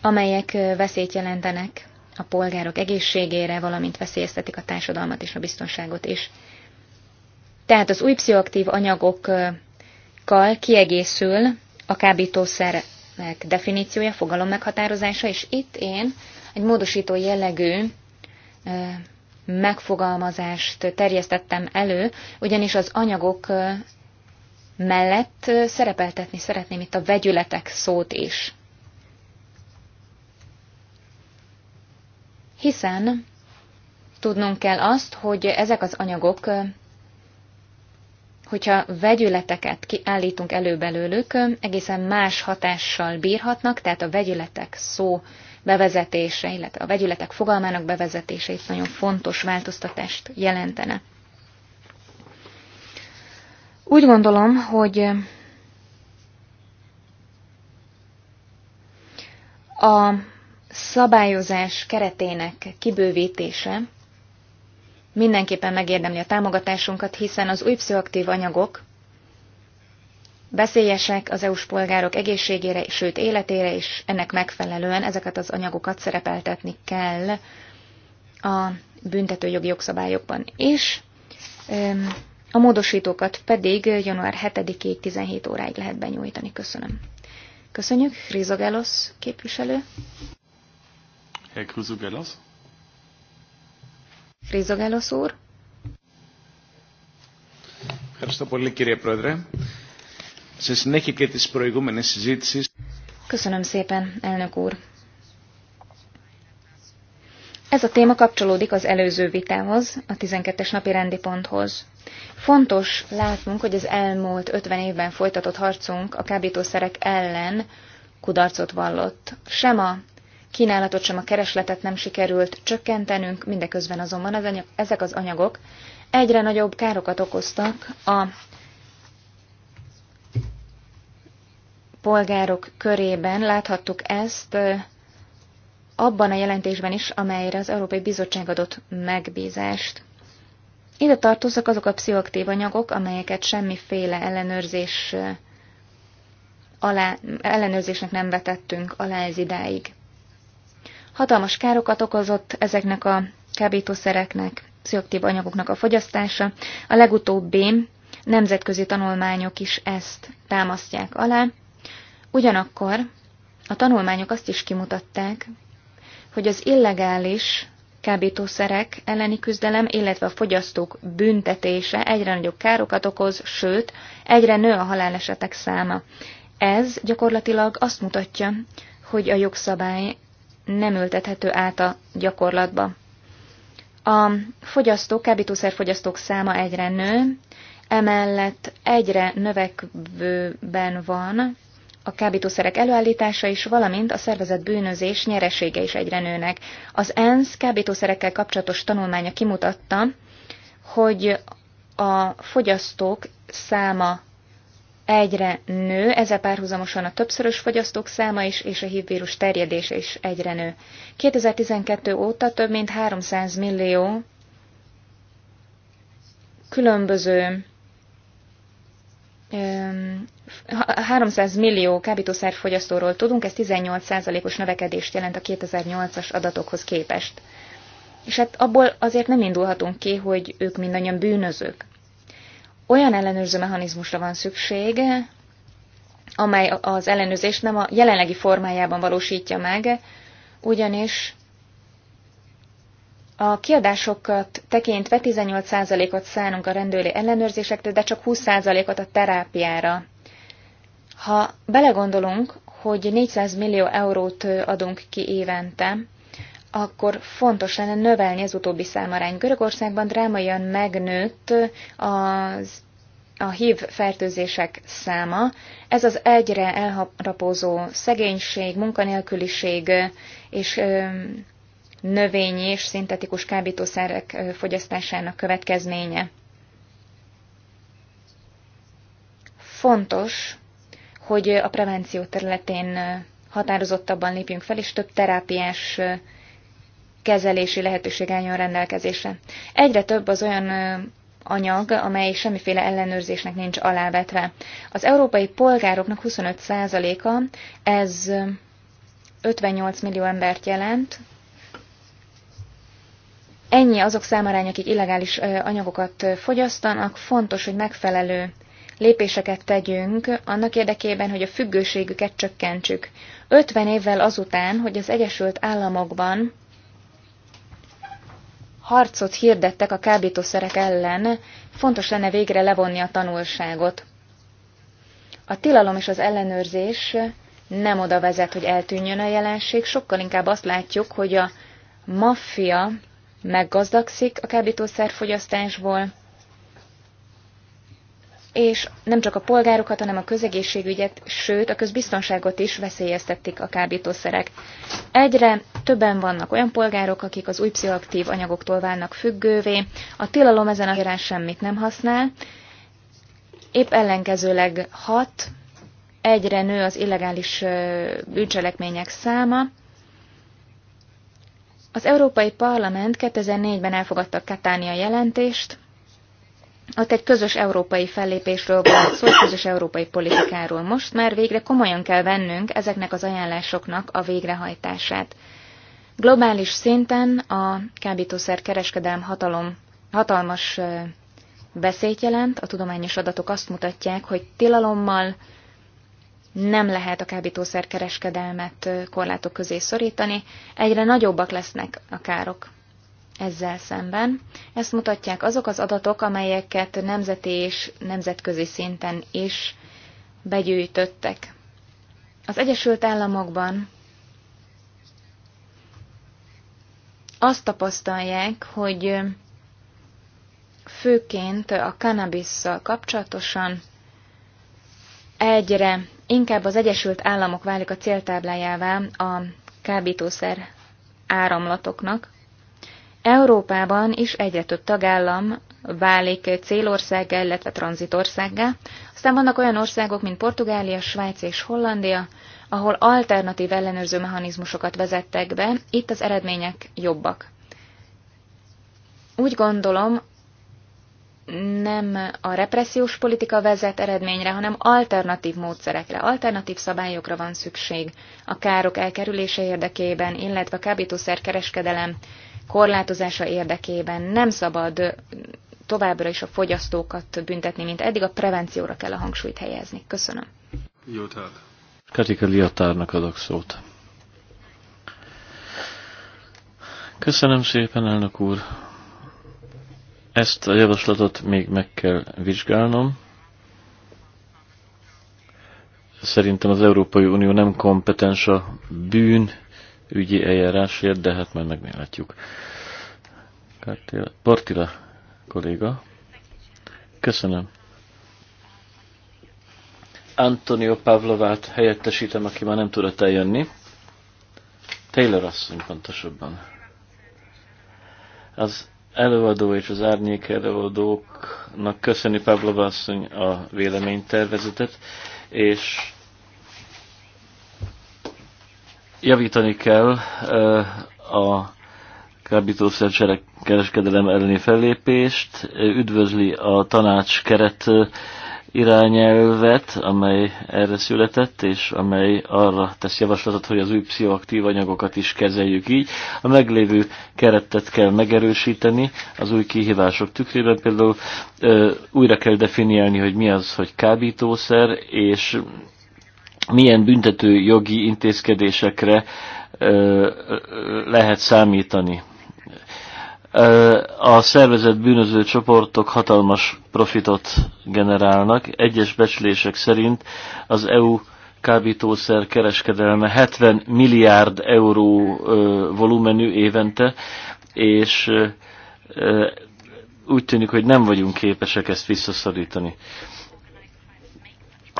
amelyek veszélyt jelentenek a polgárok egészségére, valamint veszélyeztetik a társadalmat és a biztonságot is. Tehát az új pszichoaktív anyagokkal kiegészül a kábítószerek definíciója, fogalom meghatározása, és itt én egy módosító jellegű megfogalmazást terjesztettem elő, ugyanis az anyagok mellett szerepeltetni szeretném itt a vegyületek szót is. hiszen tudnunk kell azt, hogy ezek az anyagok, hogyha vegyületeket állítunk elő belőlük, egészen más hatással bírhatnak, tehát a vegyületek szó bevezetése, illetve a vegyületek fogalmának bevezetése itt nagyon fontos változtatást jelentene. Úgy gondolom, hogy a szabályozás keretének kibővítése mindenképpen megérdemli a támogatásunkat, hiszen az új pszichoaktív anyagok Beszélyesek az EU-s polgárok egészségére, sőt életére, és ennek megfelelően ezeket az anyagokat szerepeltetni kell a büntetőjogi jogszabályokban. is. a módosítókat pedig január 7-ig 17 óráig lehet benyújtani. Köszönöm. Köszönjük, Rizogelosz képviselő. Herr Chrysogelos. Chrysogelos úr. Ευχαριστώ πολύ κύριε Πρόεδρε. Σε συνέχεια και της προηγούμενης συζήτησης... Köszönöm szépen, elnök úr. Ez a téma kapcsolódik az előző vitához, a 12-es napi rendi ponthoz. Fontos látnunk, hogy az elmúlt 50 évben folytatott harcunk a kábítószerek ellen kudarcot vallott. Sem a kínálatot sem a keresletet nem sikerült csökkentenünk, mindeközben azonban az anyag, ezek az anyagok egyre nagyobb károkat okoztak a polgárok körében. Láthattuk ezt abban a jelentésben is, amelyre az Európai Bizottság adott megbízást. Ide tartoznak azok a pszichoaktív anyagok, amelyeket semmiféle ellenőrzés alá, ellenőrzésnek nem vetettünk alá ez idáig. Hatalmas károkat okozott ezeknek a kábítószereknek, pszichoaktív anyagoknak a fogyasztása. A legutóbbi nemzetközi tanulmányok is ezt támasztják alá. Ugyanakkor a tanulmányok azt is kimutatták, hogy az illegális kábítószerek elleni küzdelem, illetve a fogyasztók büntetése egyre nagyobb károkat okoz, sőt, egyre nő a halálesetek száma. Ez gyakorlatilag azt mutatja, hogy a jogszabály nem ültethető át a gyakorlatba. A fogyasztók, kábítószerfogyasztók száma egyre nő, emellett egyre növekvőben van a kábítószerek előállítása is, valamint a szervezet bűnözés nyeresége is egyre nőnek. Az ENSZ kábítószerekkel kapcsolatos tanulmánya kimutatta, hogy a fogyasztók száma egyre nő, ezzel párhuzamosan a többszörös fogyasztók száma is, és a HIV vírus terjedése is egyre nő. 2012 óta több mint 300 millió különböző 300 millió kábítószerfogyasztóról tudunk, ez 18%-os növekedést jelent a 2008-as adatokhoz képest. És hát abból azért nem indulhatunk ki, hogy ők mindannyian bűnözők olyan ellenőrző mechanizmusra van szükség, amely az ellenőrzést nem a jelenlegi formájában valósítja meg, ugyanis a kiadásokat tekintve 18%-ot szánunk a rendőri ellenőrzésekre, de csak 20%-ot a terápiára. Ha belegondolunk, hogy 400 millió eurót adunk ki évente akkor fontos lenne növelni az utóbbi számarány. Görögországban drámaian megnőtt az a HIV fertőzések száma. Ez az egyre elharapózó szegénység, munkanélküliség és növény és szintetikus kábítószerek fogyasztásának következménye. Fontos, hogy a prevenció területén határozottabban lépjünk fel, és több terápiás kezelési lehetőség álljon rendelkezésre. Egyre több az olyan anyag, amely semmiféle ellenőrzésnek nincs alávetve. Az európai polgároknak 25%-a, ez 58 millió embert jelent, Ennyi azok számára, akik illegális anyagokat fogyasztanak, fontos, hogy megfelelő lépéseket tegyünk annak érdekében, hogy a függőségüket csökkentsük. 50 évvel azután, hogy az Egyesült Államokban harcot hirdettek a kábítószerek ellen, fontos lenne végre levonni a tanulságot. A tilalom és az ellenőrzés nem oda vezet, hogy eltűnjön a jelenség, sokkal inkább azt látjuk, hogy a maffia meggazdagszik a kábítószerfogyasztásból, és nem csak a polgárokat, hanem a közegészségügyet, sőt a közbiztonságot is veszélyeztették a kábítószerek. Egyre többen vannak olyan polgárok, akik az új pszichoaktív anyagoktól válnak függővé, a tilalom ezen a téren semmit nem használ, épp ellenkezőleg hat, egyre nő az illegális bűncselekmények száma, az Európai Parlament 2004-ben elfogadta a Katánia jelentést, ott egy közös európai fellépésről volt szó, egy közös európai politikáról. Most már végre komolyan kell vennünk ezeknek az ajánlásoknak a végrehajtását. Globális szinten a kábítószer kereskedelm hatalom, hatalmas veszélyt jelent, a tudományos adatok azt mutatják, hogy tilalommal nem lehet a kábítószer kereskedelmet korlátok közé szorítani, egyre nagyobbak lesznek a károk ezzel szemben. Ezt mutatják azok az adatok, amelyeket nemzeti és nemzetközi szinten is begyűjtöttek. Az Egyesült Államokban azt tapasztalják, hogy főként a kanabisszal kapcsolatosan egyre inkább az Egyesült Államok válik a céltáblájává a kábítószer áramlatoknak, Európában is egyre több tagállam válik célországgá, illetve tranzitországgá. Aztán vannak olyan országok, mint Portugália, Svájc és Hollandia, ahol alternatív ellenőrző mechanizmusokat vezettek be, itt az eredmények jobbak. Úgy gondolom, nem a repressziós politika vezet eredményre, hanem alternatív módszerekre, alternatív szabályokra van szükség a károk elkerülése érdekében, illetve a kábítószerkereskedelem kereskedelem korlátozása érdekében nem szabad továbbra is a fogyasztókat büntetni, mint eddig a prevencióra kell a hangsúlyt helyezni. Köszönöm. Jó tehát. Katika Liatárnak adok szót. Köszönöm szépen, elnök úr. Ezt a javaslatot még meg kell vizsgálnom. Szerintem az Európai Unió nem kompetens a bűn ügyi eljárásért, de hát majd meglátjuk. Portila kolléga. Köszönöm. Antonio Pavlovát helyettesítem, aki már nem tudott eljönni. Taylor asszony pontosabban. Az előadó és az árnyék előadóknak köszöni Pavlova asszony a véleménytervezetet, és Javítani kell a kábítószer kereskedelem elleni fellépést, üdvözli a tanács keret irányelvet, amely erre született, és amely arra tesz javaslatot, hogy az új pszichoaktív anyagokat is kezeljük így. A meglévő keretet kell megerősíteni az új kihívások tükrében, például ö, újra kell definiálni, hogy mi az, hogy kábítószer, és milyen büntető jogi intézkedésekre lehet számítani. A szervezett bűnöző csoportok hatalmas profitot generálnak. Egyes becslések szerint az EU kábítószer kereskedelme 70 milliárd euró volumenű évente, és úgy tűnik, hogy nem vagyunk képesek ezt visszaszorítani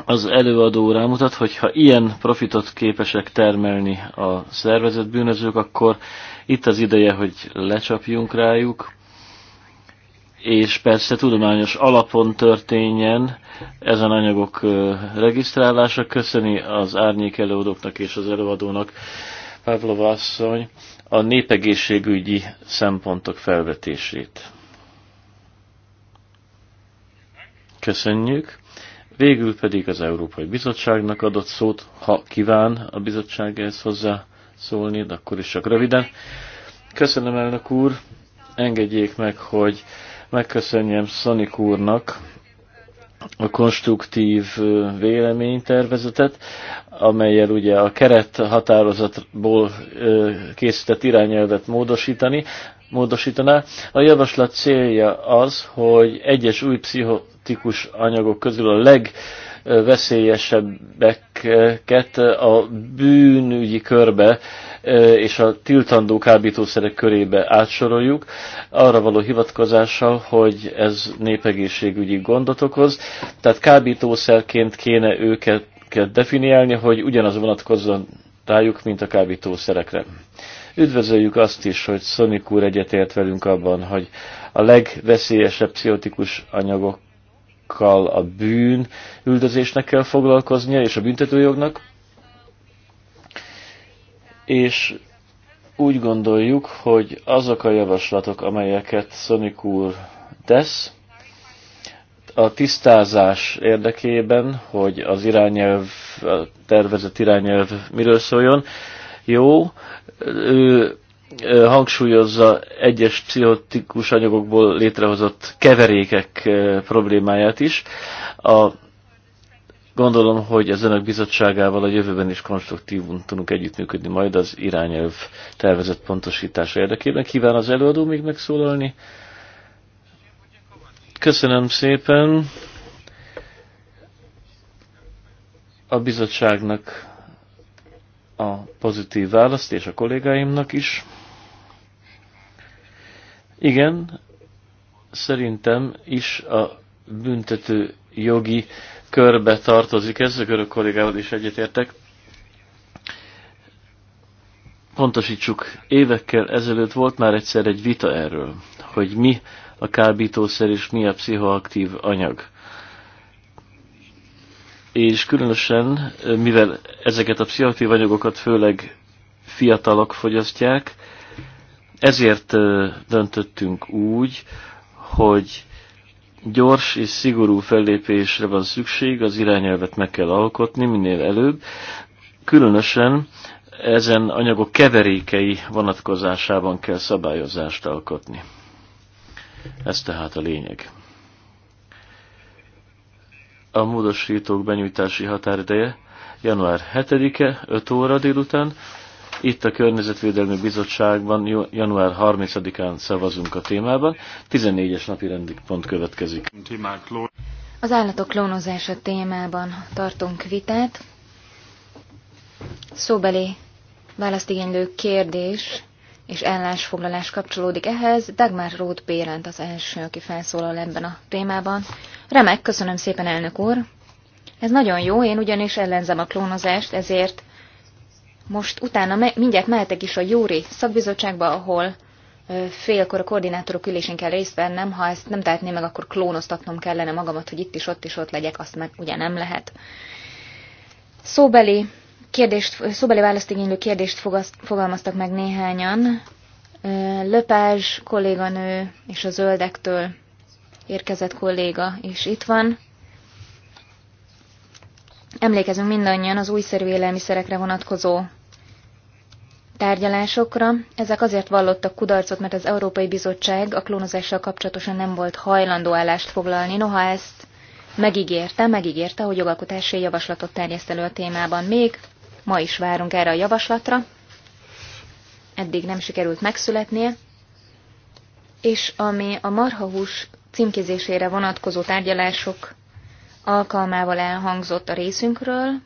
az előadó rámutat, hogy ha ilyen profitot képesek termelni a szervezet bűnözők, akkor itt az ideje, hogy lecsapjunk rájuk, és persze tudományos alapon történjen ezen anyagok regisztrálása. Köszöni az árnyék előadóknak és az előadónak, Pavlova asszony, a népegészségügyi szempontok felvetését. Köszönjük! Végül pedig az Európai Bizottságnak adott szót, ha kíván a bizottság ehhez hozzá szólni, de akkor is csak röviden. Köszönöm, elnök úr, engedjék meg, hogy megköszönjem Szanik úrnak a konstruktív véleménytervezetet, amelyel ugye a keret határozatból készített irányelvet módosítani, módosítaná. A javaslat célja az, hogy egyes új pszichotikus anyagok közül a leg veszélyesebbeket a bűnügyi körbe és a tiltandó kábítószerek körébe átsoroljuk, arra való hivatkozással, hogy ez népegészségügyi gondot okoz, tehát kábítószerként kéne őket definiálni, hogy ugyanaz vonatkozzon rájuk, mint a kábítószerekre. Üdvözöljük azt is, hogy Szonik úr egyetért velünk abban, hogy a legveszélyesebb pszichotikus anyagok jogokkal a bűn üldözésnek kell foglalkoznia, és a büntetőjognak. És úgy gondoljuk, hogy azok a javaslatok, amelyeket Szonik úr tesz, a tisztázás érdekében, hogy az irányelv, a tervezett irányelv miről szóljon, jó, ő hangsúlyozza egyes pszichotikus anyagokból létrehozott keverékek problémáját is. A, gondolom, hogy az önök bizottságával a jövőben is konstruktívan tudunk együttműködni majd az irányelv tervezett pontosítása érdekében. Kíván az előadó még megszólalni? Köszönöm szépen a bizottságnak a pozitív választ, és a kollégáimnak is. Igen, szerintem is a büntető jogi körbe tartozik ez, a görög kollégával is egyetértek. Pontosítsuk, évekkel ezelőtt volt már egyszer egy vita erről, hogy mi a kábítószer és mi a pszichoaktív anyag és különösen, mivel ezeket a pszichoaktív anyagokat főleg fiatalok fogyasztják, ezért döntöttünk úgy, hogy gyors és szigorú fellépésre van szükség, az irányelvet meg kell alkotni minél előbb, különösen ezen anyagok keverékei vonatkozásában kell szabályozást alkotni. Ez tehát a lényeg a módosítók benyújtási határideje január 7-e, 5 óra délután. Itt a Környezetvédelmi Bizottságban január 30-án szavazunk a témában. 14-es napi rendi pont következik. Az állatok klónozása témában tartunk vitát. Szóbeli választigénylő kérdés és ellásfoglalás kapcsolódik ehhez. Dagmar Roth Bérent az első, aki felszólal ebben a témában. Remek, köszönöm szépen, elnök úr! Ez nagyon jó, én ugyanis ellenzem a klónozást, ezért most utána me- mindjárt mehetek is a Júri szakbizottságba, ahol félkor a koordinátorok ülésén kell részt vennem, ha ezt nem tehetném meg, akkor klónoztatnom kellene magamat, hogy itt is, ott is, ott legyek, azt meg ugye nem lehet. Szóbeli kérdést, szóbeli választ igénylő kérdést fogalmaztak meg néhányan. Löpázs kolléganő és a zöldektől érkezett kolléga is itt van. Emlékezünk mindannyian az újszerű élelmiszerekre vonatkozó tárgyalásokra. Ezek azért vallottak kudarcot, mert az Európai Bizottság a klónozással kapcsolatosan nem volt hajlandó állást foglalni. Noha ezt megígérte, megígérte, hogy jogalkotási javaslatot terjeszt elő a témában. Még Ma is várunk erre a javaslatra. Eddig nem sikerült megszületnie. És ami a marhahús címkézésére vonatkozó tárgyalások alkalmával elhangzott a részünkről,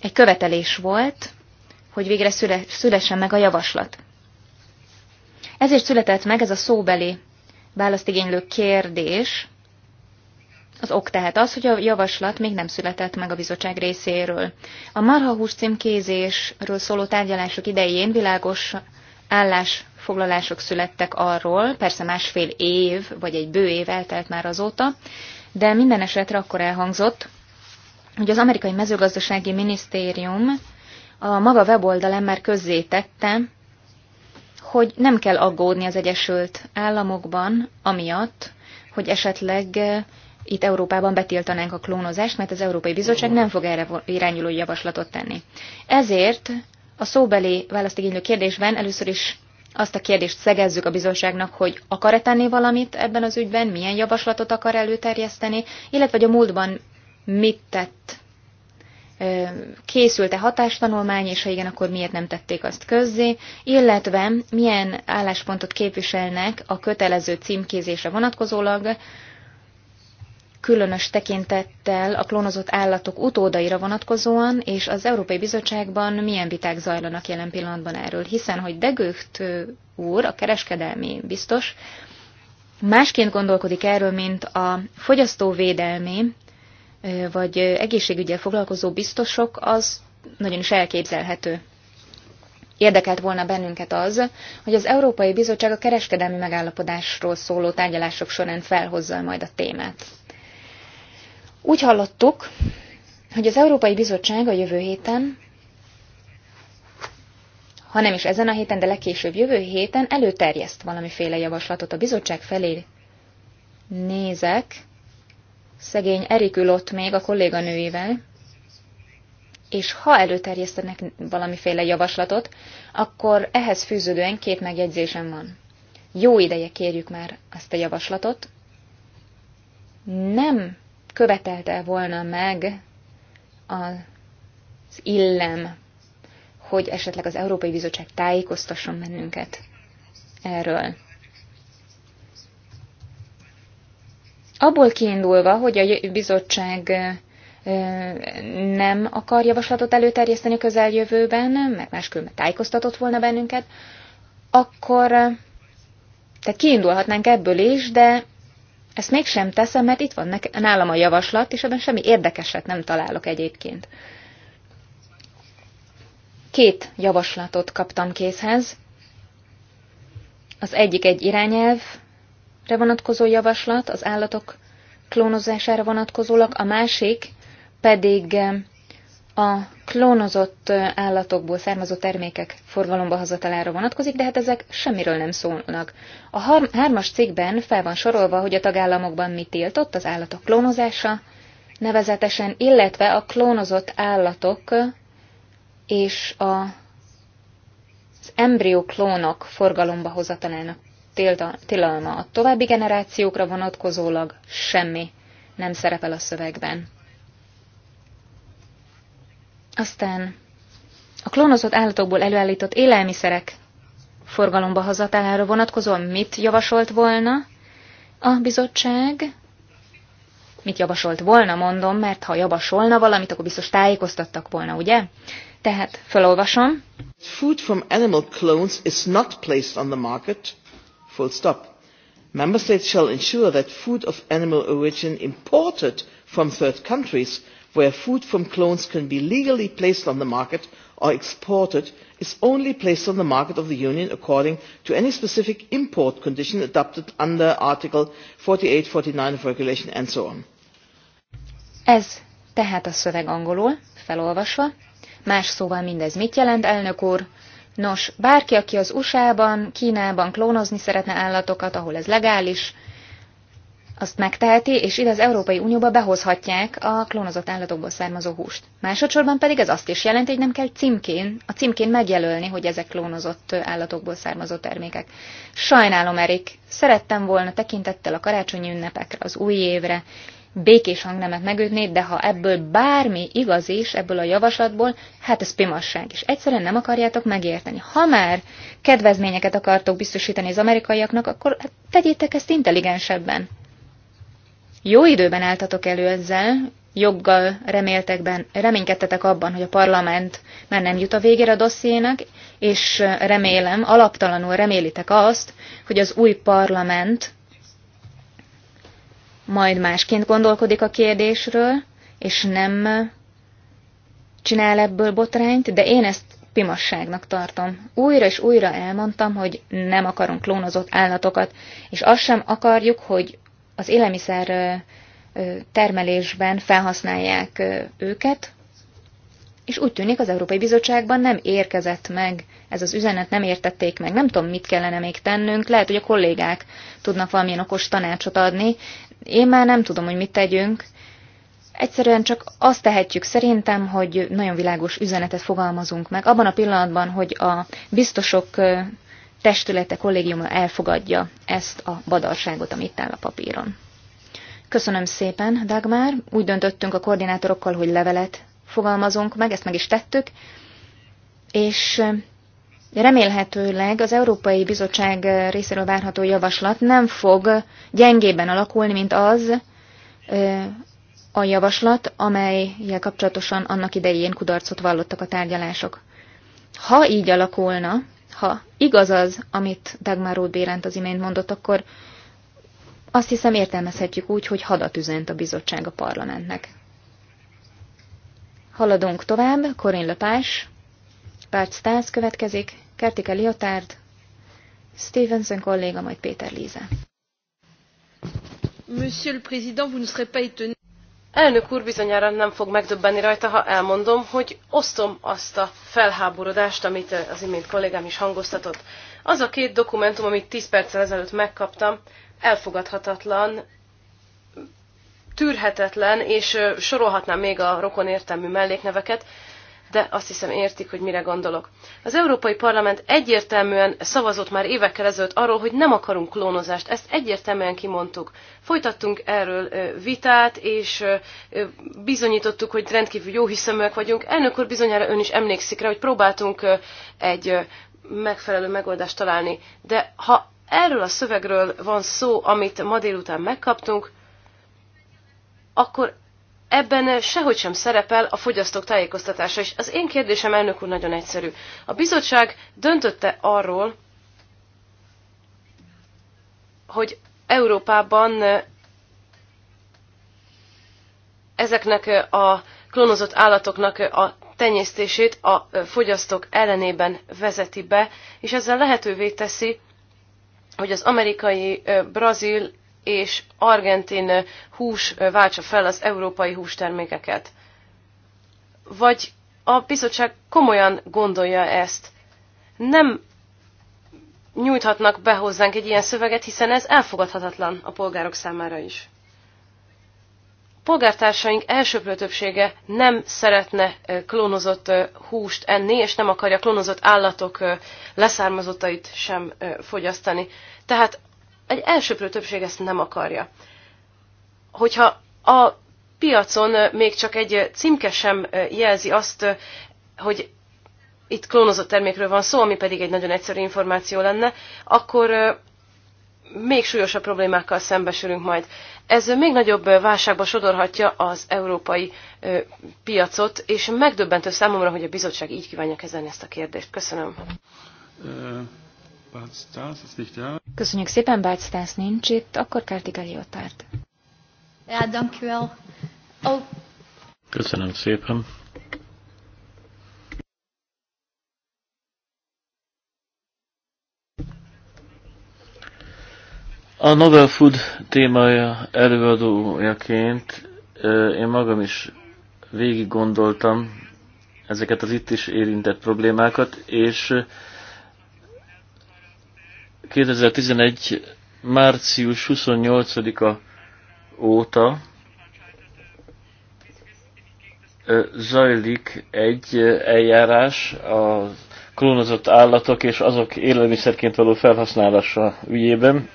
egy követelés volt, hogy végre szüle, szülessen meg a javaslat. Ezért született meg ez a szóbeli választigénylő kérdés, az ok tehát az, hogy a javaslat még nem született meg a bizottság részéről. A marhahús címkézésről szóló tárgyalások idején világos állásfoglalások születtek arról, persze másfél év vagy egy bő év eltelt már azóta, de minden esetre akkor elhangzott, hogy az amerikai mezőgazdasági minisztérium a maga weboldalán már közzétette, hogy nem kell aggódni az Egyesült Államokban, amiatt, hogy esetleg itt Európában betiltanánk a klónozást, mert az Európai Bizottság nem fog erre irányuló javaslatot tenni. Ezért a szóbeli választigénylő kérdésben először is azt a kérdést szegezzük a bizottságnak, hogy akar-e tenni valamit ebben az ügyben, milyen javaslatot akar előterjeszteni, illetve hogy a múltban mit tett, készült-e hatástanulmány, és ha igen, akkor miért nem tették azt közzé, illetve milyen álláspontot képviselnek a kötelező címkézésre vonatkozólag, különös tekintettel a klónozott állatok utódaira vonatkozóan, és az Európai Bizottságban milyen viták zajlanak jelen pillanatban erről, hiszen hogy Degőkt úr, a kereskedelmi biztos, másként gondolkodik erről, mint a fogyasztóvédelmi vagy egészségügyel foglalkozó biztosok, az nagyon is elképzelhető. Érdekelt volna bennünket az, hogy az Európai Bizottság a kereskedelmi megállapodásról szóló tárgyalások során felhozza majd a témát. Úgy hallottuk, hogy az Európai Bizottság a jövő héten, ha nem is ezen a héten, de legkésőbb jövő héten előterjeszt valamiféle javaslatot a bizottság felé. Nézek, szegény Erikül ott még a kolléganőivel, és ha előterjesztenek valamiféle javaslatot, akkor ehhez fűződően két megjegyzésem van. Jó ideje kérjük már ezt a javaslatot. Nem követelte volna meg az illem, hogy esetleg az Európai Bizottság tájékoztasson bennünket erről. Abból kiindulva, hogy a bizottság nem akar javaslatot előterjeszteni a közeljövőben, mert máskülönben tájékoztatott volna bennünket, akkor tehát kiindulhatnánk ebből is, de ezt mégsem teszem, mert itt van nek- nálam a javaslat, és ebben semmi érdekeset nem találok egyébként. Két javaslatot kaptam készhez. Az egyik egy irányelvre vonatkozó javaslat, az állatok klónozására vonatkozólag, a másik pedig eh, a klónozott állatokból származó termékek forgalomba hazatalára vonatkozik, de hát ezek semmiről nem szólnak. A hármas cikkben fel van sorolva, hogy a tagállamokban mi tiltott az állatok klónozása, nevezetesen, illetve a klónozott állatok és a, az klónok forgalomba hozatalának tilalma a további generációkra vonatkozólag semmi nem szerepel a szövegben. Aztán a klónozott állatokból előállított élelmiszerek forgalomba hazatálára vonatkozóan mit javasolt volna a bizottság? Mit javasolt volna, mondom, mert ha javasolna valamit, akkor biztos tájékoztattak volna, ugye? Tehát felolvasom. Food from animal clones is not placed on the market. Full stop. Member states shall ensure that food of animal origin imported from third countries where food from clones can be legally placed on the market or exported is only placed on the market of the union according to any specific import condition adopted under article forty eight forty nine of regulation and so on. Ez tehát a szöveg angolul, felolvasva. Más szóval mindez mit jelent, elnök úr? Nos, bárki, aki az USA-ban, Kínában klónozni szeretne állatokat, ahol ez legális, azt megteheti, és ide az Európai Unióba behozhatják a klónozott állatokból származó húst. Másodszorban pedig ez azt is jelenti, hogy nem kell címkén, a címkén megjelölni, hogy ezek klónozott állatokból származó termékek. Sajnálom, Erik, szerettem volna tekintettel a karácsonyi ünnepekre, az új évre, békés hangnemet megütni, de ha ebből bármi igaz is, ebből a javaslatból, hát ez pimasság, és egyszerűen nem akarjátok megérteni. Ha már kedvezményeket akartok biztosítani az amerikaiaknak, akkor hát tegyétek ezt intelligensebben. Jó időben álltatok elő ezzel, joggal ben, reménykedtetek abban, hogy a parlament már nem jut a végére a dossziének, és remélem, alaptalanul remélitek azt, hogy az új parlament majd másként gondolkodik a kérdésről, és nem csinál ebből botrányt, de én ezt pimasságnak tartom. Újra és újra elmondtam, hogy nem akarunk klónozott állatokat, és azt sem akarjuk, hogy az élelmiszer termelésben felhasználják őket, és úgy tűnik az Európai Bizottságban nem érkezett meg ez az üzenet, nem értették meg. Nem tudom, mit kellene még tennünk, lehet, hogy a kollégák tudnak valamilyen okos tanácsot adni. Én már nem tudom, hogy mit tegyünk. Egyszerűen csak azt tehetjük szerintem, hogy nagyon világos üzenetet fogalmazunk meg. Abban a pillanatban, hogy a biztosok testülete, kollégiuma elfogadja ezt a badarságot, amit áll a papíron. Köszönöm szépen, Dagmar. Úgy döntöttünk a koordinátorokkal, hogy levelet fogalmazunk meg, ezt meg is tettük, és eh, remélhetőleg az Európai Bizottság részéről várható javaslat nem fog gyengében alakulni, mint az eh, a javaslat, amelyel kapcsolatosan annak idején kudarcot vallottak a tárgyalások. Ha így alakulna, ha igaz az, amit Dagmar Roth Bérent az imént mondott, akkor azt hiszem értelmezhetjük úgy, hogy hadat üzent a bizottság a parlamentnek. Haladunk tovább, Corinne Lepás, Bart Stas következik, Kertike Liotard, Stevenson kolléga, majd Péter Líze. Monsieur le Président, vous ne serez pas étonné. Elnök úr bizonyára nem fog megdöbbenni rajta, ha elmondom, hogy osztom azt a felháborodást, amit eh, az imént kollégám is hangoztatott. Az a két dokumentum, amit 10 perccel ezelőtt megkaptam, elfogadhatatlan, tűrhetetlen, és eh, sorolhatnám még a rokon értelmű mellékneveket, de azt hiszem értik, hogy mire gondolok. Az Európai Parlament egyértelműen szavazott már évekkel ezelőtt arról, hogy nem akarunk klónozást, ezt egyértelműen kimondtuk. Folytattunk erről vitát, és bizonyítottuk, hogy rendkívül jó hiszeműek vagyunk. Elnök úr bizonyára ön is emlékszik rá, hogy próbáltunk egy megfelelő megoldást találni. De ha erről a szövegről van szó, amit ma délután megkaptunk, akkor ebben sehogy sem szerepel a fogyasztók tájékoztatása, és az én kérdésem, elnök úr, nagyon egyszerű. A bizottság döntötte arról, hogy Európában eh, ezeknek eh, a klónozott állatoknak eh, a tenyésztését a fogyasztók ellenében vezeti be, és ezzel lehetővé teszi, hogy az amerikai, brazil és argentin hús váltsa fel az európai hústermékeket. Vagy a bizottság komolyan gondolja ezt. Nem nyújthatnak be hozzánk egy ilyen szöveget, hiszen ez elfogadhatatlan a polgárok számára is. Polgártársaink elsőprő többsége nem szeretne klónozott húst enni, és nem akarja klónozott állatok leszármazottait sem fogyasztani. Tehát egy elsőprő többség ezt nem akarja. Hogyha a piacon még csak egy címke sem jelzi azt, hogy itt klónozott termékről van szó, ami pedig egy nagyon egyszerű információ lenne, akkor még súlyosabb problémákkal szembesülünk majd. Ez még nagyobb válságba sodorhatja az európai piacot, és megdöbbentő számomra, hogy a bizottság így kívánja kezelni ezt a kérdést. Köszönöm. Köszönjük szépen, Bács Stász nincs itt, akkor Kártik Eliotárt. Ja, oh. Köszönöm szépen. A Novel Food témája előadójaként én magam is végig gondoltam ezeket az itt is érintett problémákat, és 2011. március 28-a óta zajlik egy eljárás a klónozott állatok és azok élelmiszerként való felhasználása ügyében.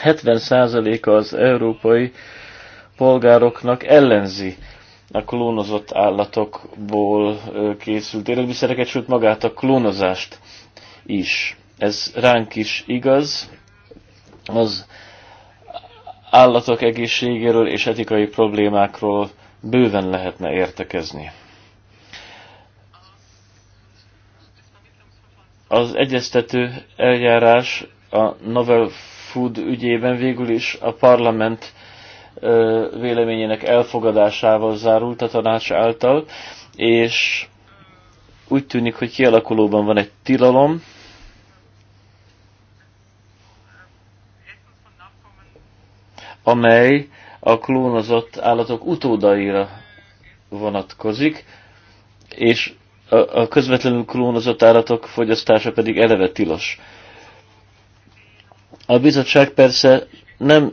70 az európai polgároknak ellenzi a klónozott állatokból készült élelmiszereket, sőt magát a klónozást is ez ránk is igaz, az állatok egészségéről és etikai problémákról bőven lehetne értekezni. Az egyeztető eljárás a Novel Food ügyében végül is a parlament véleményének elfogadásával zárult a tanács által, és úgy tűnik, hogy kialakulóban van egy tilalom, amely a klónozott állatok utódaira vonatkozik, és a közvetlenül klónozott állatok fogyasztása pedig eleve tilos. A bizottság persze nem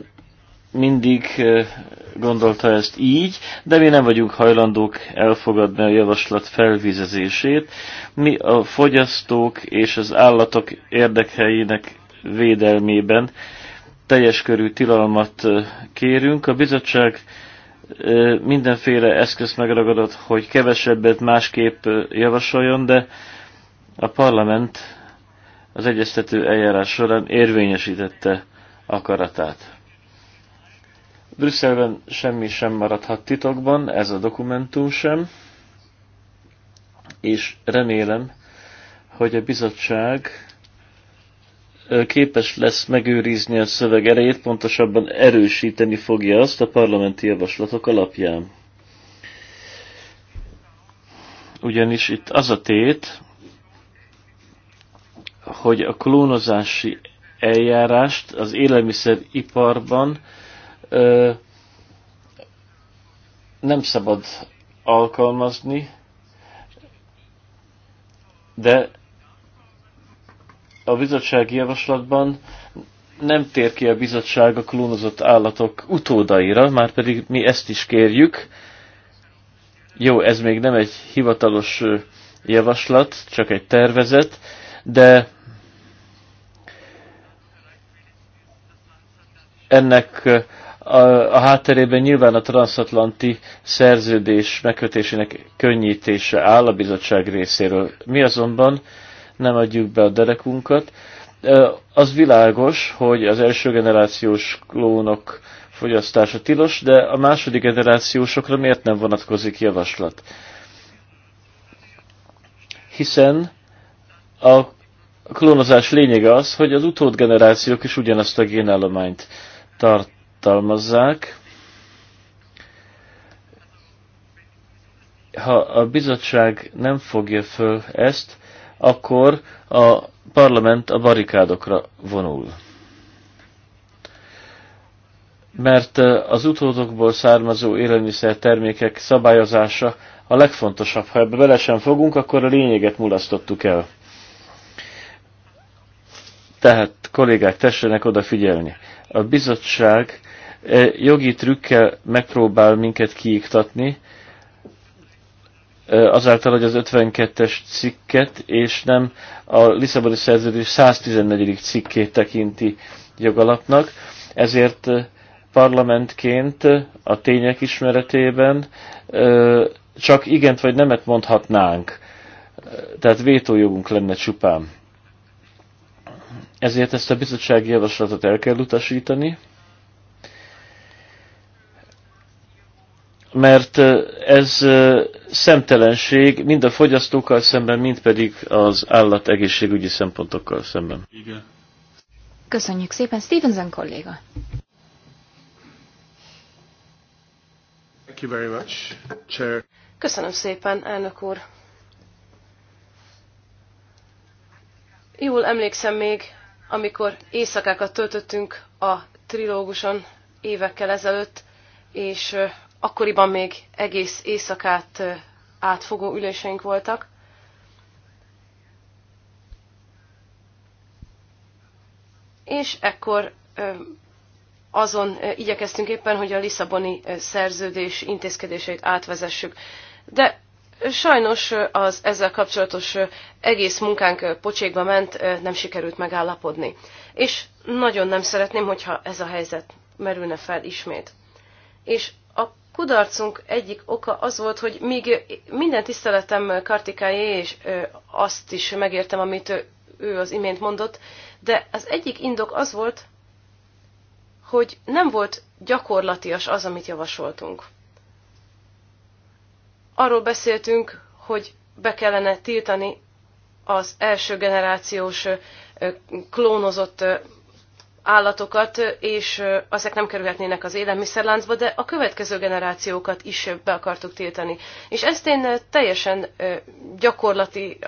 mindig gondolta ezt így, de mi nem vagyunk hajlandók elfogadni a javaslat felvizezését. Mi a fogyasztók és az állatok érdekeinek védelmében teljes körű tilalmat kérünk. A bizottság mindenféle eszköz megragadott, hogy kevesebbet másképp javasoljon, de a parlament az egyeztető eljárás során érvényesítette akaratát. Brüsszelben semmi sem maradhat titokban, ez a dokumentum sem, és remélem, hogy a bizottság képes lesz megőrizni a szöveg erejét, pontosabban erősíteni fogja azt a parlamenti javaslatok alapján. Ugyanis itt az a tét, hogy a klónozási eljárást az élelmiszeriparban ö, nem szabad alkalmazni, de a bizottsági javaslatban nem tér ki a bizottság a klónozott állatok utódaira, már pedig mi ezt is kérjük. Jó, ez még nem egy hivatalos javaslat, csak egy tervezet, de ennek a, a hátterében nyilván a transatlanti szerződés megkötésének könnyítése áll a bizottság részéről. Mi azonban nem adjuk be a derekunkat. Az világos, hogy az első generációs klónok fogyasztása tilos, de a második generációsokra miért nem vonatkozik javaslat? Hiszen a klónozás lényege az, hogy az utód generációk is ugyanazt a génállományt tartalmazzák. Ha a bizottság nem fogja föl ezt, akkor a parlament a barikádokra vonul. Mert az utódokból származó élelmiszer termékek szabályozása a legfontosabb. Ha ebbe bele sem fogunk, akkor a lényeget mulasztottuk el. Tehát kollégák, tessenek odafigyelni. A bizottság jogi trükkel megpróbál minket kiiktatni, azáltal, hogy az 52-es cikket, és nem a Lisszaboni szerződés 114. cikkét tekinti jogalapnak, ezért parlamentként a tények ismeretében csak igent vagy nemet mondhatnánk. Tehát vétójogunk lenne csupán. Ezért ezt a bizottsági javaslatot el kell utasítani, mert ez szemtelenség mind a fogyasztókkal szemben, mind pedig az állat egészségügyi szempontokkal szemben. Igen. Köszönjük szépen, Stevenson kolléga. Thank you very much, Chair. Köszönöm szépen, elnök úr. Jól emlékszem még, amikor éjszakákat töltöttünk a trilóguson évekkel ezelőtt, és akkoriban még egész éjszakát átfogó üléseink voltak. És ekkor azon igyekeztünk éppen, hogy a Lisszaboni szerződés intézkedéseit átvezessük. De sajnos az ezzel kapcsolatos egész munkánk pocsékba ment, nem sikerült megállapodni. És nagyon nem szeretném, hogyha ez a helyzet merülne fel ismét. És kudarcunk egyik oka az volt, hogy még minden tiszteletem Kartikájé, és azt is megértem, amit ő az imént mondott, de az egyik indok az volt, hogy nem volt gyakorlatias az, amit javasoltunk. Arról beszéltünk, hogy be kellene tiltani az első generációs klónozott állatokat, és ezek nem kerülhetnének az élelmiszerláncba, de a következő generációkat is be akartuk tiltani. És ezt én teljesen gyakorlati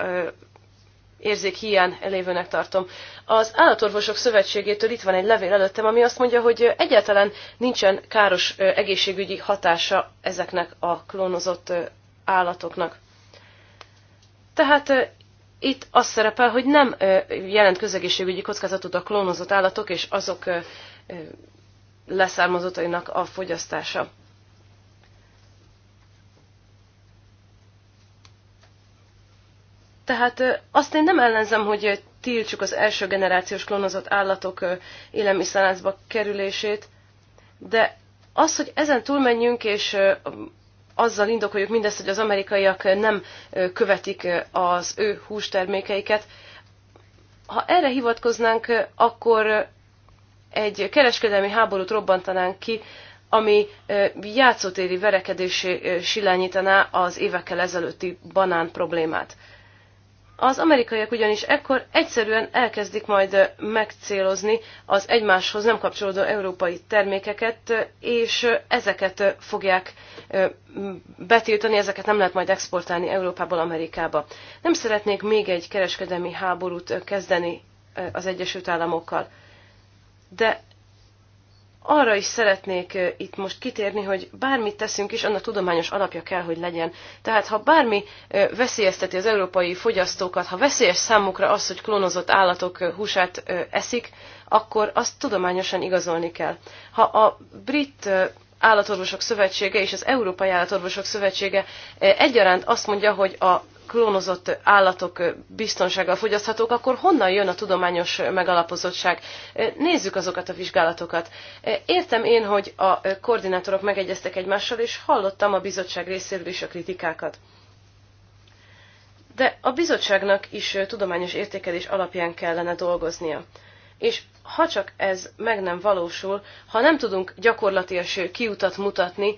érzék hiány elévőnek tartom. Az Állatorvosok Szövetségétől itt van egy levél előttem, ami azt mondja, hogy egyáltalán nincsen káros egészségügyi hatása ezeknek a klónozott állatoknak. Tehát itt az szerepel, hogy nem jelent közegészségügyi kockázatot a klónozott állatok és azok leszármazottainak a fogyasztása. Tehát azt én nem ellenzem, hogy tiltsuk az első generációs klónozott állatok élelmiszerláncba kerülését, de az, hogy ezen túlmenjünk és azzal indokoljuk mindezt, hogy az amerikaiak nem követik az ő hústermékeiket. Ha erre hivatkoznánk, akkor egy kereskedelmi háborút robbantanánk ki, ami játszótéri verekedésé silányítaná az évekkel ezelőtti banán problémát. Az amerikaiak ugyanis ekkor egyszerűen elkezdik majd megcélozni az egymáshoz nem kapcsolódó európai termékeket, és ezeket fogják betiltani, ezeket nem lehet majd exportálni Európából Amerikába. Nem szeretnék még egy kereskedelmi háborút kezdeni az Egyesült Államokkal. De arra is szeretnék itt most kitérni, hogy bármit teszünk is, annak tudományos alapja kell, hogy legyen. Tehát ha bármi veszélyezteti az európai fogyasztókat, ha veszélyes számukra az, hogy klónozott állatok húsát eszik, akkor azt tudományosan igazolni kell. Ha a brit állatorvosok szövetsége és az Európai Állatorvosok Szövetsége egyaránt azt mondja, hogy a klónozott állatok biztonsággal fogyaszthatók, akkor honnan jön a tudományos megalapozottság? Nézzük azokat a vizsgálatokat. Értem én, hogy a koordinátorok megegyeztek egymással, és hallottam a bizottság részéről is a kritikákat. De a bizottságnak is tudományos értékelés alapján kellene dolgoznia. És ha csak ez meg nem valósul, ha nem tudunk gyakorlatilag kiutat mutatni,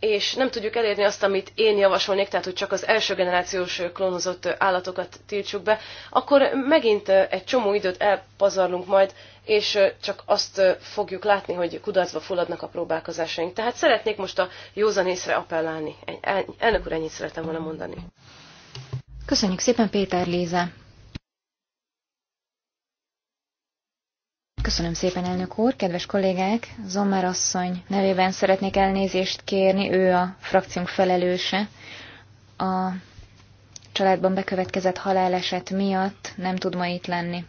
és nem tudjuk elérni azt, amit én javasolnék, tehát hogy csak az első generációs klónozott állatokat tiltsuk be, akkor megint egy csomó időt elpazarlunk majd, és csak azt fogjuk látni, hogy kudarcba fulladnak a próbálkozásaink. Tehát szeretnék most a józan észre appellálni. Elnök úr, ennyit szeretem volna mondani. Köszönjük szépen, Péter Léze. Köszönöm szépen, elnök úr. Kedves kollégák, Zommer asszony nevében szeretnék elnézést kérni. Ő a frakciónk felelőse. A családban bekövetkezett haláleset miatt nem tud ma itt lenni.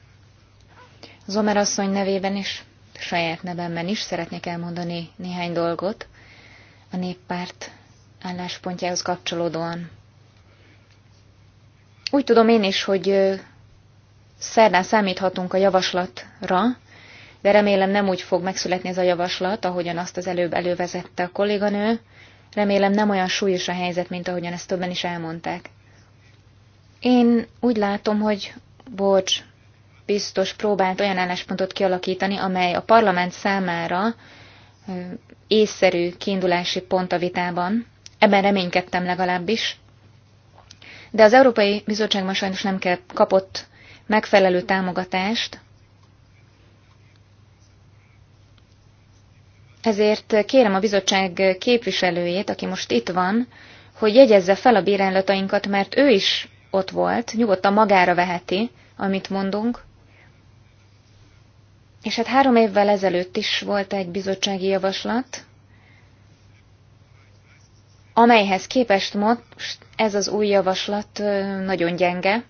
Zomer asszony nevében is, saját nevemben is szeretnék elmondani néhány dolgot a néppárt álláspontjához kapcsolódóan. Úgy tudom én is, hogy szerdán számíthatunk a javaslatra, de remélem nem úgy fog megszületni ez a javaslat, ahogyan azt az előbb elővezette a kolléganő. Remélem nem olyan súlyos a helyzet, mint ahogyan ezt többen is elmondták. Én úgy látom, hogy bocs, biztos próbált olyan álláspontot kialakítani, amely a parlament számára észszerű kiindulási pont a vitában. Ebben reménykedtem legalábbis. De az Európai Bizottság ma sajnos nem kapott megfelelő támogatást, Ezért kérem a bizottság képviselőjét, aki most itt van, hogy jegyezze fel a bírálatainkat, mert ő is ott volt, nyugodtan magára veheti, amit mondunk. És hát három évvel ezelőtt is volt egy bizottsági javaslat, amelyhez képest most ez az új javaslat nagyon gyenge.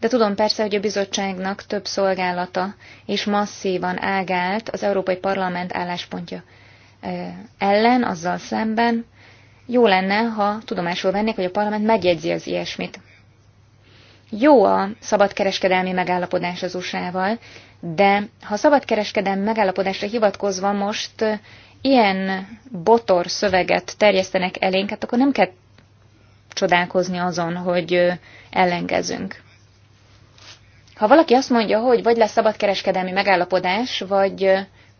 De tudom persze, hogy a bizottságnak több szolgálata és masszívan ágált az Európai Parlament álláspontja ellen, azzal szemben. Jó lenne, ha tudomásul vennék, hogy a parlament megjegyzi az ilyesmit. Jó a szabadkereskedelmi megállapodás az USA-val, de ha szabadkereskedelmi megállapodásra hivatkozva most ilyen botor szöveget terjesztenek elénk, hát akkor nem kell csodálkozni azon, hogy ellenkezünk. Ha valaki azt mondja, hogy vagy lesz szabadkereskedelmi megállapodás, vagy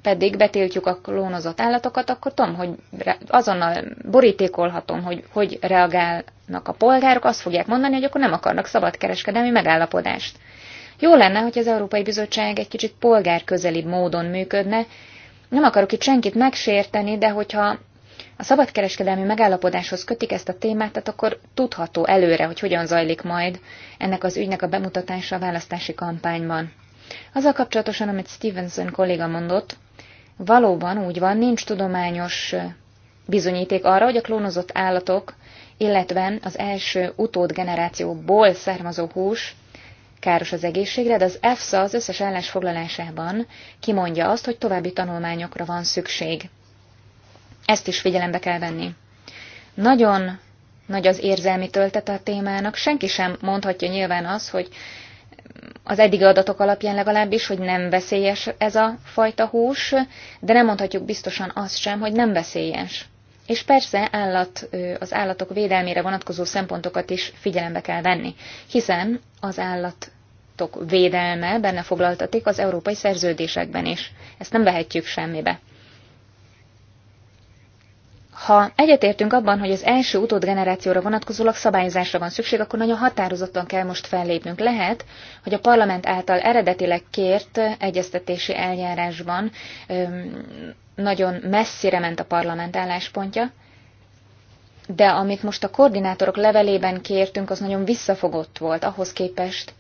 pedig betiltjuk a klónozott állatokat, akkor tudom, hogy azonnal borítékolhatom, hogy hogy reagálnak a polgárok, azt fogják mondani, hogy akkor nem akarnak szabadkereskedelmi megállapodást. Jó lenne, hogy az Európai Bizottság egy kicsit polgárközelibb módon működne. Nem akarok itt senkit megsérteni, de hogyha a szabadkereskedelmi megállapodáshoz kötik ezt a témát, tehát akkor tudható előre, hogy hogyan zajlik majd ennek az ügynek a bemutatása a választási kampányban. Azzal kapcsolatosan, amit Stevenson kolléga mondott, valóban úgy van, nincs tudományos bizonyíték arra, hogy a klónozott állatok, illetve az első utódgenerációból származó hús káros az egészségre, de az EFSA az összes állásfoglalásában kimondja azt, hogy további tanulmányokra van szükség. Ezt is figyelembe kell venni. Nagyon nagy az érzelmi töltete a témának. Senki sem mondhatja nyilván az, hogy az eddigi adatok alapján legalábbis, hogy nem veszélyes ez a fajta hús, de nem mondhatjuk biztosan azt sem, hogy nem veszélyes. És persze állat, az állatok védelmére vonatkozó szempontokat is figyelembe kell venni, hiszen az állatok védelme benne foglaltatik az európai szerződésekben is. Ezt nem vehetjük semmibe. Ha egyetértünk abban, hogy az első utódgenerációra vonatkozólag szabályozásra van szükség, akkor nagyon határozottan kell most fellépnünk. Lehet, hogy a parlament által eredetileg kért egyeztetési eljárásban nagyon messzire ment a parlament álláspontja, de amit most a koordinátorok levelében kértünk, az nagyon visszafogott volt ahhoz képest,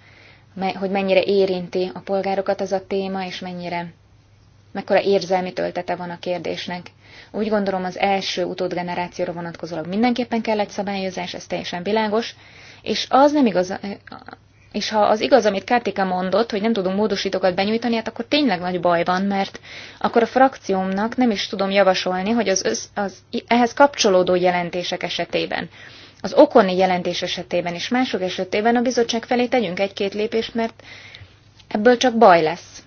hogy mennyire érinti a polgárokat ez a téma, és mennyire mekkora érzelmi töltete van a kérdésnek. Úgy gondolom az első utódgenerációra vonatkozólag mindenképpen kell egy szabályozás, ez teljesen világos, és az nem igaz, és ha az igaz, amit Kártika mondott, hogy nem tudunk módosítókat benyújtani, hát akkor tényleg nagy baj van, mert akkor a frakciómnak nem is tudom javasolni, hogy az, össz, az ehhez kapcsolódó jelentések esetében, az okoni jelentés esetében és mások esetében a bizottság felé tegyünk egy-két lépést, mert ebből csak baj lesz.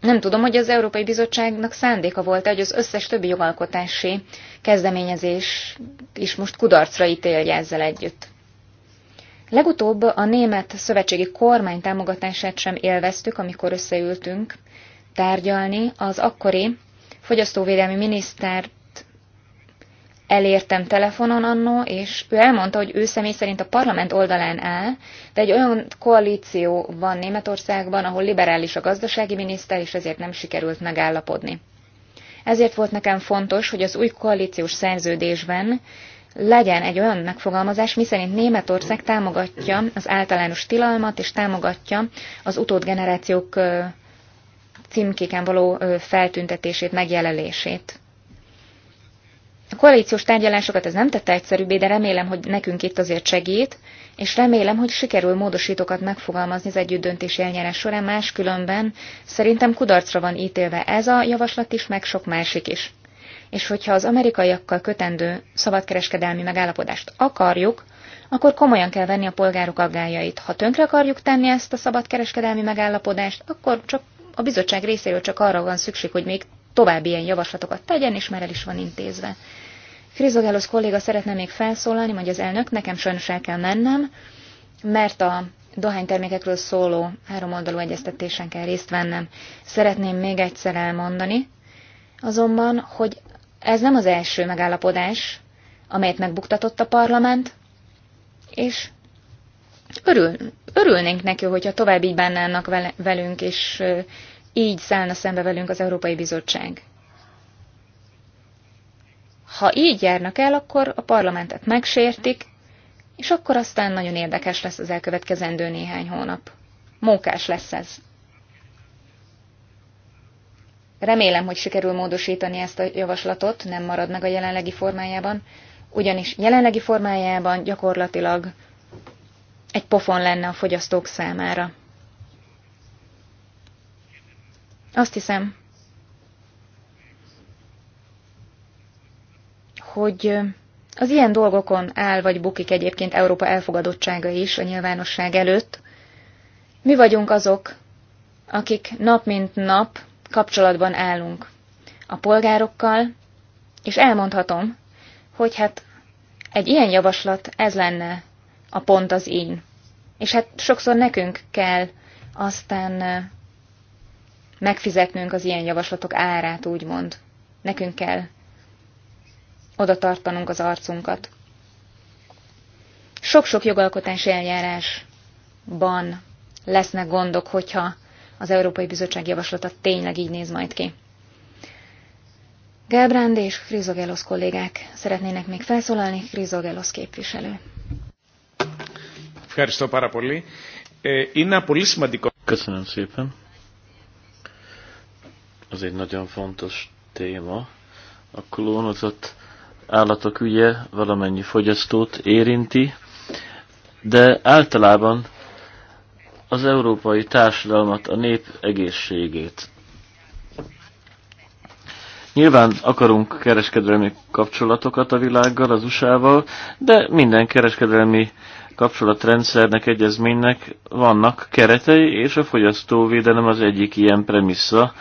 Nem tudom, hogy az Európai Bizottságnak szándéka volt, hogy az összes többi jogalkotási kezdeményezés is most kudarcra ítélje ezzel együtt. Legutóbb a német szövetségi kormány támogatását sem élveztük, amikor összeültünk tárgyalni az akkori fogyasztóvédelmi miniszter elértem telefonon annó, és ő elmondta, hogy ő személy szerint a parlament oldalán áll, de egy olyan koalíció van Németországban, ahol liberális a gazdasági miniszter, és ezért nem sikerült megállapodni. Ezért volt nekem fontos, hogy az új koalíciós szerződésben legyen egy olyan megfogalmazás, miszerint Németország támogatja az általános tilalmat, és támogatja az utódgenerációk címkéken való feltüntetését, megjelölését. A koalíciós tárgyalásokat ez nem tette egyszerűbbé, de remélem, hogy nekünk itt azért segít, és remélem, hogy sikerül módosítókat megfogalmazni az együttdöntési eljárás során, máskülönben szerintem kudarcra van ítélve ez a javaslat is, meg sok másik is. És hogyha az amerikaiakkal kötendő szabadkereskedelmi megállapodást akarjuk, akkor komolyan kell venni a polgárok aggájait. Ha tönkre akarjuk tenni ezt a szabadkereskedelmi megállapodást, akkor csak a bizottság részéről csak arra van szükség, hogy még további ilyen javaslatokat tegyen, és már el is van intézve. Krizogálosz kolléga szeretne még felszólalni, mondja az elnök, nekem sajnos el kell mennem, mert a dohánytermékekről szóló háromoldalú egyeztetésen kell részt vennem. Szeretném még egyszer elmondani, azonban, hogy ez nem az első megállapodás, amelyet megbuktatott a parlament, és örül, örülnénk neki, hogyha tovább így bánnának velünk, és így szállna szembe velünk az Európai Bizottság. Ha így járnak el, akkor a parlamentet megsértik, és akkor aztán nagyon érdekes lesz az elkövetkezendő néhány hónap. Mókás lesz ez. Remélem, hogy sikerül módosítani ezt a javaslatot, nem marad meg a jelenlegi formájában, ugyanis jelenlegi formájában gyakorlatilag egy pofon lenne a fogyasztók számára. Azt hiszem, hogy az ilyen dolgokon áll vagy bukik egyébként Európa elfogadottsága is a nyilvánosság előtt. Mi vagyunk azok, akik nap mint nap kapcsolatban állunk a polgárokkal, és elmondhatom, hogy hát egy ilyen javaslat ez lenne a pont az én. És hát sokszor nekünk kell aztán megfizetnünk az ilyen javaslatok árát, úgymond. Nekünk kell oda tartanunk az arcunkat. Sok-sok jogalkotási eljárásban lesznek gondok, hogyha az Európai Bizottság javaslata tényleg így néz majd ki. Gelbrand és Krizogelosz kollégák szeretnének még felszólalni, Krizogelosz képviselő. Köszönöm szépen az egy nagyon fontos téma. A klónozott állatok ügye valamennyi fogyasztót érinti, de általában az európai társadalmat, a nép egészségét. Nyilván akarunk kereskedelmi kapcsolatokat a világgal, az USA-val, de minden kereskedelmi kapcsolatrendszernek, egyezménynek vannak keretei, és a fogyasztóvédelem az egyik ilyen premissza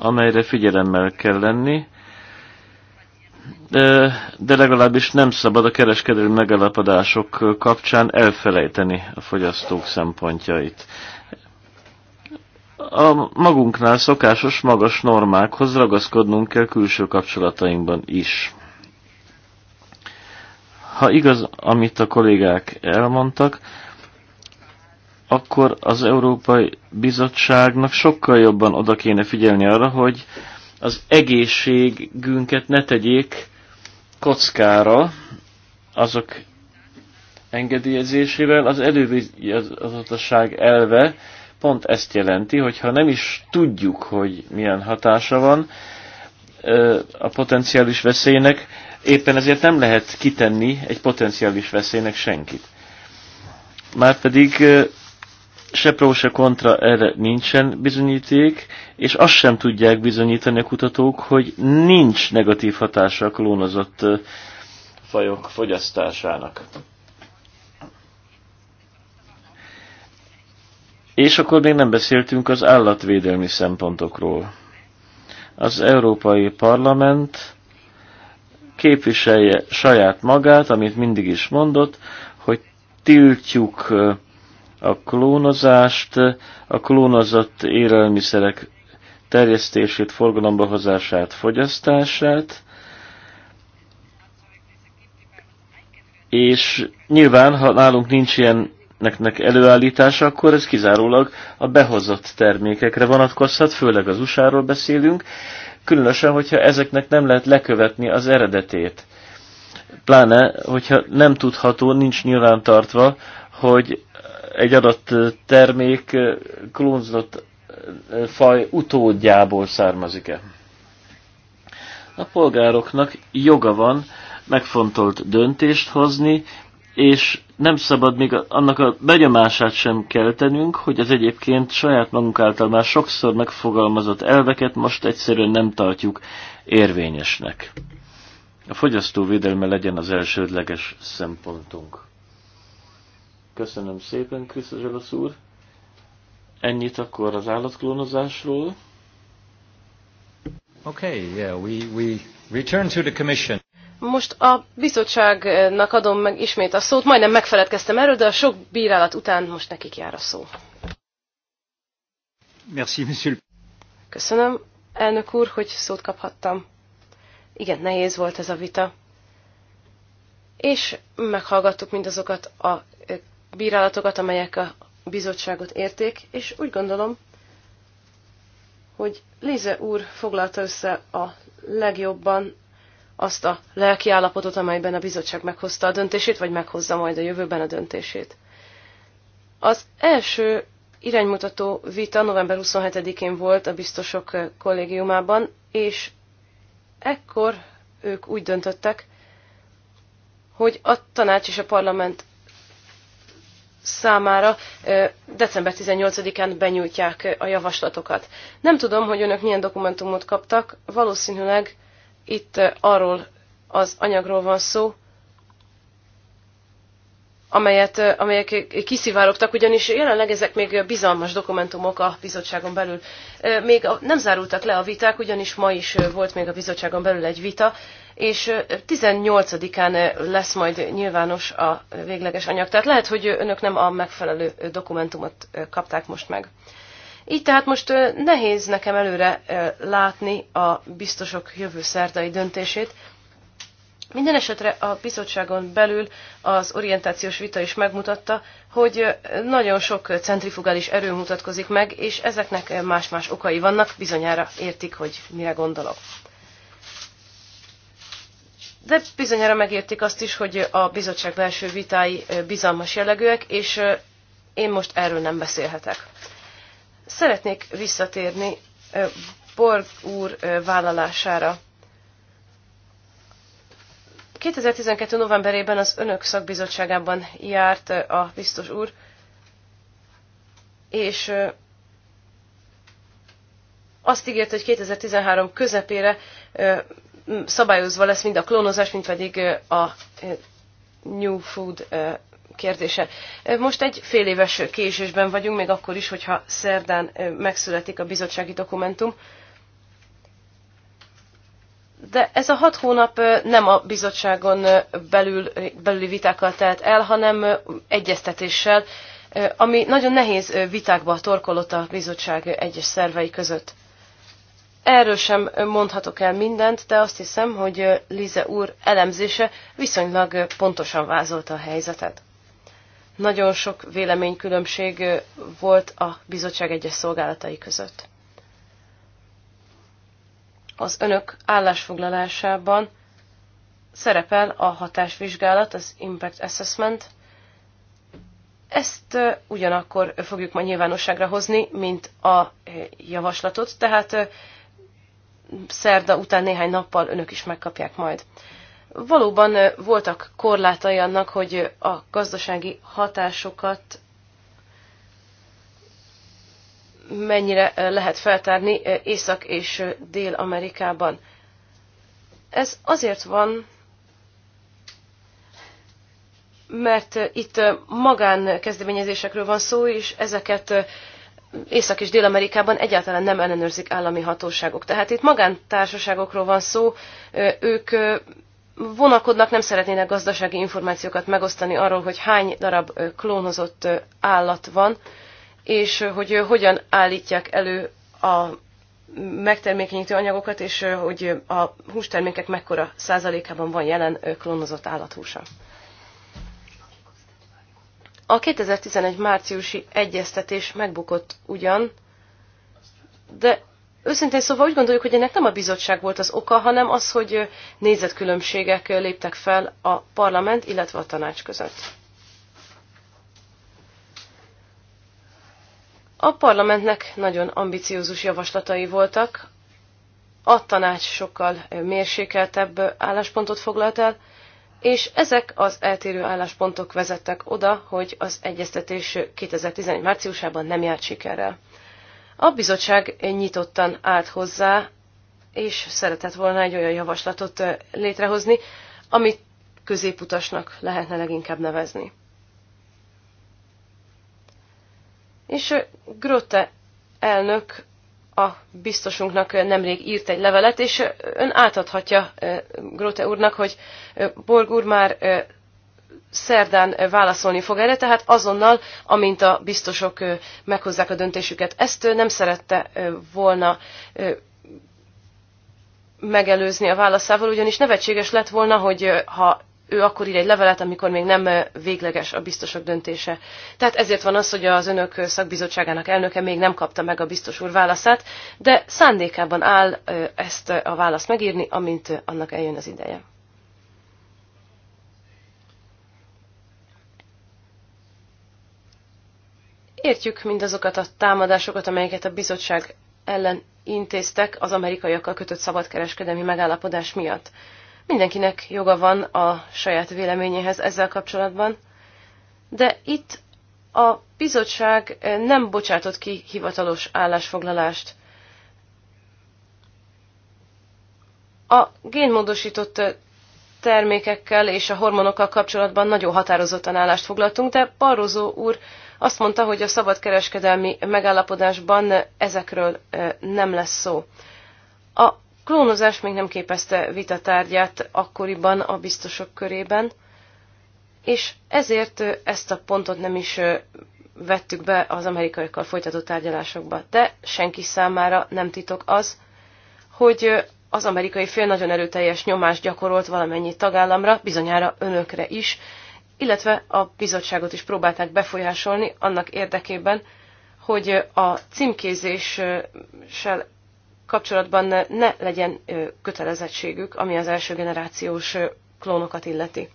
amelyre figyelemmel kell lenni, de legalábbis nem szabad a kereskedelmi megalapodások kapcsán elfelejteni a fogyasztók szempontjait. A magunknál szokásos magas normákhoz ragaszkodnunk kell külső kapcsolatainkban is. Ha igaz, amit a kollégák elmondtak, akkor az Európai Bizottságnak sokkal jobban oda kéne figyelni arra, hogy az egészségünket ne tegyék kockára azok engedélyezésével. Az elővizsgálatosság elve pont ezt jelenti, hogy ha nem is tudjuk, hogy milyen hatása van a potenciális veszélynek, éppen ezért nem lehet kitenni egy potenciális veszélynek senkit. Márpedig se pró, se kontra erre nincsen bizonyíték, és azt sem tudják bizonyítani a kutatók, hogy nincs negatív hatása a klónozott fajok fogyasztásának. És akkor még nem beszéltünk az állatvédelmi szempontokról. Az Európai Parlament képviselje saját magát, amit mindig is mondott, hogy tiltjuk a klónozást, a klónozott élelmiszerek terjesztését, forgalomba hozását, fogyasztását, és nyilván, ha nálunk nincs nek-nek előállítása, akkor ez kizárólag a behozott termékekre vonatkozhat, főleg az USA-ról beszélünk, különösen, hogyha ezeknek nem lehet lekövetni az eredetét. Pláne, hogyha nem tudható, nincs nyilvántartva, hogy egy adott termék klónzott faj utódjából származik-e. A polgároknak joga van megfontolt döntést hozni, és nem szabad még annak a begyomását sem keltenünk, hogy az egyébként saját magunk által már sokszor megfogalmazott elveket most egyszerűen nem tartjuk érvényesnek. A fogyasztóvédelme legyen az elsődleges szempontunk. Köszönöm szépen, Krisztus úr. Ennyit akkor az állatklónozásról. Okay, yeah, we, we return to the commission. Most a bizottságnak adom meg ismét a szót, majdnem megfeledkeztem erről, de a sok bírálat után most nekik jár a szó. Merci, monsieur. Köszönöm, elnök úr, hogy szót kaphattam. Igen, nehéz volt ez a vita. És meghallgattuk mindazokat a bírálatokat, amelyek a bizottságot érték, és úgy gondolom, hogy Lize úr foglalta össze a legjobban azt a lelki állapotot, amelyben a bizottság meghozta a döntését, vagy meghozza majd a jövőben a döntését. Az első iránymutató vita november 27-én volt a biztosok kollégiumában, és ekkor ők úgy döntöttek, hogy a tanács és a parlament számára december 18-án benyújtják a javaslatokat. Nem tudom, hogy önök milyen dokumentumot kaptak, valószínűleg itt arról az anyagról van szó, amelyet, amelyek kiszivárogtak, ugyanis jelenleg ezek még bizalmas dokumentumok a bizottságon belül. Még nem zárultak le a viták, ugyanis ma is volt még a bizottságon belül egy vita, és 18-án lesz majd nyilvános a végleges anyag. Tehát lehet, hogy önök nem a megfelelő dokumentumot kapták most meg. Így tehát most nehéz nekem előre látni a biztosok jövő szerdai döntését, minden esetre a bizottságon belül az orientációs vita is megmutatta, hogy nagyon sok centrifugális erő mutatkozik meg, és ezeknek más-más okai vannak, bizonyára értik, hogy mire gondolok. De bizonyára megértik azt is, hogy a bizottság belső vitái bizalmas jellegűek, és én most erről nem beszélhetek. Szeretnék visszatérni Borg úr vállalására 2012. novemberében az Önök szakbizottságában járt eh, a biztos úr, és eh, azt ígért, hogy 2013 közepére eh, szabályozva lesz mind a klónozás, mind pedig a New Food kérdése. Most egy fél éves késésben vagyunk, még akkor is, hogyha szerdán megszületik a bizottsági dokumentum. De ez a hat hónap nem a bizottságon belül, belüli vitákkal telt el, hanem egyeztetéssel, ami nagyon nehéz vitákba torkolott a bizottság egyes szervei között. Erről sem mondhatok el mindent, de azt hiszem, hogy Lize úr elemzése viszonylag pontosan vázolta a helyzetet. Nagyon sok véleménykülönbség volt a bizottság egyes szolgálatai között az önök állásfoglalásában szerepel a hatásvizsgálat, az Impact Assessment. Ezt ugyanakkor fogjuk majd nyilvánosságra hozni, mint a javaslatot, tehát szerda után néhány nappal önök is megkapják majd. Valóban voltak korlátai annak, hogy a gazdasági hatásokat mennyire lehet feltárni Észak- és Dél-Amerikában. Ez azért van, mert itt magán kezdeményezésekről van szó, és ezeket Észak- és Dél-Amerikában egyáltalán nem ellenőrzik állami hatóságok. Tehát itt magántársaságokról van szó, ők vonakodnak, nem szeretnének gazdasági információkat megosztani arról, hogy hány darab klónozott állat van, és hogy hogyan állítják elő a megtermékenyítő anyagokat, és hogy a hústermékek mekkora százalékában van jelen klónozott állathúsa. A 2011 márciusi egyeztetés megbukott ugyan, de őszintén szóval úgy gondoljuk, hogy ennek nem a bizottság volt az oka, hanem az, hogy nézetkülönbségek léptek fel a parlament, illetve a tanács között. A parlamentnek nagyon ambiciózus javaslatai voltak, a tanács sokkal mérsékeltebb álláspontot foglalt el, és ezek az eltérő álláspontok vezettek oda, hogy az egyeztetés 2011 márciusában nem járt sikerrel. A bizottság nyitottan állt hozzá, és szeretett volna egy olyan javaslatot létrehozni, amit középutasnak lehetne leginkább nevezni. És Grote elnök a biztosunknak nemrég írt egy levelet, és ön átadhatja Grote úrnak, hogy Borg úr már szerdán válaszolni fog erre, tehát azonnal, amint a biztosok meghozzák a döntésüket. Ezt nem szerette volna megelőzni a válaszával, ugyanis nevetséges lett volna, hogy ha ő akkor ír egy levelet, amikor még nem végleges a biztosok döntése. Tehát ezért van az, hogy az önök szakbizottságának elnöke még nem kapta meg a biztos úr válaszát, de szándékában áll ezt a választ megírni, amint annak eljön az ideje. Értjük mindazokat a támadásokat, amelyeket a bizottság ellen intéztek az amerikaiakkal kötött szabadkereskedelmi megállapodás miatt. Mindenkinek joga van a saját véleményéhez ezzel kapcsolatban, de itt a bizottság eh, nem bocsátott ki hivatalos állásfoglalást. A génmódosított eh, termékekkel és a hormonokkal kapcsolatban nagyon határozottan állást foglaltunk, de Barrozó úr azt mondta, hogy a szabadkereskedelmi megállapodásban eh, ezekről nem lesz szó. A klónozás még nem képezte vitatárgyát akkoriban a biztosok körében, és ezért ezt a pontot nem is vettük be az amerikaiakkal folytatott tárgyalásokba. De senki számára nem titok az, hogy az amerikai fél nagyon erőteljes nyomást gyakorolt valamennyi tagállamra, bizonyára önökre is, illetve a bizottságot is próbálták befolyásolni annak érdekében, hogy a címkézéssel kapcsolatban ne legyen kötelezettségük, ami az első generációs klónokat illeti.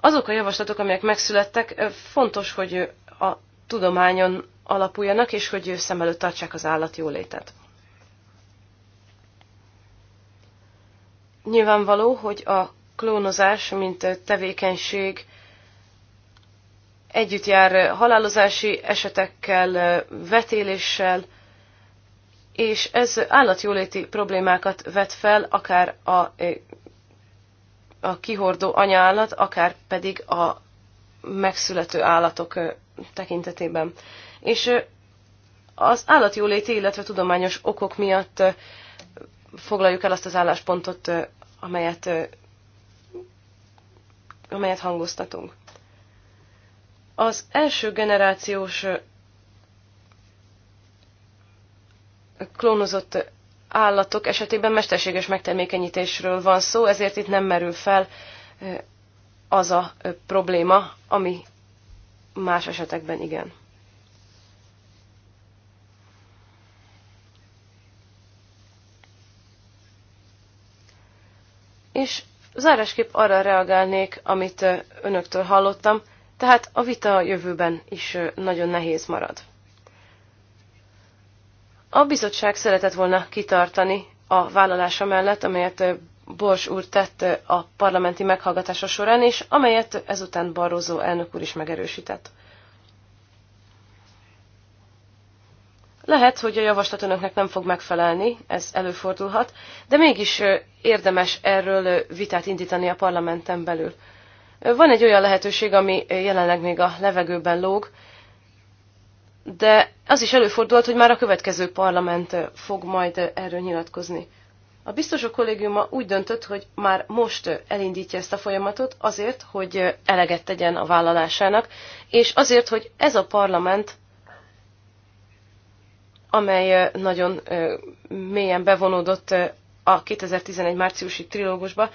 Azok a javaslatok, amelyek megszülettek, fontos, hogy a tudományon alapuljanak, és hogy szem előtt tartsák az állat jólétet. Nyilvánvaló, hogy a klónozás, mint tevékenység együtt jár halálozási esetekkel, vetéléssel, és ez állatjóléti problémákat vet fel, akár a, a kihordó anyállat, akár pedig a megszülető állatok tekintetében. És az állatjóléti, illetve tudományos okok miatt foglaljuk el azt az álláspontot, amelyet, amelyet hangoztatunk. Az első generációs klónozott állatok esetében mesterséges megtermékenyítésről van szó, ezért itt nem merül fel az a probléma, ami más esetekben igen. És zárásképp arra reagálnék, amit önöktől hallottam, tehát a vita a jövőben is nagyon nehéz marad. A bizottság szeretett volna kitartani a vállalása mellett, amelyet Bors úr tett a parlamenti meghallgatása során, és amelyet ezután Barroso elnök úr is megerősített. Lehet, hogy a javaslat önöknek nem fog megfelelni, ez előfordulhat, de mégis érdemes erről vitát indítani a parlamenten belül. Van egy olyan lehetőség, ami jelenleg még a levegőben lóg, de az is előfordulhat, hogy már a következő parlament fog majd erről nyilatkozni. A biztosok kollégiuma úgy döntött, hogy már most elindítja ezt a folyamatot azért, hogy eleget tegyen a vállalásának, és azért, hogy ez a parlament, amely nagyon mélyen bevonódott a 2011 márciusi trilógusba,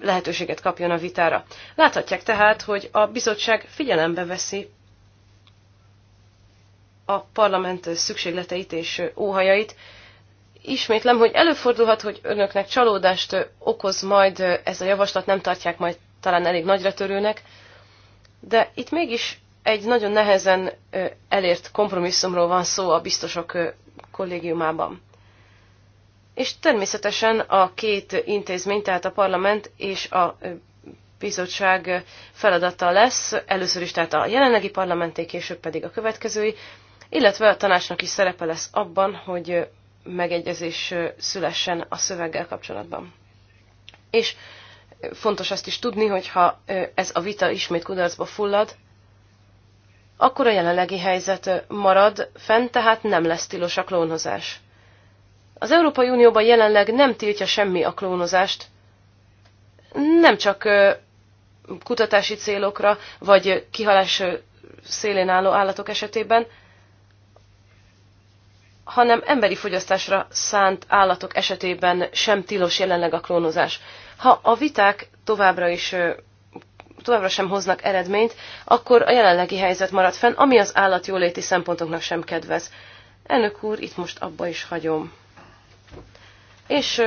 lehetőséget kapjon a vitára. Láthatják tehát, hogy a bizottság figyelembe veszi a parlament szükségleteit és óhajait. Ismétlem, hogy előfordulhat, hogy önöknek csalódást okoz majd ez a javaslat, nem tartják majd talán elég nagyra törőnek, de itt mégis egy nagyon nehezen elért kompromisszumról van szó a biztosok kollégiumában. És természetesen a két intézmény, tehát a parlament és a bizottság feladata lesz, először is tehát a jelenlegi parlamenté, később pedig a következői, illetve a tanácsnak is szerepe lesz abban, hogy megegyezés szülessen a szöveggel kapcsolatban. És fontos azt is tudni, hogy ha ez a vita ismét kudarcba fullad, akkor a jelenlegi helyzet marad fent, tehát nem lesz tilos a klónozás. Az Európai Unióban jelenleg nem tiltja semmi a klónozást, nem csak kutatási célokra, vagy kihalás szélén álló állatok esetében, hanem emberi fogyasztásra szánt állatok esetében sem tilos jelenleg a klónozás. Ha a viták továbbra is továbbra sem hoznak eredményt, akkor a jelenlegi helyzet marad fenn, ami az állat jóléti szempontoknak sem kedvez. Elnök úr, itt most abba is hagyom. És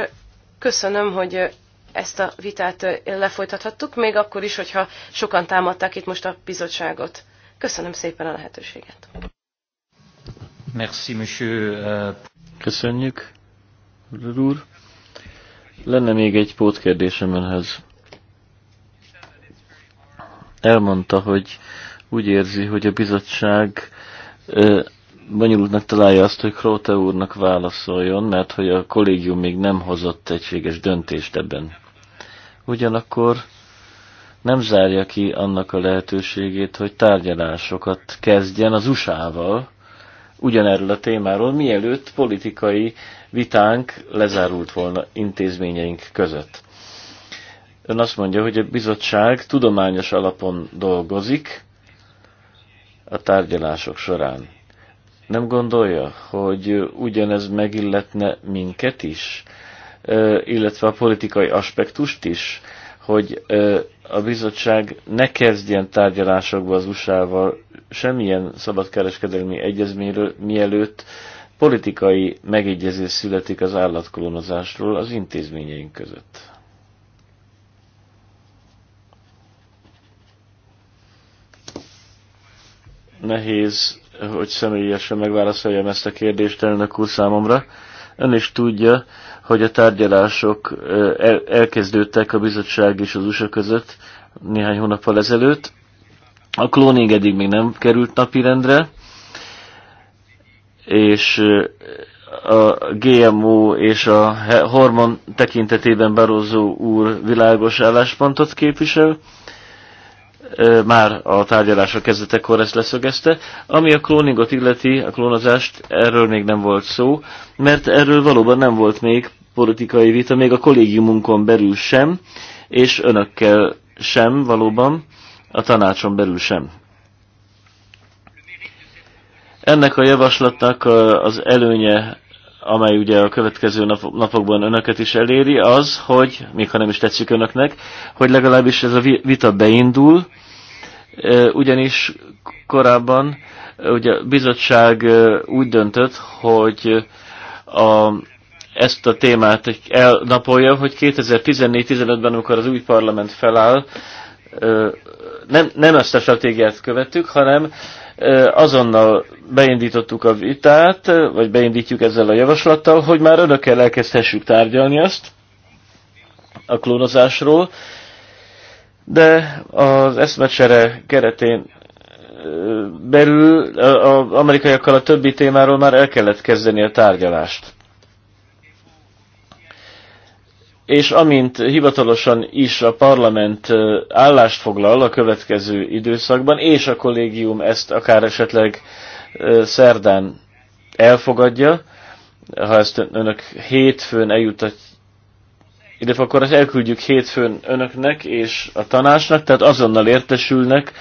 köszönöm, hogy ezt a vitát lefolytathattuk, még akkor is, hogyha sokan támadták itt most a bizottságot. Köszönöm szépen a lehetőséget. Merci, monsieur. Euh, Köszönjük, úr. Lenne még egy pótkérdésem önhez. Elmondta, hogy úgy érzi, hogy a bizottság ö, bonyolultnak találja azt, hogy Króte úrnak válaszoljon, mert hogy a kollégium még nem hozott egységes döntést ebben. Ugyanakkor nem zárja ki annak a lehetőségét, hogy tárgyalásokat kezdjen az USA-val, ugyanerről a témáról, mielőtt politikai vitánk lezárult volna intézményeink között. Ön azt mondja, hogy a bizottság tudományos alapon dolgozik a tárgyalások során. Nem gondolja, hogy ugyanez megilletne minket is, illetve a politikai aspektust is? hogy a bizottság ne kezdjen tárgyalásokba az USA-val semmilyen szabadkereskedelmi egyezményről, mielőtt politikai megegyezés születik az állatkolonozásról az intézményeink között. Nehéz, hogy személyesen megválaszoljam ezt a kérdést elnök úr számomra. Ön is tudja, hogy a tárgyalások elkezdődtek a bizottság és az USA között néhány hónappal ezelőtt. A klóning eddig még nem került napirendre, és a GMO és a hormon tekintetében Barroso úr világos álláspontot képvisel már a tárgyalásra kezdetekor ezt leszögezte. Ami a klóningot illeti, a klónozást, erről még nem volt szó, mert erről valóban nem volt még politikai vita, még a kollégiumunkon belül sem, és önökkel sem valóban, a tanácson belül sem. Ennek a javaslatnak az előnye amely ugye a következő nap, napokban önöket is eléri, az, hogy, még ha nem is tetszik önöknek, hogy legalábbis ez a vita beindul, ugyanis korábban ugye a bizottság úgy döntött, hogy a, ezt a témát elnapolja, hogy 2014-15-ben, amikor az új parlament feláll, nem, nem ezt a stratégiát követtük, hanem azonnal beindítottuk a vitát, vagy beindítjuk ezzel a javaslattal, hogy már önökkel elkezdhessük tárgyalni azt a klónozásról, de az eszmecsere keretén belül az amerikaiakkal a többi témáról már el kellett kezdeni a tárgyalást. és amint hivatalosan is a parlament állást foglal a következő időszakban, és a kollégium ezt akár esetleg szerdán elfogadja, ha ezt önök hétfőn eljutat, ide akkor ezt elküldjük hétfőn önöknek és a tanácsnak, tehát azonnal értesülnek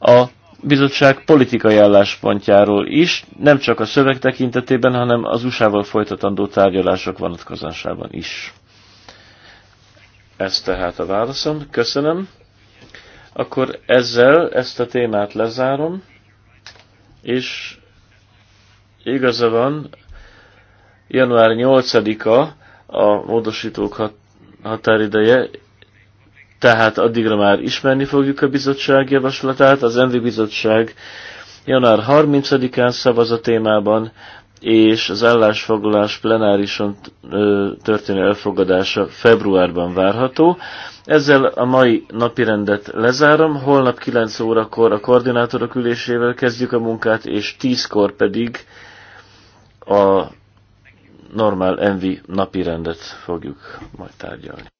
a bizottság politikai álláspontjáról is, nem csak a szöveg tekintetében, hanem az USA-val folytatandó tárgyalások vonatkozásában is. Ez tehát a válaszom. Köszönöm. Akkor ezzel ezt a témát lezárom, és igaza van, január 8-a a módosítók határideje, tehát addigra már ismerni fogjuk a bizottság javaslatát. Az Envi Bizottság január 30-án szavaz a témában, és az állásfoglalás plenárison történő elfogadása februárban várható. Ezzel a mai napirendet lezárom, holnap 9 órakor a koordinátorok ülésével kezdjük a munkát, és 10-kor pedig a normál envi napirendet fogjuk majd tárgyalni.